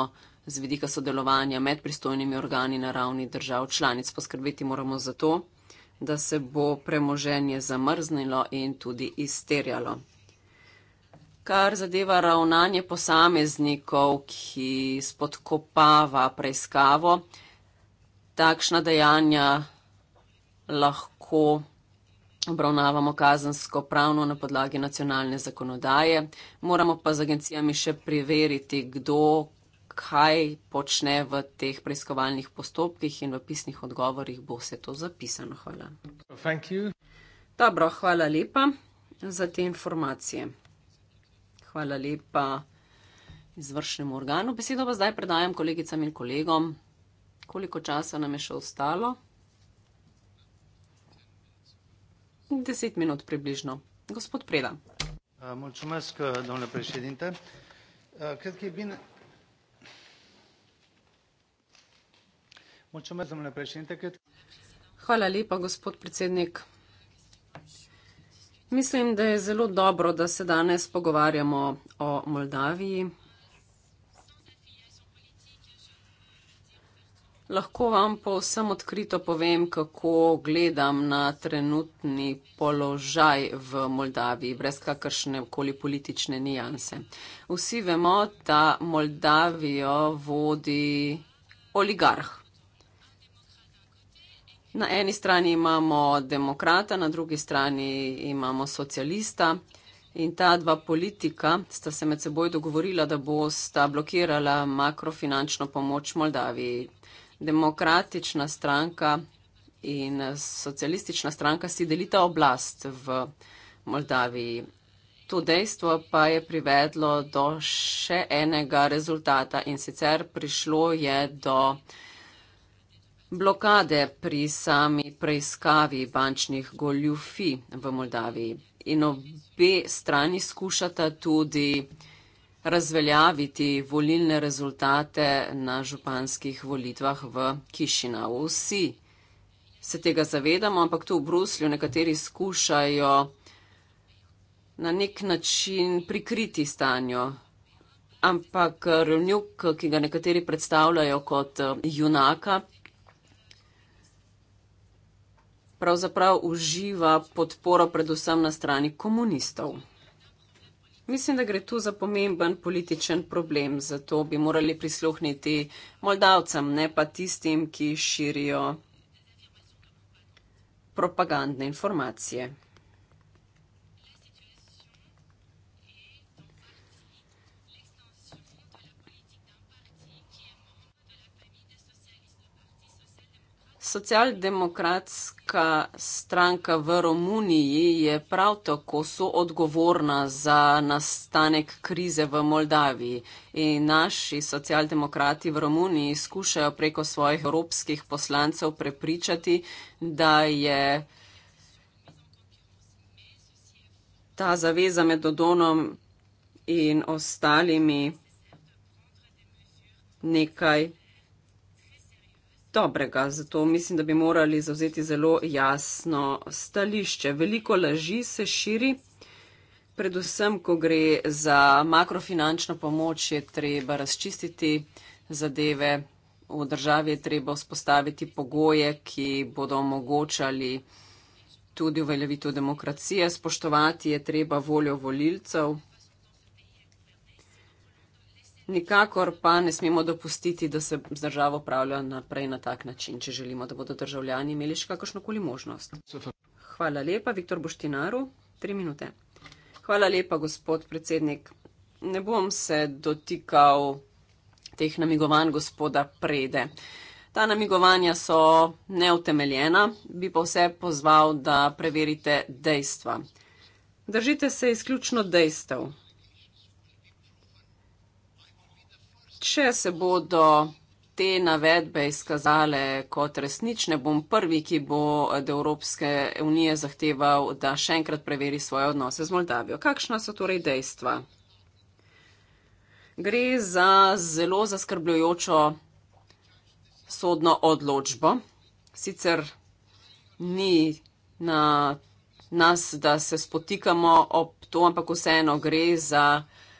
z vidika sodelovanja med pristojnimi organi na ravni držav članic. Poskrbeti moramo za to, da se bo premoženje zamrznilo in tudi izterjalo. Kar zadeva ravnanje posameznikov, ki spodkopava preiskavo, takšna dejanja lahko obravnavamo kazensko pravno na podlagi nacionalne zakonodaje. Moramo pa z agencijami še preveriti, kdo, kaj počne v teh preiskovalnih postopkih in v pisnih odgovorih, bo se to zapisano. Hvala. Dobro, hvala lepa za te informacije. Hvala lepa izvršnemu organu. Besedo pa zdaj predajam kolegicam in kolegom. Koliko časa nam je še ostalo? Deset minut približno. Gospod Preda. Uh, Molčumesk, da ne prešedite. Uh, Kratki e bin. Hvala lepa, gospod predsednik. Mislim, da je zelo dobro, da se danes pogovarjamo o Moldaviji. Lahko vam povsem odkrito povem, kako gledam na trenutni položaj v Moldaviji, brez kakršne koli politične nijanse. Vsi vemo, da Moldavijo vodi oligarh. Na eni strani imamo demokrata, na drugi strani imamo socialista. In ta dva politika sta se med seboj dogovorila, da bosta blokirala makrofinančno pomoč Moldaviji. Demokratična stranka in socialistična stranka si delita oblast v Moldaviji. To dejstvo pa je privedlo do še enega rezultata in sicer prišlo je do blokade pri sami preiskavi bančnih goljufi v Moldaviji. In obe strani skušata tudi razveljaviti volilne rezultate na županskih volitvah v Kišinavu. Vsi se tega zavedamo, ampak tu v Bruslju nekateri skušajo na nek način prikriti stanjo. Ampak Rovnjuk, ki ga nekateri predstavljajo kot eh, junaka, pravzaprav uživa podporo predvsem na strani komunistov. Mislim, da gre tu za pomemben političen problem, zato bi morali prisluhniti Moldavcem, ne pa tistim, ki širijo propagandne informacije. Socialdemokratska stranka v Romuniji je prav tako soodgovorna za nastanek krize v Moldaviji. In naši socialdemokrati v Romuniji skušajo preko svojih evropskih poslancev prepričati, da je ta zaveza med Dodonom in ostalimi nekaj dobrega. Zato mislim, da bi morali zauzeti zelo jasno stališče. Veliko laži se širi, predvsem, ko gre za makrofinančno pomoč, je treba razčistiti zadeve. V državi je treba vzpostaviti pogoje, ki bodo omogočali tudi uveljavitev demokracije, spoštovati je treba voljo volilcev. Nikakor pa ne smemo dopustiti, da se z državo upravlja naprej na tak način, če želimo, da bodo državljani imeli še kakršnokoli možnost. Hvala lepa, Viktor Boštinaru. Tri minute. Hvala lepa, gospod predsednik. Ne bom se dotikal teh namigovanj gospoda Prede. Ta namigovanja so neutemeljena, bi pa vse pozval, da preverite dejstva. Držite se izključno dejstev. Če se bodo te navedbe izkazale kot resnične, bom prvi, ki bo od Evropske unije zahteval, da še enkrat preveri svoje odnose z Moldavijo. Kakšna so torej dejstva? Gre za zelo zaskrbljujočo sodno odločbo. Sicer ni na nas, da se spotikamo ob to, ampak vseeno gre za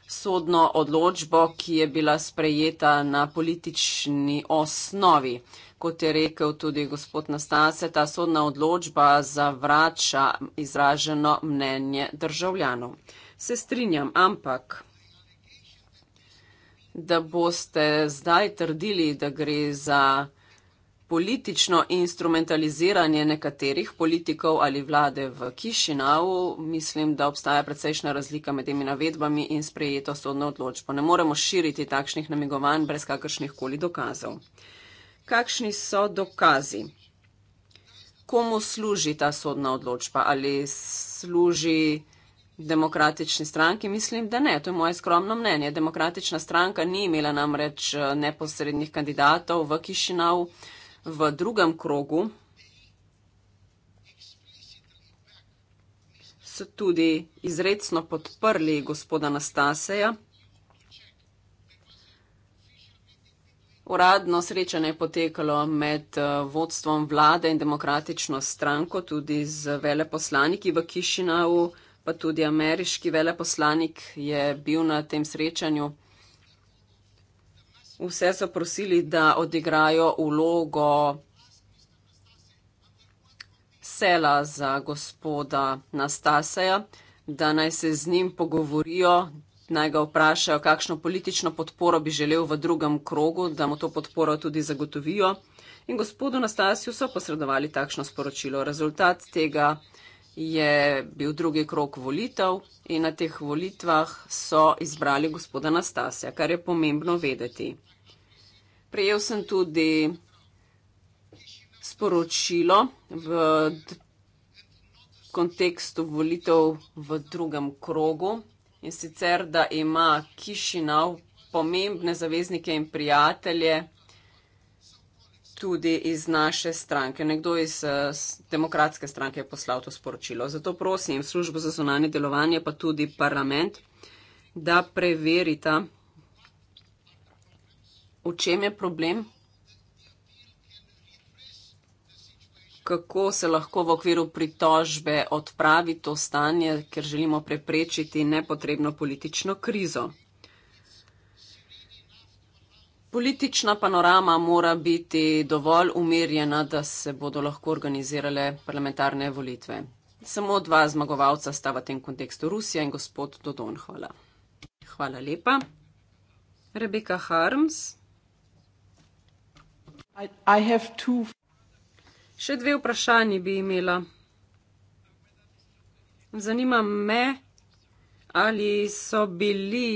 sodno odločbo, ki je bila sprejeta na politični osnovi. Kot je rekel tudi gospod Nastase, ta sodna odločba zavrača izraženo mnenje državljanov. Se strinjam, ampak da boste zdaj trdili, da gre za Politično instrumentaliziranje nekaterih politikov ali vlade v Kišinau, mislim, da obstaja precejšna razlika med temi navedbami in sprejeto sodno odločbo. Ne moremo širiti takšnih namigovanj brez kakršnih koli dokazov. Kakšni so dokazi? Komu služi ta sodna odločba? Ali služi demokratični stranki? Mislim, da ne. To je moje skromno mnenje. Demokratična stranka ni imela namreč eh, neposrednih kandidatov v Kišinau v drugem krogu so tudi izredno podprli gospoda Nastaseja. Uradno srečanje je potekalo med eh, vodstvom vlade in demokratično stranko, tudi z veleposlaniki v Kišinau, pa tudi ameriški veleposlanik je bil na tem srečanju vse zaprosili, da odigrajo vlogo sela za gospoda Nastaseja, da naj se z njim pogovorijo, naj ga vprašajo, kakšno politično podporo bi želel v drugem krogu, da mu to podporo tudi zagotovijo. In gospodu Nastasiju so posredovali takšno sporočilo. Rezultat tega je bil drugi krok volitev in na teh volitvah so izbrali gospoda Nastasja, kar je pomembno vedeti. Prejel sem tudi sporočilo v kontekstu volitev v drugem krogu in sicer, da ima Kišinav pomembne zaveznike in prijatelje tudi iz naše stranke. Nekdo iz uh, demokratske stranke je poslal to sporočilo. Zato prosim službo za zunanje delovanje, pa tudi parlament, da preverita, v čem je problem, kako se lahko v okviru pritožbe odpravi to stanje, ker želimo preprečiti nepotrebno politično krizo. Politična panorama mora biti dovolj umirjena, da se bodo lahko organizirale parlamentarne volitve. Samo dva zmagovalca sta v tem kontekstu Rusija in gospod Dodon. Hvala. Hvala lepa. Rebeka Harms. I, I two... Še dve vprašanji bi imela. Zanima me, ali so bili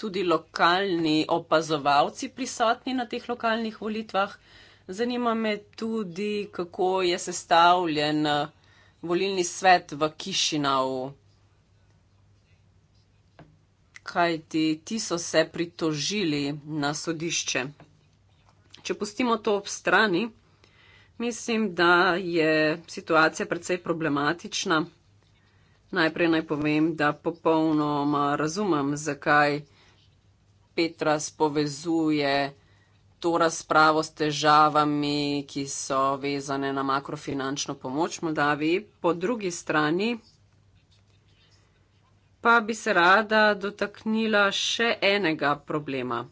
tudi lokalni opazovalci prisotni na teh lokalnih volitvah. Zanima me tudi, kako je sestavljen eh, volilni svet v Kišinau. Kaj ti, ti so se pritožili na sodišče? Če pustimo to ob strani, mislim, da je situacija precej problematična. Najprej naj povem, da popolnoma razumem, zakaj. Petra spovezuje to razpravo s težavami, ki so vezane na makrofinančno pomoč Moldaviji. Po drugi strani pa bi se rada dotaknila še enega problema.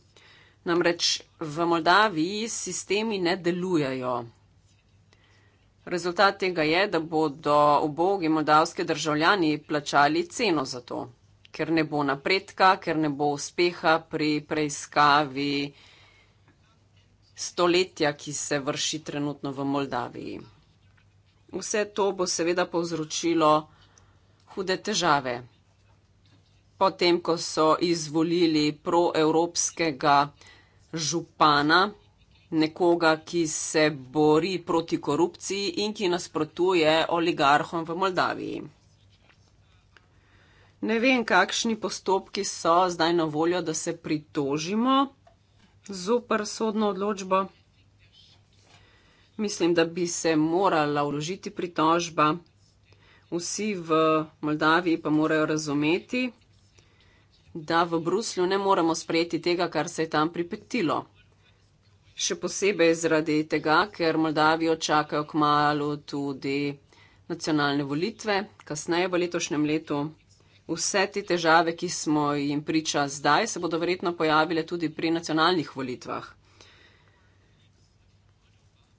Namreč v Moldaviji sistemi ne delujejo. Rezultat tega je, da bodo obogi moldavske državljani plačali ceno za to ker ne bo napredka, ker ne bo uspeha pri preiskavi stoletja, ki se vrši trenutno v Moldaviji. Vse to bo seveda povzročilo hude težave. Potem, ko so izvolili proevropskega župana, nekoga, ki se bori proti korupciji in ki nasprotuje oligarhom v Moldaviji ne vem, kakšni postopki so zdaj na voljo, da se pritožimo zoper sodno odločbo. Mislim, da bi se morala vložiti pritožba. Vsi v Moldaviji pa morajo razumeti, da v Bruslju ne moremo sprejeti tega, kar se je tam pripetilo. Še posebej zaradi tega, ker Moldavijo čakajo k malu tudi nacionalne volitve, kasneje v letošnjem letu. Vse te težave, ki smo jim priča zdaj, se bodo verjetno pojavile tudi pri nacionalnih volitvah.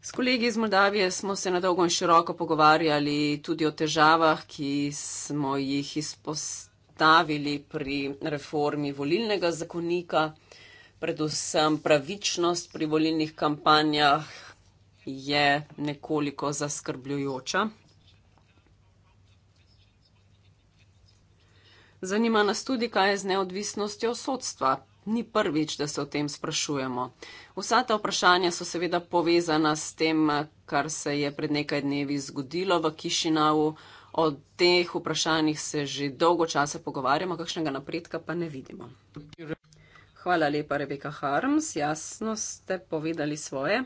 S kolegi iz Moldavije smo se na dolgo in široko pogovarjali tudi o težavah, ki smo jih izpostavili pri reformi volilnega zakonika, predvsem pravičnost pri volilnih kampanjah je nekoliko zaskrbljujoča. Zanima nas tudi, kaj je z neodvisnostjo sodstva. Ni prvič, da se o tem sprašujemo. Vsa ta vprašanja so seveda povezana s tem, kar se je pred nekaj dnevi zgodilo v Kišinavu. O teh vprašanjih se že dolgo časa pogovarjamo, kakšnega napredka pa ne vidimo. Hvala lepa, Rebeka Harms, jasno ste povedali svoje.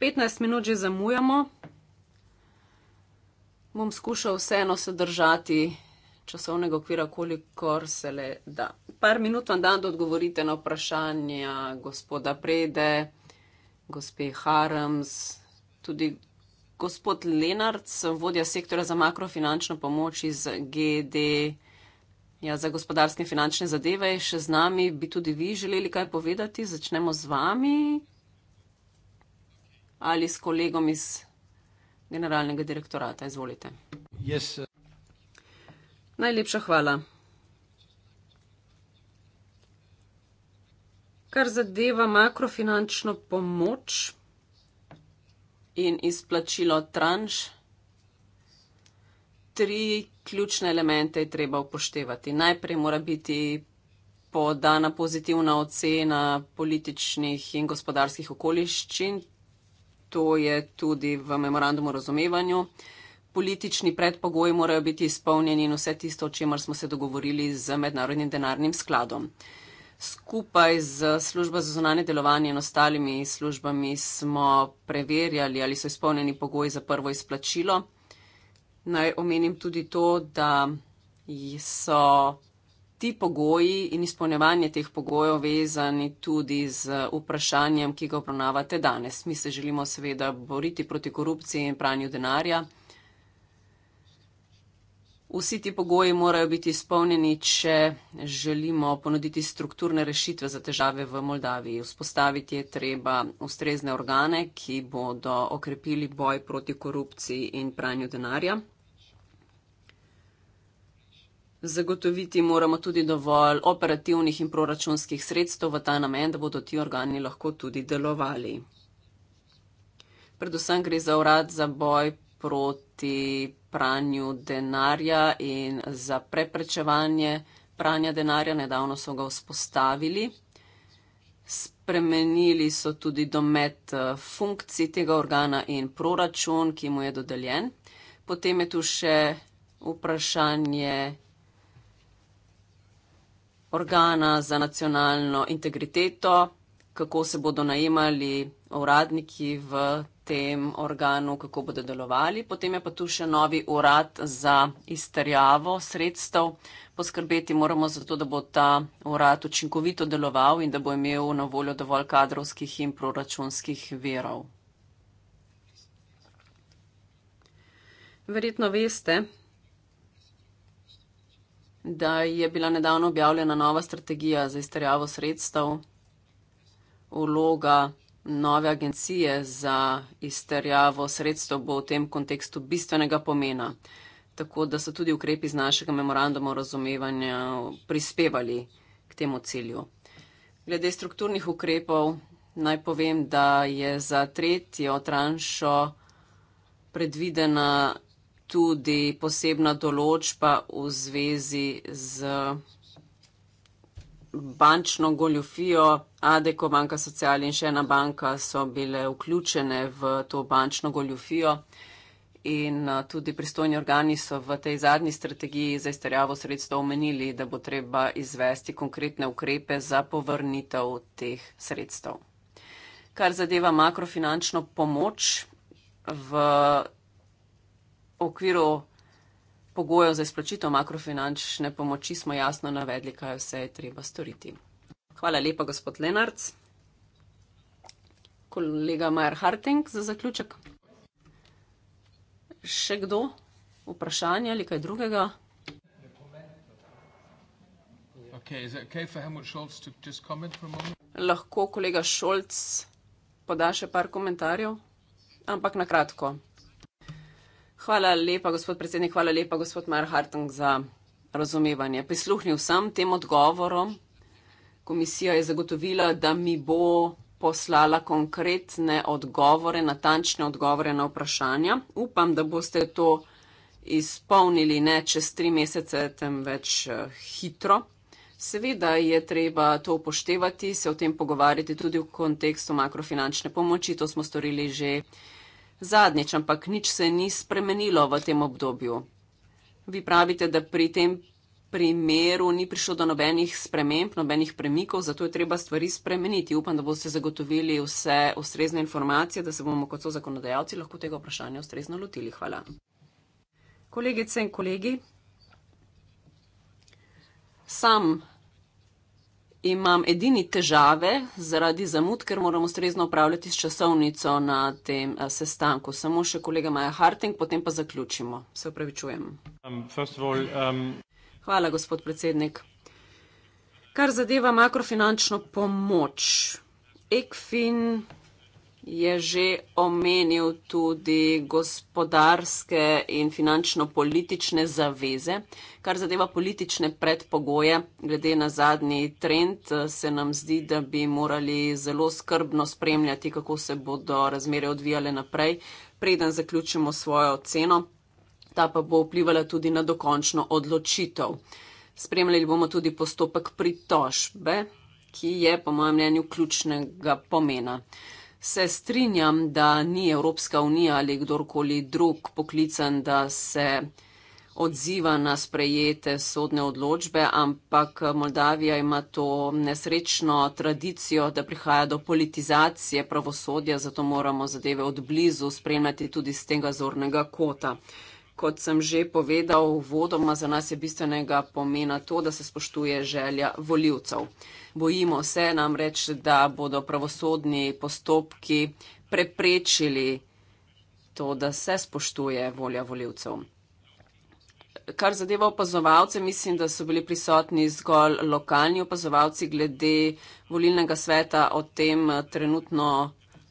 15 minut že zamujamo. Bom skušal vseeno se držati časovnega okvira, kolikor se le da. Par minut vam dan, da odgovorite na vprašanja gospoda Prede, gospe Harams, tudi gospod Lenard, vodja sektora za makrofinančno pomoč iz GD. Ja, za gospodarske in finančne zadeve je še z nami, bi tudi vi želeli kaj povedati. Začnemo z vami ali s kolegom iz generalnega direktorata. Izvolite. Yes, Najlepša hvala. Kar zadeva makrofinančno pomoč in izplačilo tranš, tri ključne elemente je treba upoštevati. Najprej mora biti podana pozitivna ocena političnih in gospodarskih okoliščin, to je tudi v memorandumu o razumevanju politični predpogoji morajo biti izpolnjeni in vse tisto, o čemer smo se dogovorili z mednarodnim denarnim skladom. Skupaj z službo za zunanje delovanje in ostalimi službami smo preverjali, ali so izpolnjeni pogoji za prvo izplačilo. Naj omenim tudi to, da so ti pogoji in izpolnjevanje teh pogojev vezani tudi z vprašanjem, ki ga obravnavate danes. Mi se želimo seveda boriti proti korupciji in pranju denarja. Vsi ti pogoji morajo biti izpolnjeni, če želimo ponuditi strukturne rešitve za težave v Moldaviji. Vzpostaviti je treba ustrezne organe, ki bodo okrepili boj proti korupciji in pranju denarja. Zagotoviti moramo tudi dovolj operativnih in proračunskih sredstev v ta namen, da bodo ti organi lahko tudi delovali. Predvsem gre za urad za boj proti pranju denarja in za preprečevanje pranja denarja. Nedavno so ga vzpostavili. Spremenili so tudi domet eh, funkcij tega organa in proračun, ki mu je dodeljen. Potem je tu še vprašanje organa za nacionalno integriteto, kako se bodo najemali uradniki v tem organu, kako bodo delovali. Potem je pa tu še novi urad za izterjavo sredstev. Poskrbeti moramo za to, da bo ta urad učinkovito deloval in da bo imel na voljo dovolj kadrovskih in proračunskih verov. Verjetno veste, da je bila nedavno objavljena nova strategija za izterjavo sredstev. Vloga nove agencije za izterjavo sredstev bo v tem kontekstu bistvenega pomena. Tako da so tudi ukrepi iz našega memoranduma razumevanja prispevali k temu cilju. Glede strukturnih ukrepov naj povem, da je za tretjo tranšo predvidena tudi posebna določba v zvezi z bančno goljofijo, Adeko banka social in še ena banka so bile vključene v to bančno goljofijo. In tudi pristojni organi so v tej zadnji strategiji za izterjavo sredstva omenili, da bo treba izvesti konkretne ukrepe za povrnitev teh sredstev. Kar zadeva makrofinančno pomoč v okviru pogojev za izplačitev makrofinančne pomoči smo jasno navedli, kaj vse je treba storiti. Hvala lepa, gospod Lenarc. Kolega Majer Harting za zaključek. Še kdo? Vprašanje ali kaj drugega? Okay, okay Lahko kolega Šolc poda še par komentarjev, ampak na kratko. Hvala lepa, gospod predsednik, hvala lepa, gospod Marhartung, za razumevanje. Prisluhnil sem tem odgovorom. Komisija je zagotovila, da mi bo poslala konkretne odgovore, natančne odgovore na vprašanja. Upam, da boste to izpolnili ne čez tri mesece, temveč eh, hitro. Seveda je treba to upoštevati, se o tem pogovarjati tudi v kontekstu makrofinančne pomoči. To smo storili že zadnjič, ampak nič se ni spremenilo v tem obdobju. Vi pravite, da pri tem primeru ni prišlo do nobenih sprememb, nobenih premikov, zato je treba stvari spremeniti. Upam, da boste zagotovili vse ustrezne informacije, da se bomo kot so zakonodajalci lahko tega vprašanja ustrezno lotili. Hvala. Kolegice in kolegi, sam imam edini težave zaradi zamud, ker moram ustrezno upravljati s časovnico na tem uh, sestanku. Samo še kolega Maja Harting, potem pa zaključimo. Se upravičujem. Um, all, um... Hvala, gospod predsednik. Kar zadeva makrofinančno pomoč. ECFIN je že omenil tudi gospodarske in finančno-politične zaveze. Kar zadeva politične predpogoje, glede na zadnji trend, se nam zdi, da bi morali zelo skrbno spremljati, kako se bodo razmere odvijale naprej, preden zaključimo svojo oceno. Ta pa bo vplivala tudi na dokončno odločitev. Spremljali bomo tudi postopek pritožbe, ki je po mojem mnenju ključnega pomena. Se strinjam, da ni Evropska unija ali kdorkoli drug poklican, da se odziva na sprejete sodne odločbe, ampak Moldavija ima to nesrečno tradicijo, da prihaja do politizacije pravosodja, zato moramo zadeve odblizu spremljati tudi z tega zornega kota. Kot sem že povedal, vodoma za nas je bistvenega pomena to, da se spoštuje želja voljivcev. Bojimo se namreč, da bodo pravosodni postopki preprečili to, da se spoštuje volja voljivcev. Kar zadeva opazovalce, mislim, da so bili prisotni zgolj lokalni opazovalci glede volilnega sveta. O tem eh, trenutno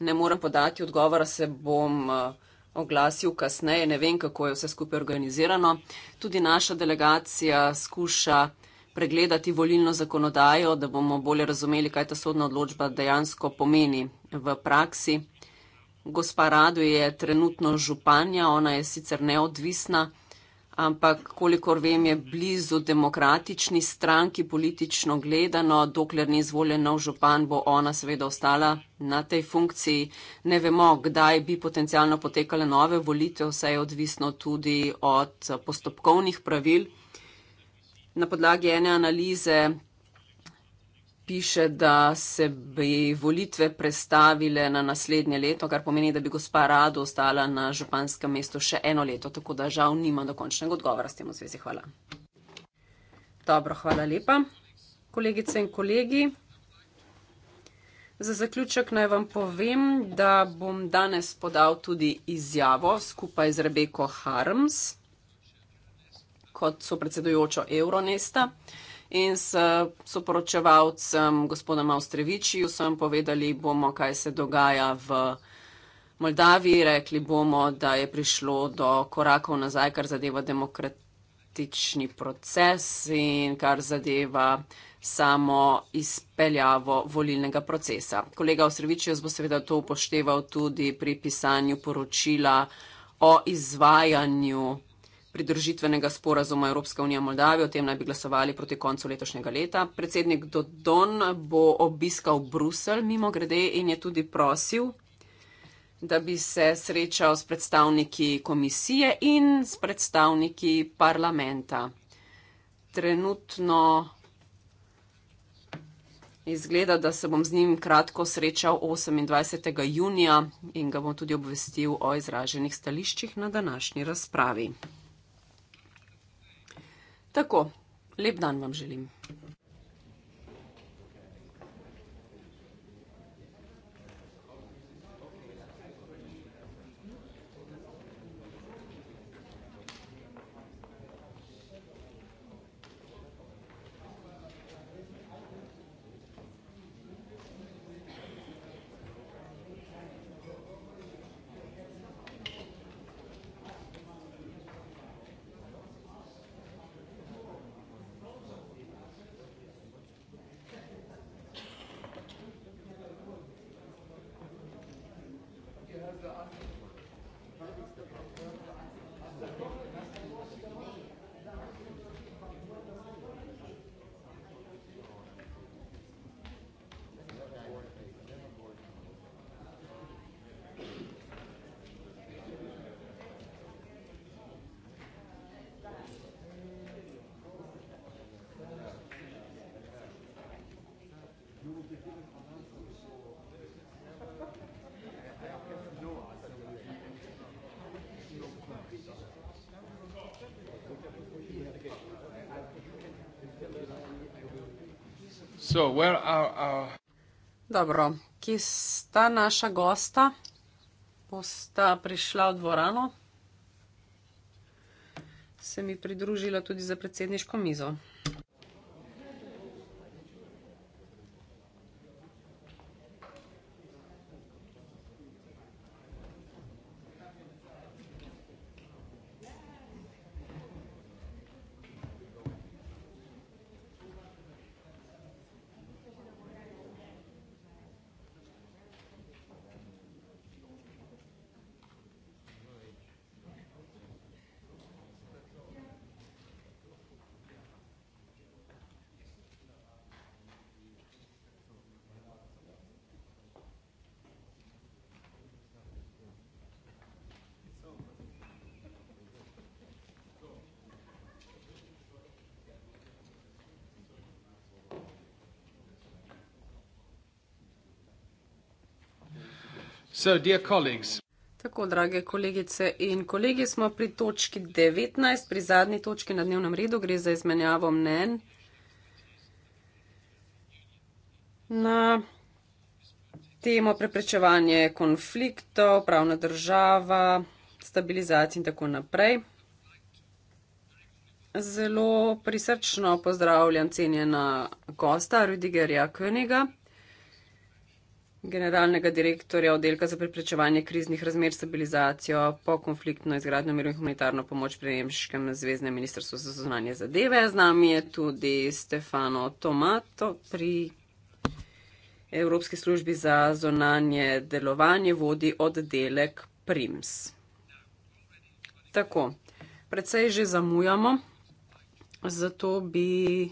ne morem podati odgovora, se bom. Eh, oglasil kasneje, ne vem, kako je vse skupaj organizirano. Tudi naša delegacija skuša pregledati volilno zakonodajo, da bomo bolje razumeli, kaj ta sodna odločba dejansko pomeni v praksi. Gospa Radu je trenutno županja, ona je sicer neodvisna ampak kolikor vem, je blizu demokratični stranki politično gledano, dokler ni izvoljen nov župan, bo ona seveda ostala na tej funkciji. Ne vemo, kdaj bi potencialno potekale nove volitve, vse je odvisno tudi od postopkovnih pravil. Na podlagi ene analize piše, da se bi volitve prestavile na naslednje leto, kar pomeni, da bi gospa Rado ostala na županskem mestu še eno leto, tako da žal nima dokončnega odgovora s tem v zvezi. Hvala. Dobro, hvala lepa. Kolegice in kolegi, za zaključek naj vam povem, da bom danes podal tudi izjavo skupaj z Rebeko Harms kot so predsedujočo Euronesta in s soporočevalcem gospodom Austrevičiju sem povedali bomo, kaj se dogaja v Moldaviji. Rekli bomo, da je prišlo do korakov nazaj, kar zadeva demokratični proces in kar zadeva samo izpeljavo volilnega procesa. Kolega Austrevičijus bo seveda to upošteval tudi pri pisanju poročila o izvajanju pridružitvenega sporazuma Evropska unija Moldavija, o tem naj bi glasovali proti koncu letošnjega leta. Predsednik Dodon bo obiskal Brusel mimo grede in je tudi prosil, da bi se srečal s predstavniki komisije in s predstavniki parlamenta. Trenutno izgleda, da se bom z njim kratko srečal 28. junija in ga bom tudi obvestil o izraženih stališčih na današnji razpravi. Tako, lep dan vam želim. Dobro, kje sta naša gosta? Bosta prišla v dvorano? Se mi pridružila tudi za predsedniško mizo. So, dear colleagues. Tako, drage kolegice in kolegi, smo pri točki 19, pri zadnji točki na dnevnem redu, gre za izmenjavo mnen na temo preprečevanje konfliktov, pravna država, stabilizacija in tako naprej. Zelo prisrčno pozdravljam cenjena gosta Rudigerja Königa generalnega direktorja oddelka za preprečevanje kriznih razmer, stabilizacijo, pokonfliktno izgradnjo miru in humanitarno pomoč pri Nemškem zvezdnem ministrstvu za zunanje zadeve. Z nami je tudi Stefano Tomato pri Evropski službi za zunanje delovanje, vodi oddelek PRIMS. Tako, predvsej že zamujamo, zato bi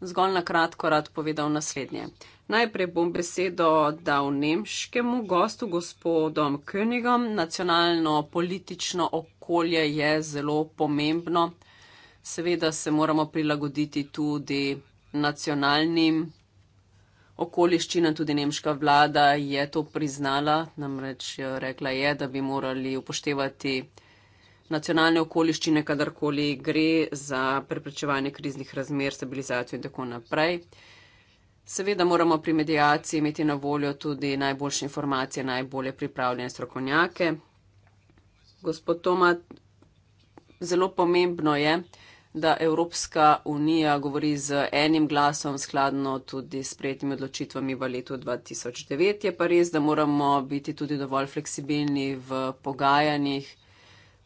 zgolj na kratko rad povedal naslednje. Najprej bom besedo dal nemškemu gostu, gospodom Königom. Nacionalno politično okolje je zelo pomembno. Seveda se moramo prilagoditi tudi nacionalnim okoliščinam, tudi nemška vlada je to priznala, namreč eh, rekla je, da bi morali upoštevati nacionalne okoliščine, kadarkoli gre za preprečevanje kriznih razmer, stabilizacijo in tako naprej. Seveda moramo pri medijaciji imeti na voljo tudi najboljše informacije, najbolje pripravljene strokovnjake. Gospod Toma, zelo pomembno je, da Evropska unija govori z enim glasom skladno tudi s prejetimi odločitvami v letu 2009. Je pa res, da moramo biti tudi dovolj fleksibilni v pogajanjih,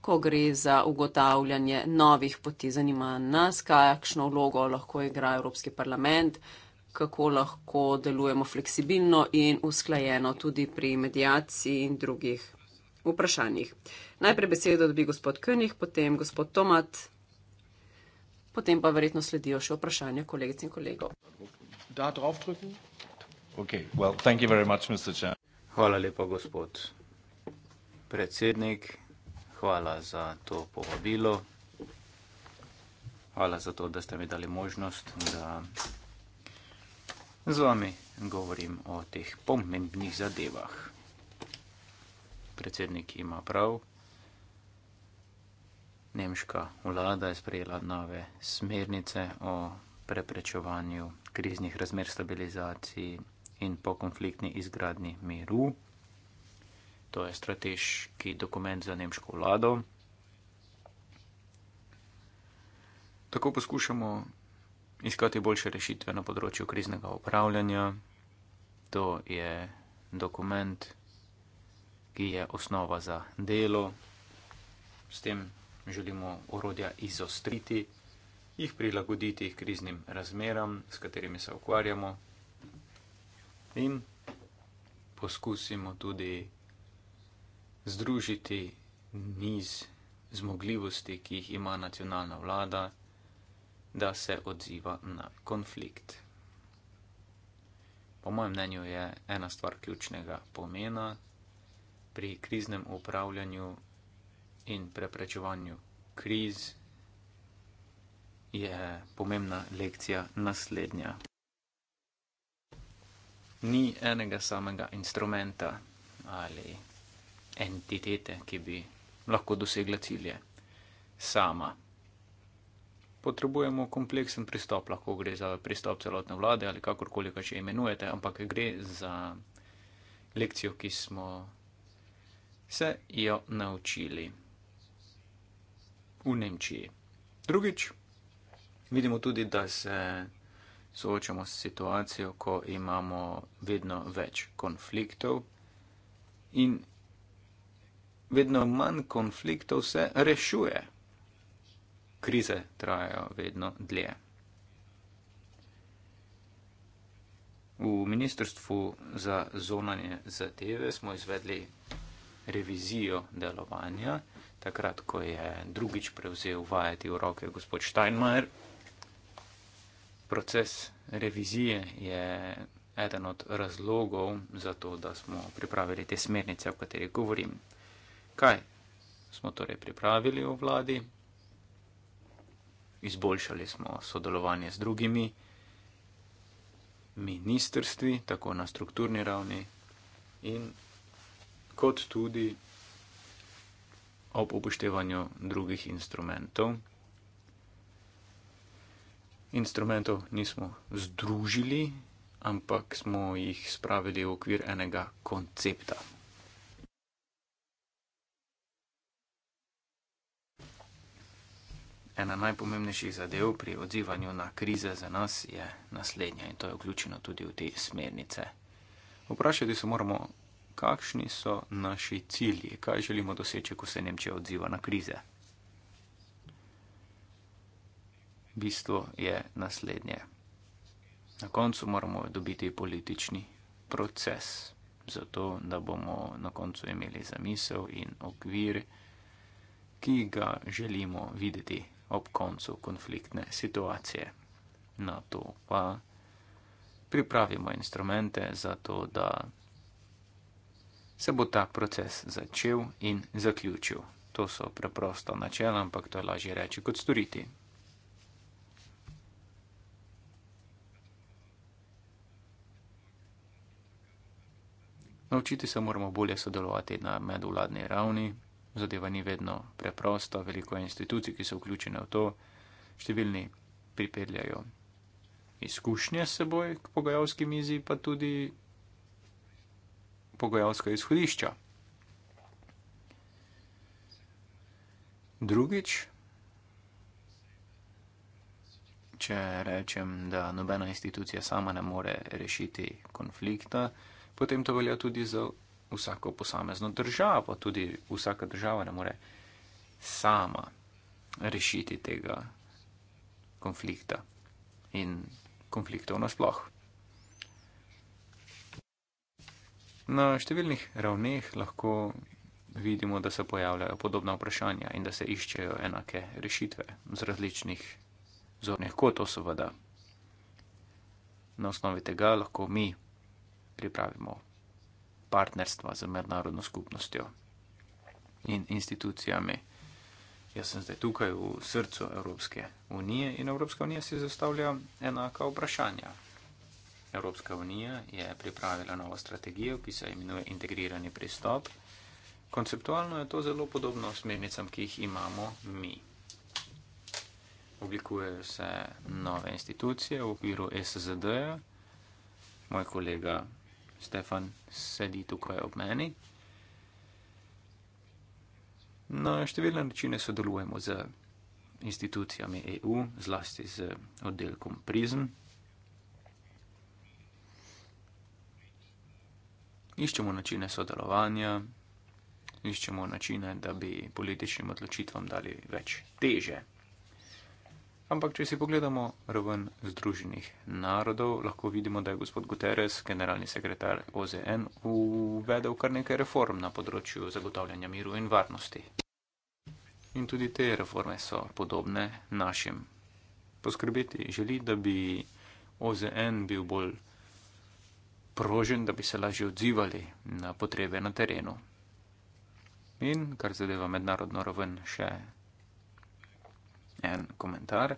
ko gre za ugotavljanje novih poti. Zanima nas, kakšno vlogo lahko igra Evropski parlament kako lahko delujemo fleksibilno in usklajeno tudi pri medijaciji in drugih vprašanjih. Najprej besedo dobi gospod Könih, potem gospod Tomat, potem pa verjetno sledijo še vprašanja kolegic in kolegov. Okay. Well, much, hvala lepa, gospod predsednik. Hvala za to povabilo. Hvala za to, da ste mi dali možnost, da z vami govorim o teh pomembnih zadevah. Predsednik ima prav, nemška vlada je sprejela nove smernice o preprečevanju kriznih razmer, stabilizaciji in po konfliktni izgradni miru. To je strateški dokument za nemško vlado. Tako poskušamo iskati boljše rešitve na področju kriznega upravljanja. To je dokument, ki je osnova za delo. S tem želimo orodja izostriti, jih prilagoditi kriznim razmeram, s katerimi se ukvarjamo, in poskusimo tudi združiti niz zmogljivosti, ki jih ima nacionalna vlada da se odziva na konflikt. Po mojem mnenju je ena stvar ključnega pomena pri kriznem upravljanju in preprečevanju kriz je pomembna lekcija naslednja. Ni enega samega instrumenta ali entitete, ki bi lahko dosegla cilje sama potrebujemo kompleksen pristop, lahko gre za pristop celotne vlade ali kakorkoli ga že imenujete, ampak gre za lekcijo, ki smo se jo naučili v Nemčiji. Drugič, vidimo tudi, da se soočamo s situacijo, ko imamo vedno več konfliktov in vedno manj konfliktov se rešuje krize trajajo vedno dlje. V Ministrstvu za zonanje zadeve smo izvedli revizijo delovanja, takrat, ko je drugič prevzel vajeti v roke gospod Steinmeier. Proces revizije je eden od razlogov za to, da smo pripravili te smernice, o katerih govorim. Kaj smo torej pripravili v vladi? izboljšali smo sodelovanje z drugimi ministrstvi, tako na strukturni ravni, in kot tudi ob upoštevanju drugih instrumentov. Instrumentov nismo združili, ampak smo jih spravili v okvir enega koncepta. Ena najpomembnejših zadev pri odzivanju na krize za nas je naslednja in to je vključeno tudi v te smernice. Vprašati se moramo, kakšni so naši cilji, kaj želimo doseči, ko se Nemčija odziva na krize. Bistvo je naslednje. Na koncu moramo dobiti politični proces, zato da bomo na koncu imeli zamisel in okvir, ki ga želimo videti ob koncu konfliktne situacije. Na to pa pripravimo instrumente za to, da se bo ta proces začel in zaključil. To so preprosta načela, ampak to je lažje reči kot storiti. Naučiti se moramo bolje sodelovati na medvladni ravni zadeva ni vedno preprosta, veliko je institucij, ki so vključene v to, številni pripeljajo izkušnje s seboj k pogajalski mizi, pa tudi pogajalska izhodišča. Drugič, če rečem, da nobena institucija sama ne more rešiti konflikta, potem to velja tudi za vsako posamezno državo, tudi vsaka država ne more sama rešiti tega konflikta in konfliktov nasploh. Na številnih ravneh lahko vidimo, da se pojavljajo podobna vprašanja in da se iščejo enake rešitve z različnih zornih kotov, seveda. Na osnovi tega lahko mi pripravimo partnerstva z mednarodno skupnostjo in institucijami. Jaz sem zdaj tukaj v srcu Evropske unije in Evropska unija si zastavlja enaka vprašanja. Evropska unija je pripravila novo strategijo, ki se imenuje integrirani pristop. Konceptualno je to zelo podobno smernicam, ki jih imamo mi. Oblikujejo se nove institucije v okviru SZD. Moj kolega Stefan sedi tukaj ob meni. Na številne načine sodelujemo z institucijami EU, zlasti z oddelkom Prizen. Iščemo načine sodelovanja, iščemo načine, da bi političnim odločitvam dali več teže. Ampak, če si pogledamo raven Združenih narodov, lahko vidimo, da je gospod Guterres, generalni sekretar OZN, uvedel kar nekaj reform na področju zagotavljanja miru in varnosti. In tudi te reforme so podobne našim. Poskrbeti želi, da bi OZN bil bolj prožen, da bi se lažje odzivali na potrebe na terenu. In kar zadeva mednarodno raven še en komentar.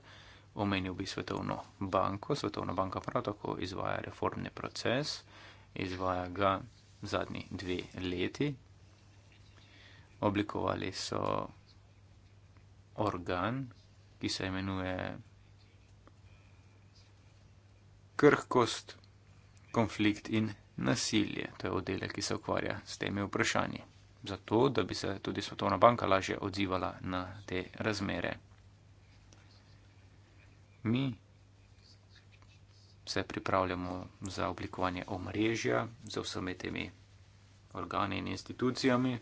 Omenil bi Svetovno banko. Svetovna banka prav tako izvaja reformni proces, izvaja ga zadnji dve leti. Oblikovali so organ, ki se imenuje krhkost, konflikt in nasilje. To je oddelek, ki se ukvarja s temi vprašanji. Zato, da bi se tudi Svetovna banka lažje odzivala na te razmere mi se pripravljamo za oblikovanje omrežja z vsemi temi organi in institucijami.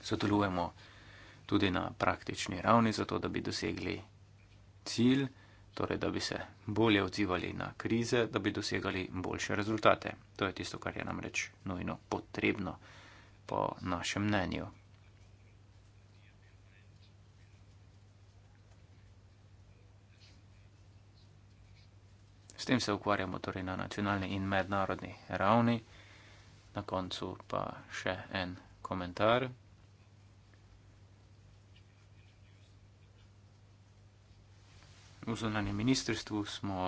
Sodelujemo tudi na praktični ravni, zato da bi dosegli cilj, torej da bi se bolje odzivali na krize, da bi dosegali boljše rezultate. To je tisto, kar je namreč nujno potrebno po našem mnenju. S tem se ukvarjamo torej na nacionalni in mednarodni ravni. Na koncu pa še en komentar. V zunanjem ministrstvu smo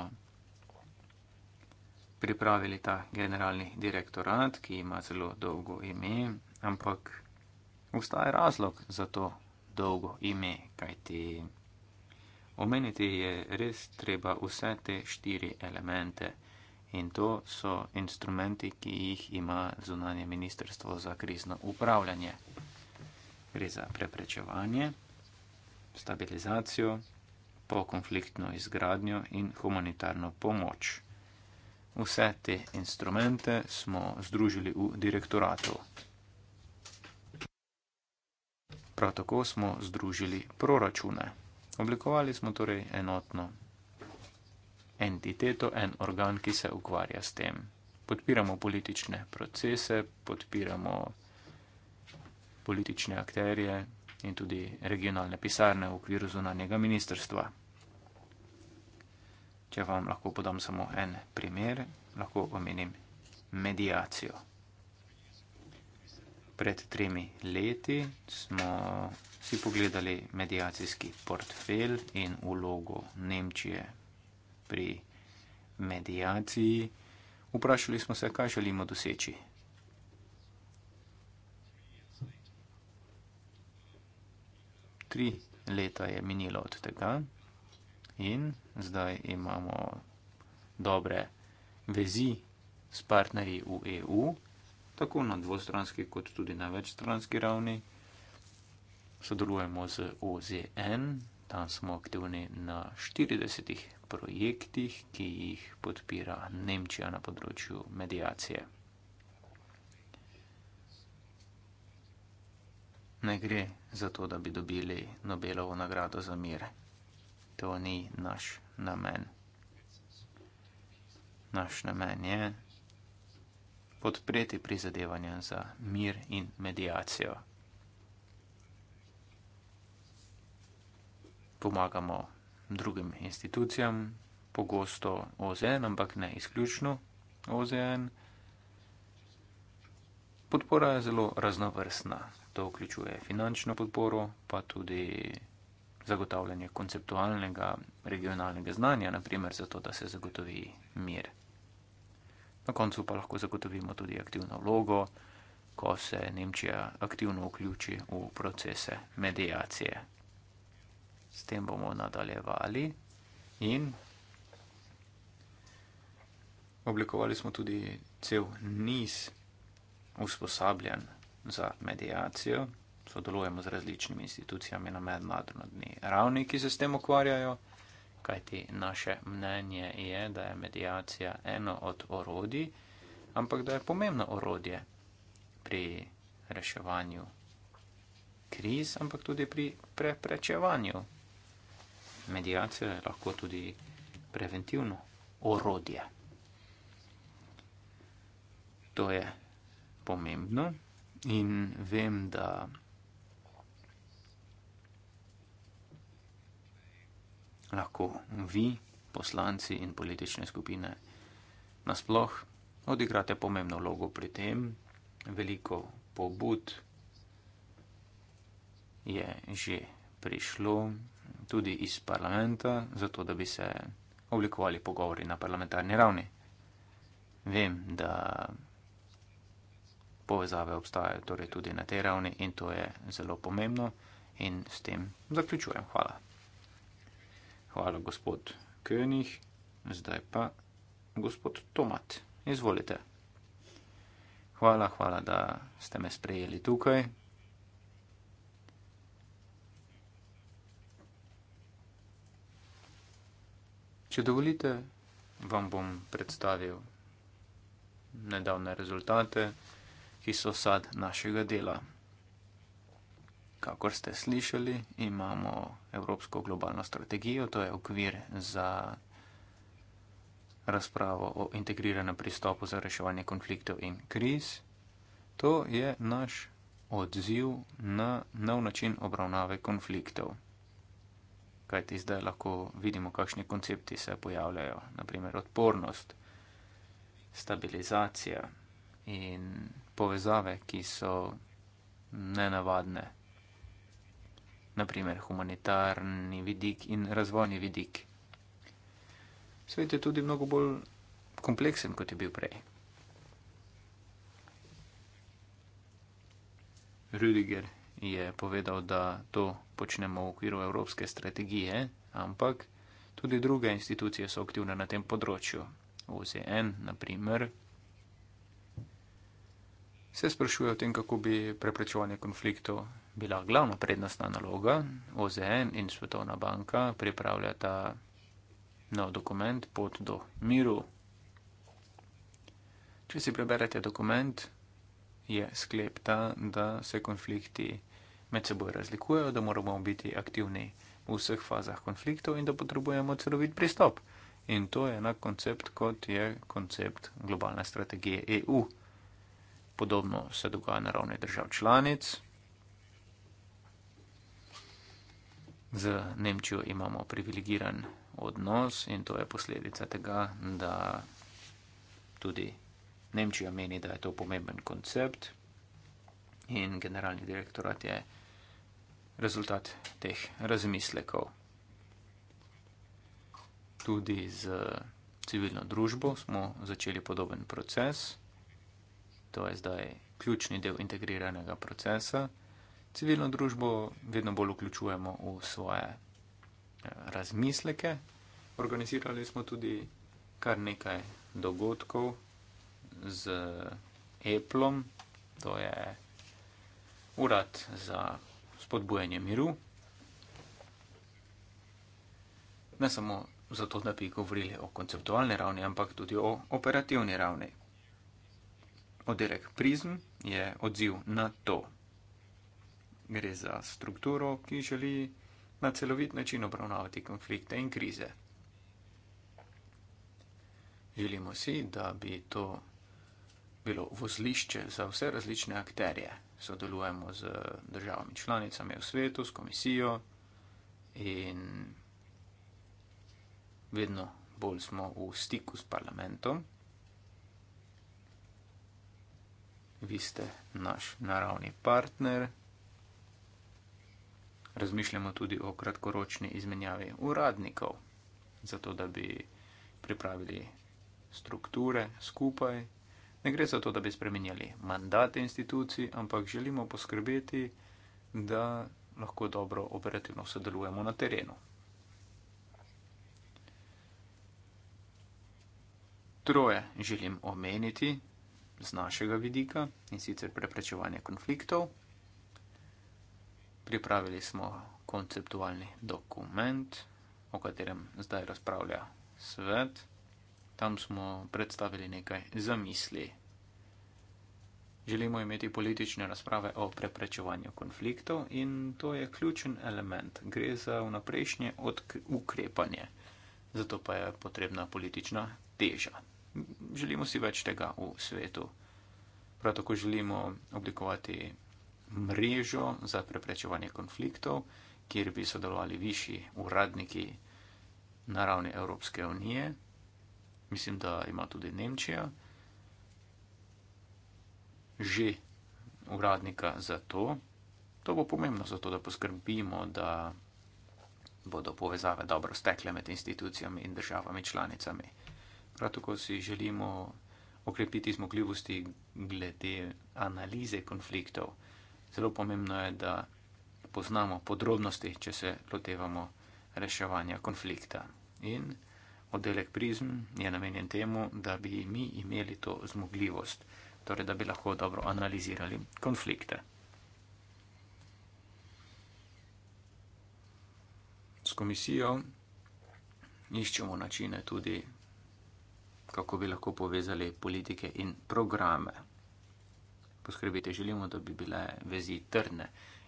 pripravili ta generalni direktorat, ki ima zelo dolgo ime, ampak obstaja razlog za to dolgo ime, kajti. Omeniti je res treba vse te štiri elemente in to so instrumenti, ki jih ima zunanje ministrstvo za krizno upravljanje. Gre za preprečevanje, stabilizacijo, pokonfliktno izgradnjo in humanitarno pomoč. Vse te instrumente smo združili v direktoratu. Prav tako smo združili proračune. Oblikovali smo torej enotno entiteto, en organ, ki se ukvarja s tem. Podpiramo politične procese, podpiramo politične akterje in tudi regionalne pisarne v okviru zunanjega ministrstva. Če vam lahko podam samo en primer, lahko omenim mediacijo. Pred tremi leti smo si pogledali medijacijski portfelj in ulogo Nemčije pri medijaciji. Vprašali smo se, kaj želimo doseči. Tri leta je minilo od tega in zdaj imamo dobre vezi s partnerji v EU, tako na dvostranski kot tudi na večstranski ravni sodelujemo z OZN, tam smo aktivni na 40 projektih, ki jih podpira Nemčija na področju medijacije. Ne gre za to, da bi dobili Nobelovo nagrado za mir. To ni naš namen. Naš namen je podpreti prizadevanja za mir in medijacijo. pomagamo drugim institucijam, pogosto OZN, ampak ne izključno OZN. Podpora je zelo raznovrstna. To vključuje finančno podporo, pa tudi zagotavljanje konceptualnega regionalnega znanja, naprimer zato, da se zagotovi mir. Na koncu pa lahko zagotovimo tudi aktivno vlogo, ko se Nemčija aktivno vključi v procese medijacije s tem bomo nadaljevali. In oblikovali smo tudi cel niz usposabljanj za medijacijo. Sodelujemo z različnimi institucijami na mednarodni ravni, ki se s tem ukvarjajo, kajti naše mnenje je, da je medijacija eno od orodij, ampak da je pomembno orodje pri reševanju kriz, ampak tudi pri preprečevanju medijacija je lahko tudi preventivno orodje. To je pomembno in vem, da lahko vi, poslanci in politične skupine, nasploh odigrate pomembno vlogo pri tem. Veliko pobud je že prišlo tudi iz parlamenta, zato da bi se oblikovali pogovori na parlamentarni ravni. Vem, da povezave obstajajo torej tudi na tej ravni in to je zelo pomembno in s tem zaključujem. Hvala. Hvala, gospod König. Zdaj pa gospod Tomat. Izvolite. Hvala, hvala, da ste me sprejeli tukaj. Če dovolite, vam bom predstavil nedavne rezultate, ki so sad našega dela. Kakor ste slišali, imamo Evropsko globalno strategijo, to je okvir za razpravo o integriranem pristopu za reševanje konfliktov in kriz. To je naš odziv na nov način obravnave konfliktov kajti zdaj lahko vidimo, kakšni koncepti se pojavljajo, naprimer odpornost, stabilizacija in povezave, ki so nenavadne, naprimer humanitarni vidik in razvojni vidik. Svet je tudi mnogo bolj kompleksen, kot je bil prej. Rudiger je povedal, da to počnemo v okviru evropske strategije, ampak tudi druge institucije so aktivne na tem področju. OZN, naprimer, se sprašuje o tem, kako bi preprečovanje konfliktov bila glavna prednostna naloga. OZN in Svetovna banka pripravljata nov dokument pot do miru. Če si preberete dokument, je sklepta, da se konflikti med seboj razlikujejo, da moramo biti aktivni v vseh fazah konfliktov in da potrebujemo celovit pristop. In to je enak koncept, kot je koncept globalne strategije EU. Podobno se dogaja na ravni držav članic. Z Nemčijo imamo privilegiran odnos in to je posledica tega, da tudi Nemčija meni, da je to pomemben koncept in generalni direktorat je rezultat teh razmislekov. Tudi z civilno družbo smo začeli podoben proces. To je zdaj ključni del integriranega procesa. Civilno družbo vedno bolj vključujemo v svoje eh, razmisleke. Organizirali smo tudi kar nekaj dogodkov z Apple, to je urad za spodbujanje miru, ne samo zato, da bi govorili o konceptualni ravni, ampak tudi o operativni ravni. Oddelek prizm je odziv na to. Gre za strukturo, ki želi na celovit način obravnavati konflikte in krize. Želimo si, da bi to bilo vozlišče za vse različne akterje. Sodelujemo z državami članicami v svetu, s komisijo in vedno bolj smo v stiku s parlamentom. Vi ste naš naravni partner. Razmišljamo tudi o kratkoročni izmenjavi uradnikov, zato da bi pripravili strukture skupaj Ne gre za to, da bi spremenjali mandate institucij, ampak želimo poskrbeti, da lahko dobro operativno sodelujemo na terenu. Troje želim omeniti z našega vidika in sicer preprečevanje konfliktov. Pripravili smo konceptualni dokument, o katerem zdaj razpravlja svet tam smo predstavili nekaj zamisli. Želimo imeti politične razprave o preprečevanju konfliktov in to je ključen element. Gre za vnaprejšnje ukrepanje, zato pa je potrebna politična teža. Želimo si več tega v svetu. Prav tako želimo oblikovati mrežo za preprečevanje konfliktov, kjer bi sodelovali višji uradniki na ravni Evropske unije, mislim, da ima tudi Nemčija že uradnika za to. To bo pomembno, zato da poskrbimo, da bodo povezave dobro stekle med institucijami in državami članicami. Prav tako si želimo okrepiti zmogljivosti glede analize konfliktov. Zelo pomembno je, da poznamo podrobnosti, če se lotevamo reševanja konflikta. In Oddelek prizm je namenjen temu, da bi mi imeli to zmogljivost, torej da bi lahko dobro analizirali konflikte. S komisijo iščemo načine tudi, kako bi lahko povezali politike in programe. Poskrbite, želimo, da bi bile vezi trdne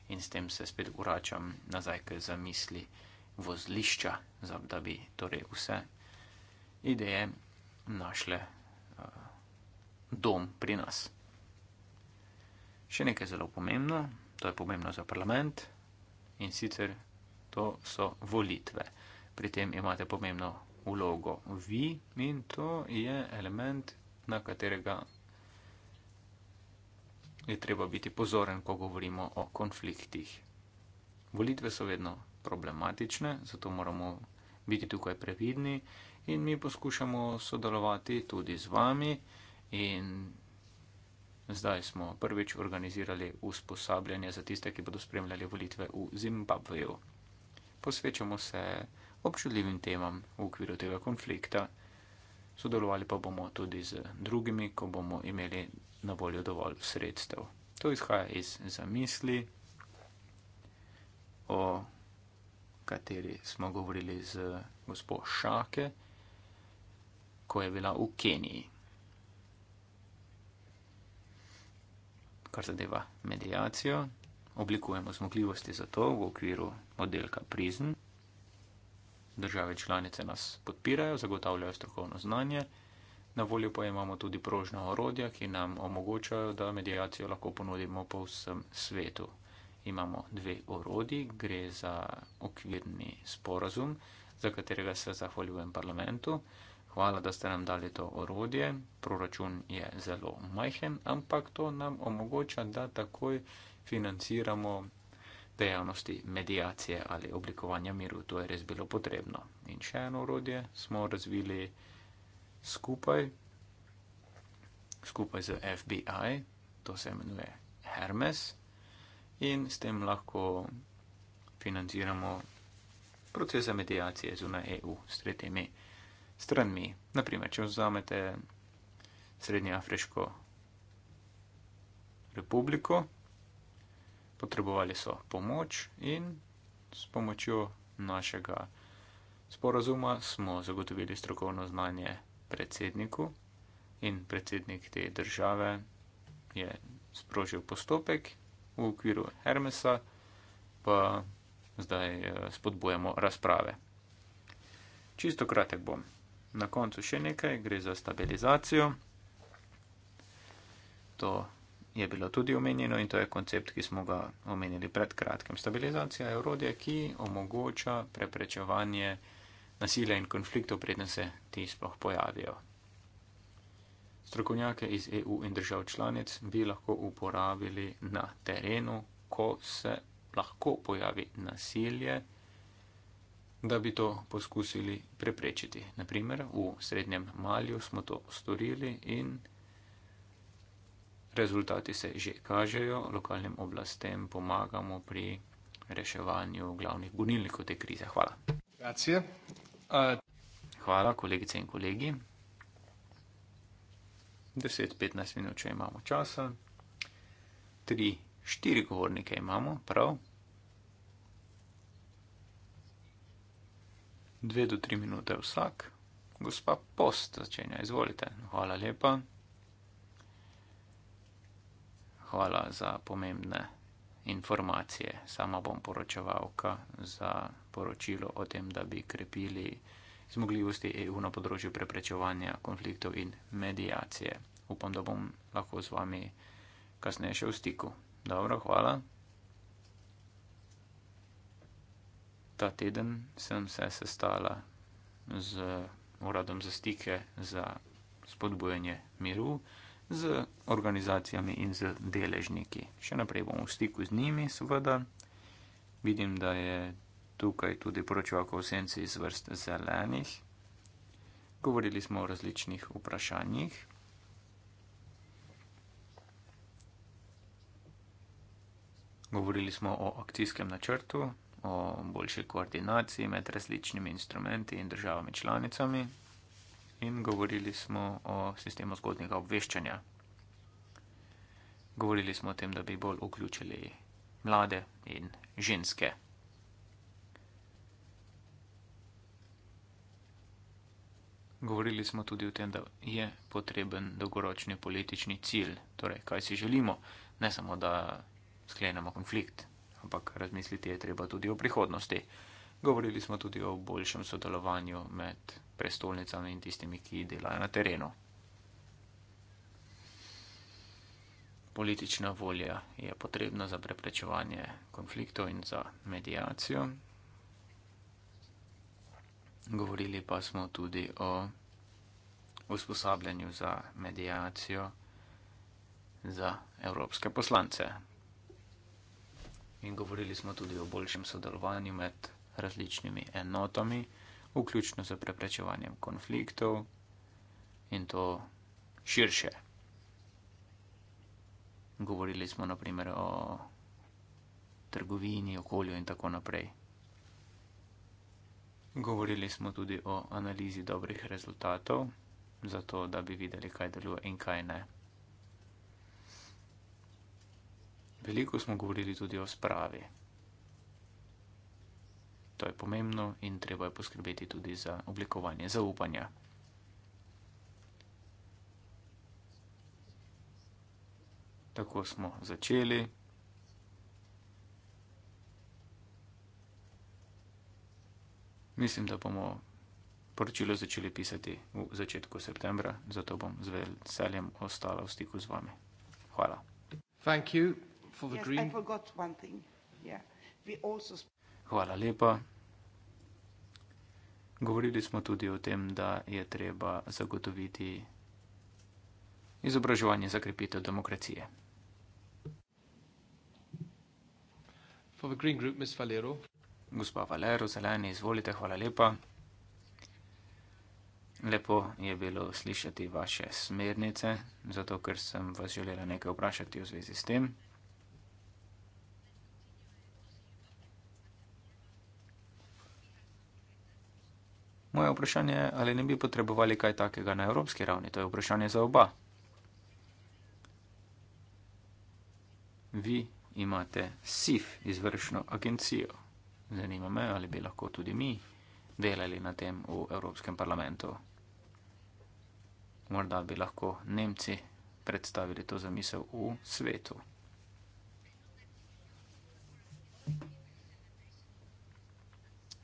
in s tem se spet vračam nazaj k zamisli vozlišča, da bi torej vse ideje našle dom pri nas. Še nekaj zelo pomembno, to je pomembno za parlament in sicer to so volitve. Pri tem imate pomembno vlogo vi in to je element, na katerega je treba biti pozoren, ko govorimo o konfliktih. Volitve so vedno problematične, zato moramo biti tukaj previdni in mi poskušamo sodelovati tudi z vami. In zdaj smo prvič organizirali usposabljanje za tiste, ki bodo spremljali volitve v Zimbabveju. Posvečamo se občutljivim temam v okviru tega konflikta. Sodelovali pa bomo tudi z drugimi, ko bomo imeli na voljo dovolj sredstev. To izhaja iz zamisli, o kateri smo govorili z gospodom Šake ko je bila v Keniji. Kar zadeva medijacijo, oblikujemo zmogljivosti za to v okviru modelka Prizn. Države članice nas podpirajo, zagotavljajo strokovno znanje, na voljo pa imamo tudi prožna orodja, ki nam omogočajo, da medijacijo lahko ponudimo po vsem svetu. Imamo dve orodi, gre za okvirni sporazum, za katerega se zahvaljujem parlamentu. Hvala, da ste nam dali to orodje. Proračun je zelo majhen, ampak to nam omogoča, da takoj financiramo dejavnosti medijacije ali oblikovanja miru. To je res bilo potrebno. In še eno orodje smo razvili skupaj, skupaj z FBI, to se imenuje Hermes. In s tem lahko financiramo procese medijacije zunaj EU s tretjimi stranmi. Naprimer, če vzamete Srednjeafriško republiko, potrebovali so pomoč in s pomočjo našega sporazuma smo zagotovili strokovno znanje predsedniku in predsednik te države je sprožil postopek v okviru Hermesa, pa zdaj eh, spodbujamo razprave. Čisto kratek bom. Na koncu še nekaj, gre za stabilizacijo. To je bilo tudi omenjeno in to je koncept, ki smo ga omenili pred kratkim. Stabilizacija je urodje, ki omogoča preprečevanje nasilja in konfliktov, predno se ti sploh pojavijo. Strokovnjake iz EU in držav članic bi lahko uporabili na terenu, ko se lahko pojavi nasilje da bi to poskusili preprečiti. Naprimer, v srednjem Malju smo to storili in rezultati se že kažejo, lokalnim oblastem pomagamo pri reševanju glavnih gonilnikov te krize. Hvala. Hvala, kolegice in kolegi. 10-15 minut, če imamo časa. 3-4 govornike imamo, prav. dve do tri minute vsak. Gospa Post začenja, izvolite. Hvala lepa. Hvala za pomembne informacije. Sama bom poročevalka za poročilo o tem, da bi krepili zmogljivosti EU na področju preprečevanja konfliktov in medijacije. Upam, da bom lahko z vami kasneje še v stiku. Dobro, hvala. ta teden sem se sestala z uradom za stike za spodbujanje miru, z organizacijami in z deležniki. Še naprej bom v stiku z njimi, seveda. Vidim, da je tukaj tudi poročevalka v senci iz vrst zelenih. Govorili smo o različnih vprašanjih. Govorili smo o akcijskem načrtu, o boljši koordinaciji med različnimi instrumenti in državami članicami in govorili smo o sistemu zgodnjega obveščanja. Govorili smo o tem, da bi bolj vključili mlade in ženske. Govorili smo tudi o tem, da je potreben dolgoročni politični cilj, torej kaj si želimo, ne samo da sklenemo konflikt ampak razmisliti je treba tudi o prihodnosti. Govorili smo tudi o boljšem sodelovanju med prestolnicami in tistimi, ki delajo na terenu. Politična volja je potrebna za preprečevanje konfliktov in za medijacijo. Govorili pa smo tudi o usposabljanju za medijacijo za evropske poslance in govorili smo tudi o boljšem sodelovanju med različnimi enotami, vključno z preprečevanjem konfliktov in to širše. Govorili smo naprimer o trgovini, okolju in tako naprej. Govorili smo tudi o analizi dobrih rezultatov, zato da bi videli, kaj deluje in kaj ne. Veliko smo govorili tudi o spravi. To je pomembno in treba je poskrbeti tudi za oblikovanje zaupanja. Tako smo začeli. Mislim, da bomo poročilo začeli pisati v začetku septembra, zato bom z veseljem ostala v stiku z vami. Hvala. Thank you for the yes, green. I forgot one thing. Yeah. We also Hvala lepa. Govorili smo tudi o tem, da je treba zagotoviti izobraževanje za krepitev demokracije. For the green group, Ms. Valero. Gospa Valero, zeleni, izvolite, hvala lepa. Lepo je bilo slišati vaše smernice, zato ker sem vas želela nekaj vprašati v zvezi s tem. Moje vprašanje je, ali ne bi potrebovali kaj takega na evropski ravni. To je vprašanje za oba. Vi imate SIF, izvršno agencijo. Zanima me, ali bi lahko tudi mi delali na tem v Evropskem parlamentu. Morda bi lahko Nemci predstavili to zamisel v svetu.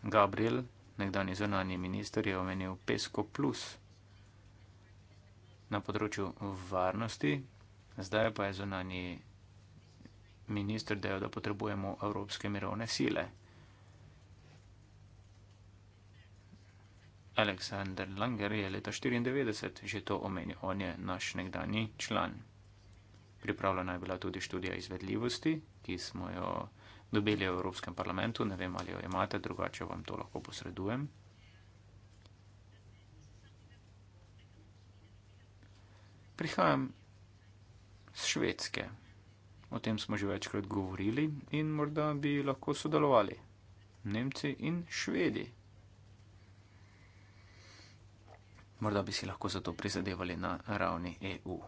Gabriel nekdani zunani minister je omenil PESCO plus na področju varnosti, zdaj pa je zunani minister dejal, da potrebujemo evropske mirovne sile. Aleksandr Langer je leta 1994 že to omenil, on je naš nekdani član. Pripravljena je bila tudi študija izvedljivosti, ki smo jo dobili v Evropskem parlamentu, ne vem, ali jo imate, drugače vam to lahko posredujem. Prihajam z Švedske. O tem smo že večkrat govorili in morda bi lahko sodelovali Nemci in Švedi. Morda bi si lahko za to prizadevali na ravni EU.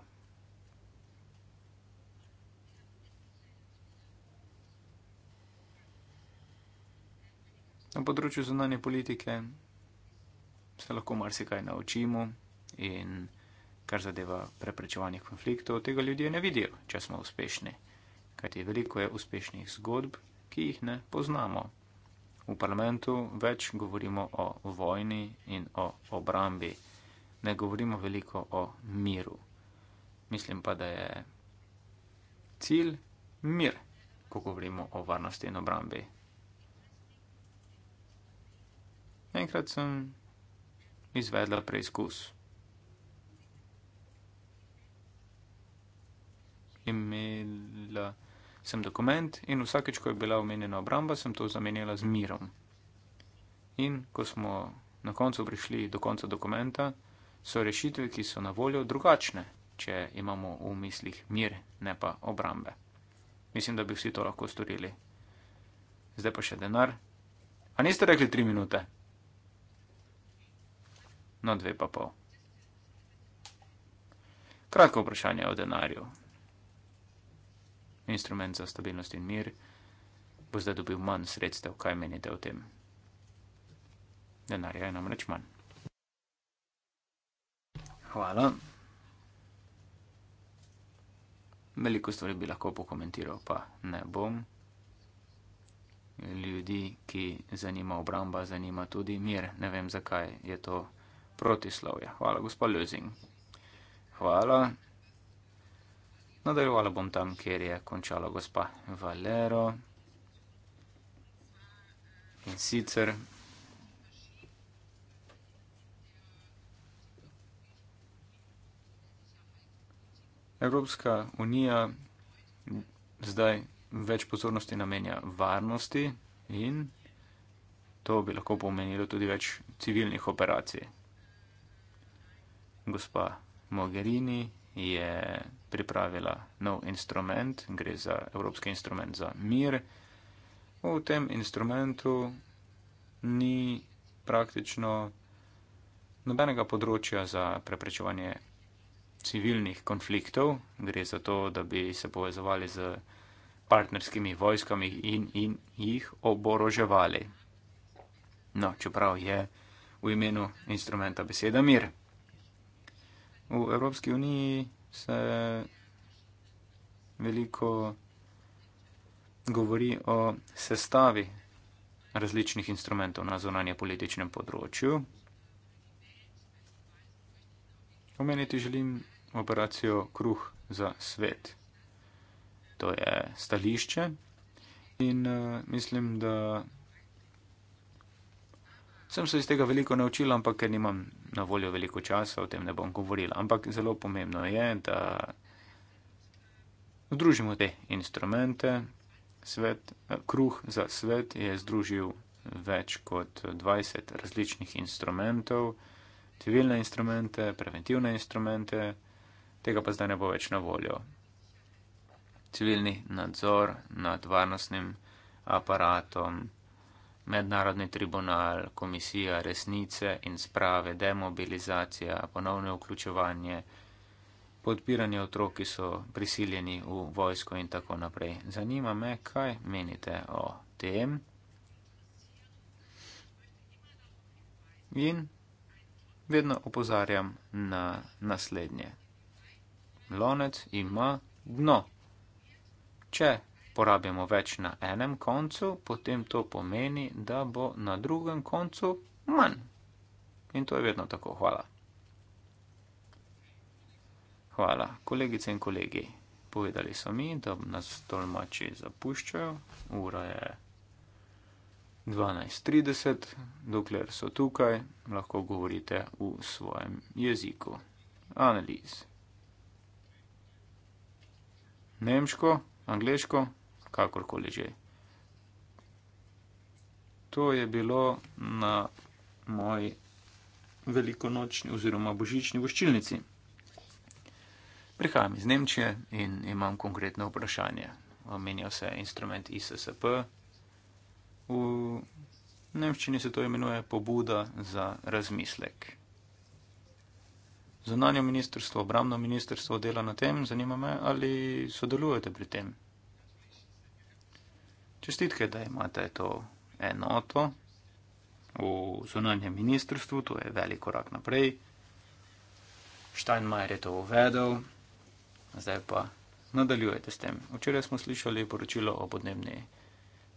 na področju zunanje politike se lahko marsikaj naučimo in kar zadeva preprečevanje konfliktov, tega ljudje ne vidijo, če smo uspešni. Kajti veliko je uspešnih zgodb, ki jih ne poznamo. V parlamentu več govorimo o vojni in o obrambi, ne govorimo veliko o miru. Mislim pa, da je cilj mir, ko govorimo o varnosti in obrambi. Enkrat sem izvedla preizkus. Imela sem dokument in vsakeč, ko je bila omenjena obramba, sem to zamenjala z mirom. In ko smo na koncu prišli do konca dokumenta, so rešitve, ki so na voljo, drugačne, če imamo v mislih mir, ne pa obrambe. Mislim, da bi vsi to lahko storili. Zdaj pa še denar. A niste rekli tri minute? No, dve pa pol. Kratko vprašanje o denarju. Instrument za stabilnost in mir bo zdaj dobil manj sredstev, kaj menite o tem? Denarja je namreč manj. Hvala. Veliko stvari bi lahko pokomentiral, pa ne bom. Ljudi, ki zanima obramba, zanima tudi mir. Ne vem, zakaj je to protislovja. Hvala, gospod Ljuzing. Hvala. Nadaljevala bom tam, kjer je končala gospa Valero. In sicer. Evropska unija zdaj več pozornosti namenja varnosti in to bi lahko pomenilo tudi več civilnih operacij gospa Mogherini je pripravila nov instrument, gre za Evropski instrument za mir. V tem instrumentu ni praktično nobenega področja za preprečevanje civilnih konfliktov, gre za to, da bi se povezovali z partnerskimi vojskami in, in jih oboroževali. No, čeprav je v imenu instrumenta beseda mir. V Evropski uniji se veliko govori o sestavi različnih instrumentov na zunanje političnem področju. Omeniti želim operacijo Kruh za svet. To je stališče in eh, mislim, da Sem se iz tega veliko naučila, ampak ker nimam na voljo veliko časa, o tem ne bom govorila. Ampak zelo pomembno je, da združimo te instrumente. Svet, eh, kruh za svet je združil več kot 20 različnih instrumentov, civilne instrumente, preventivne instrumente, tega pa zdaj ne bo več na voljo. Civilni nadzor nad varnostnim aparatom mednarodni tribunal, komisija resnice in sprave, demobilizacija, ponovno vključevanje, podpiranje otrok, ki so prisiljeni v vojsko in tako naprej. Zanima me, kaj menite o tem. In vedno opozarjam na naslednje. Lonec ima dno. Če porabimo več na enem koncu, potem to pomeni, da bo na drugem koncu manj. In to je vedno tako. Hvala. Hvala, kolegice in kolegi. Povedali so mi, da nas tolmači zapuščajo. Ura je 12:30, dokler so tukaj, lahko govorite v svojem jeziku. Analiz. Nemško, angliško kakorkoli že. To je bilo na moji velikonočni oziroma božični voščilnici. Prihajam iz Nemčije in imam konkretno vprašanje. Omenjal se je instrument ISSP. V Nemčini se to imenuje pobuda za razmislek. Zunanje ministrstvo, obramno ministrstvo dela na tem, zanima me, ali sodelujete pri tem čestitke, da imate to enoto v zunanjem ministrstvu, to je velik korak naprej. Steinmeier je to uvedel, zdaj pa nadaljujete s tem. Včeraj smo slišali poročilo o podnebni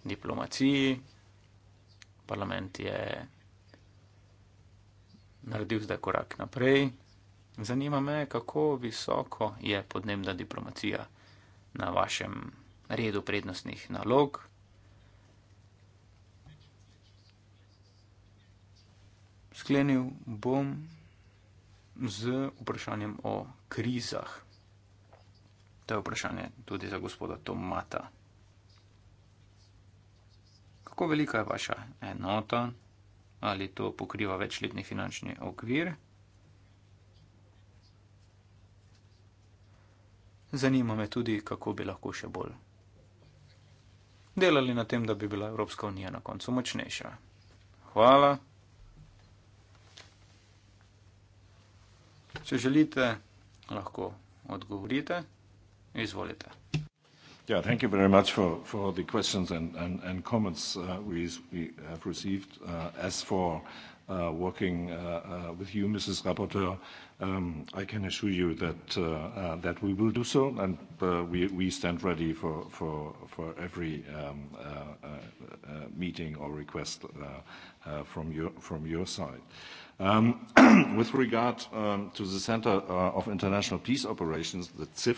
diplomaciji. Parlament je naredil zdaj korak naprej. Zanima me, kako visoko je podnebna diplomacija na vašem redu prednostnih nalog. sklenil bom z vprašanjem o krizah. To je vprašanje tudi za gospoda Tomata. Kako velika je vaša enota? Ali to pokriva večletni finančni okvir? Zanima me tudi, kako bi lahko še bolj delali na tem, da bi bila Evropska unija na koncu močnejša. Hvala. Če želite, lahko odgovorite. Izvolite. Yeah, thank you very much for, for the questions and, and, and comments uh, we, we have received. Uh, as for uh, working uh, uh, with you, Mrs. Rapporteur, um, I can assure you that, uh, uh, that we will do so and uh, we, we stand ready for, for, for every um, uh, uh, uh, meeting or request uh, uh, from, your, from your side. Um, <clears throat> with regard um, to the Center uh, of International Peace Operations, the CIF,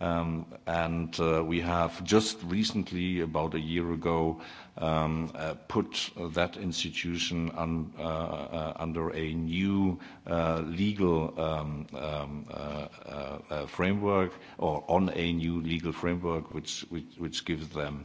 Um, and uh, we have just recently, about a year ago, um, uh, put that institution uh, under a new legal um, framework or on a new legal framework, which gives them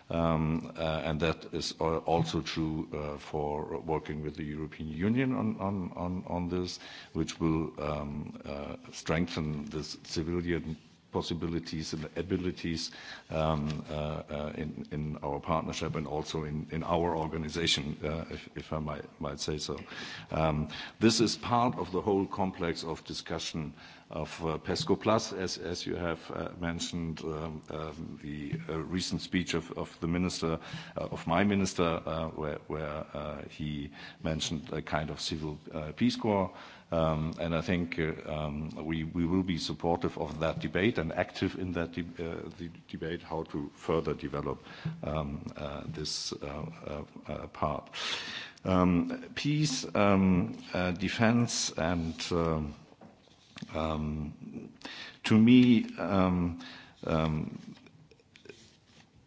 Um, uh, and that is uh, also true uh, for working with the European Union on, on, on, on this, which will um, uh, strengthen this civilian possibilities and abilities um, uh, uh, in, in our partnership and also in, in our organization, uh, if, if I might, might say so. Um, this is part of the whole complex of discussion of uh, PESCO Plus, as, as you have uh, mentioned, um, um, the uh, recent speech of, of the minister, uh, of my minister, uh, where, where uh, he mentioned a kind of civil uh, peace corps um, and I think uh, um, we, we will be supportive of that debate and active in that de- uh, the debate how to further develop um, uh, this uh, uh, uh part. Um, peace, um, uh, defense, and um, um, to me, um, um,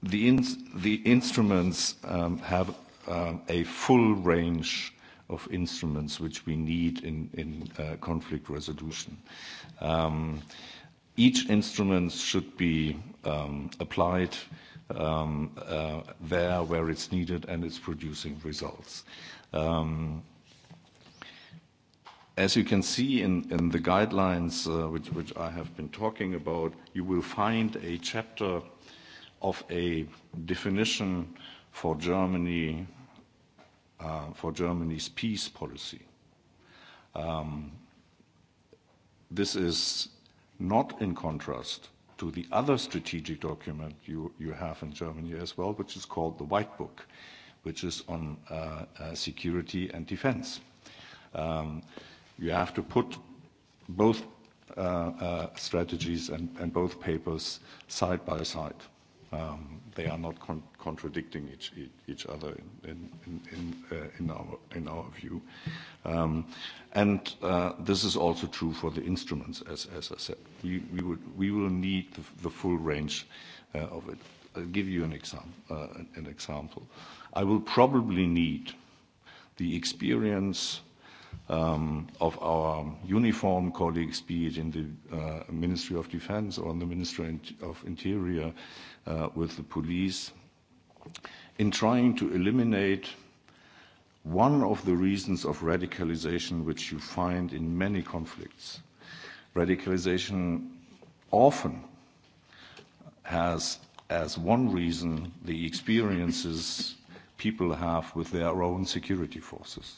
the, ins- the instruments um, have um, a full range of instruments which we need in, in uh, conflict resolution. Um, each instrument should be um, applied um, uh, there where it's needed and it's producing results. Um, as you can see in, in the guidelines uh, which, which I have been talking about, you will find a chapter of a definition for Germany Uh, for Germany's peace policy. Um, this is not in contrast to the other strategic document you, you have in Germany as well, which is called the White Book, which is on uh, uh, security and defense. Um, you have to put both uh, uh, strategies and, and both papers side by side. Um, they are not con contradicting each, each, each other in, in, in, uh, in, our, in our view. Um, and uh, this is also true for the instruments, as, as I said. We, we, would, we will need the, the full range uh, of it. I'll give you an, exam uh, an example. I will probably need the experience um, of our uniform colleagues, be it in the uh, Ministry of Defense or in the Ministry of Interior, Uh, with the police in trying to eliminate one of the reasons of radicalization which you find in many conflicts. Radicalization often has as one reason the experiences people have with their own security forces.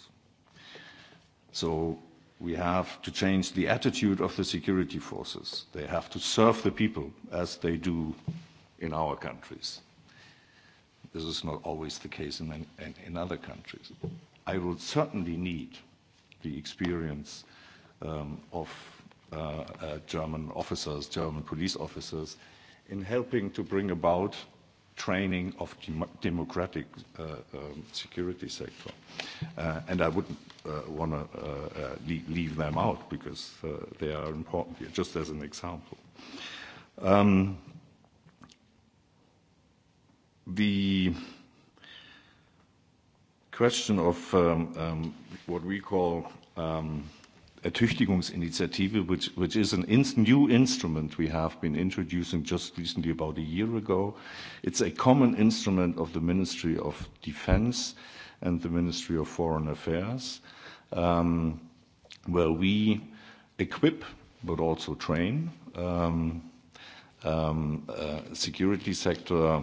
So we have to change the attitude of the security forces. They have to serve the people as they do in our countries. This is not always the case in, in, in other countries. I would certainly need the experience um, of uh, uh, German officers, German police officers, in helping to bring about training of dem democratic uh, um, security sector. Uh, and I wouldn't uh, want to uh, uh, leave, leave them out because uh, they are important here, just as an example. Um, the question of um, um, what we call um, Ertüchtigungsinitiative, which, which is an ins- new instrument we have been introducing just recently, about a year ago. It's a common instrument of the Ministry of Defense and the Ministry of Foreign Affairs, um, where we equip but also train um, um, uh, security sector uh,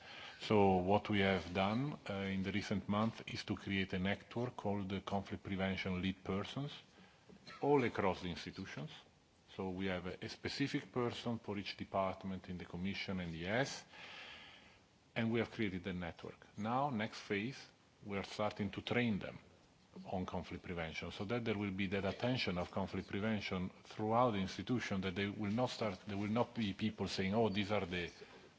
What we have done uh, in the recent month is to create a network called the Conflict Prevention Lead Persons all across the institutions. We have a specific person for each department in the commission and the S, and we have created a network. Now, next phase, we are starting to train them on conflict prevention so that there will be that attention of conflict prevention throughout the institution, that they will not be people saying, "Oh, these are the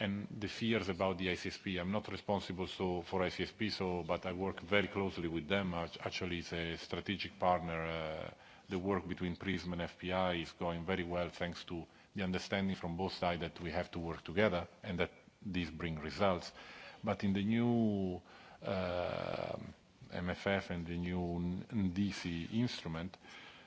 and the fears about the ICSP. I'm not responsible so for ICSP, so but I work very closely with them. Actually, it's a strategic partner. Uh, the work between PRISM and FBI is going very well thanks to the understanding from both sides that we have to work together and that these bring results. But in the new uh, MFF and the new NDC instrument, uh,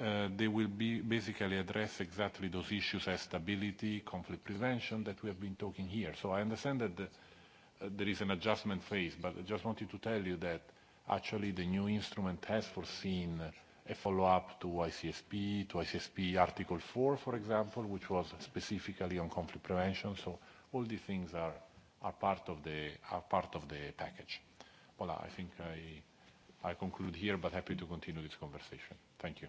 uh, they will be basically address exactly those issues as stability, conflict prevention that we have been talking here. So I understand that the, uh, there is an adjustment phase, but I just wanted to tell you that actually the new instrument has foreseen a follow-up to ICSP, to ICSP Article 4, for example, which was specifically on conflict prevention. So all these things are, are, part, of the, are part of the package. Voila, I think I, I conclude here, but happy to continue this conversation. Thank you.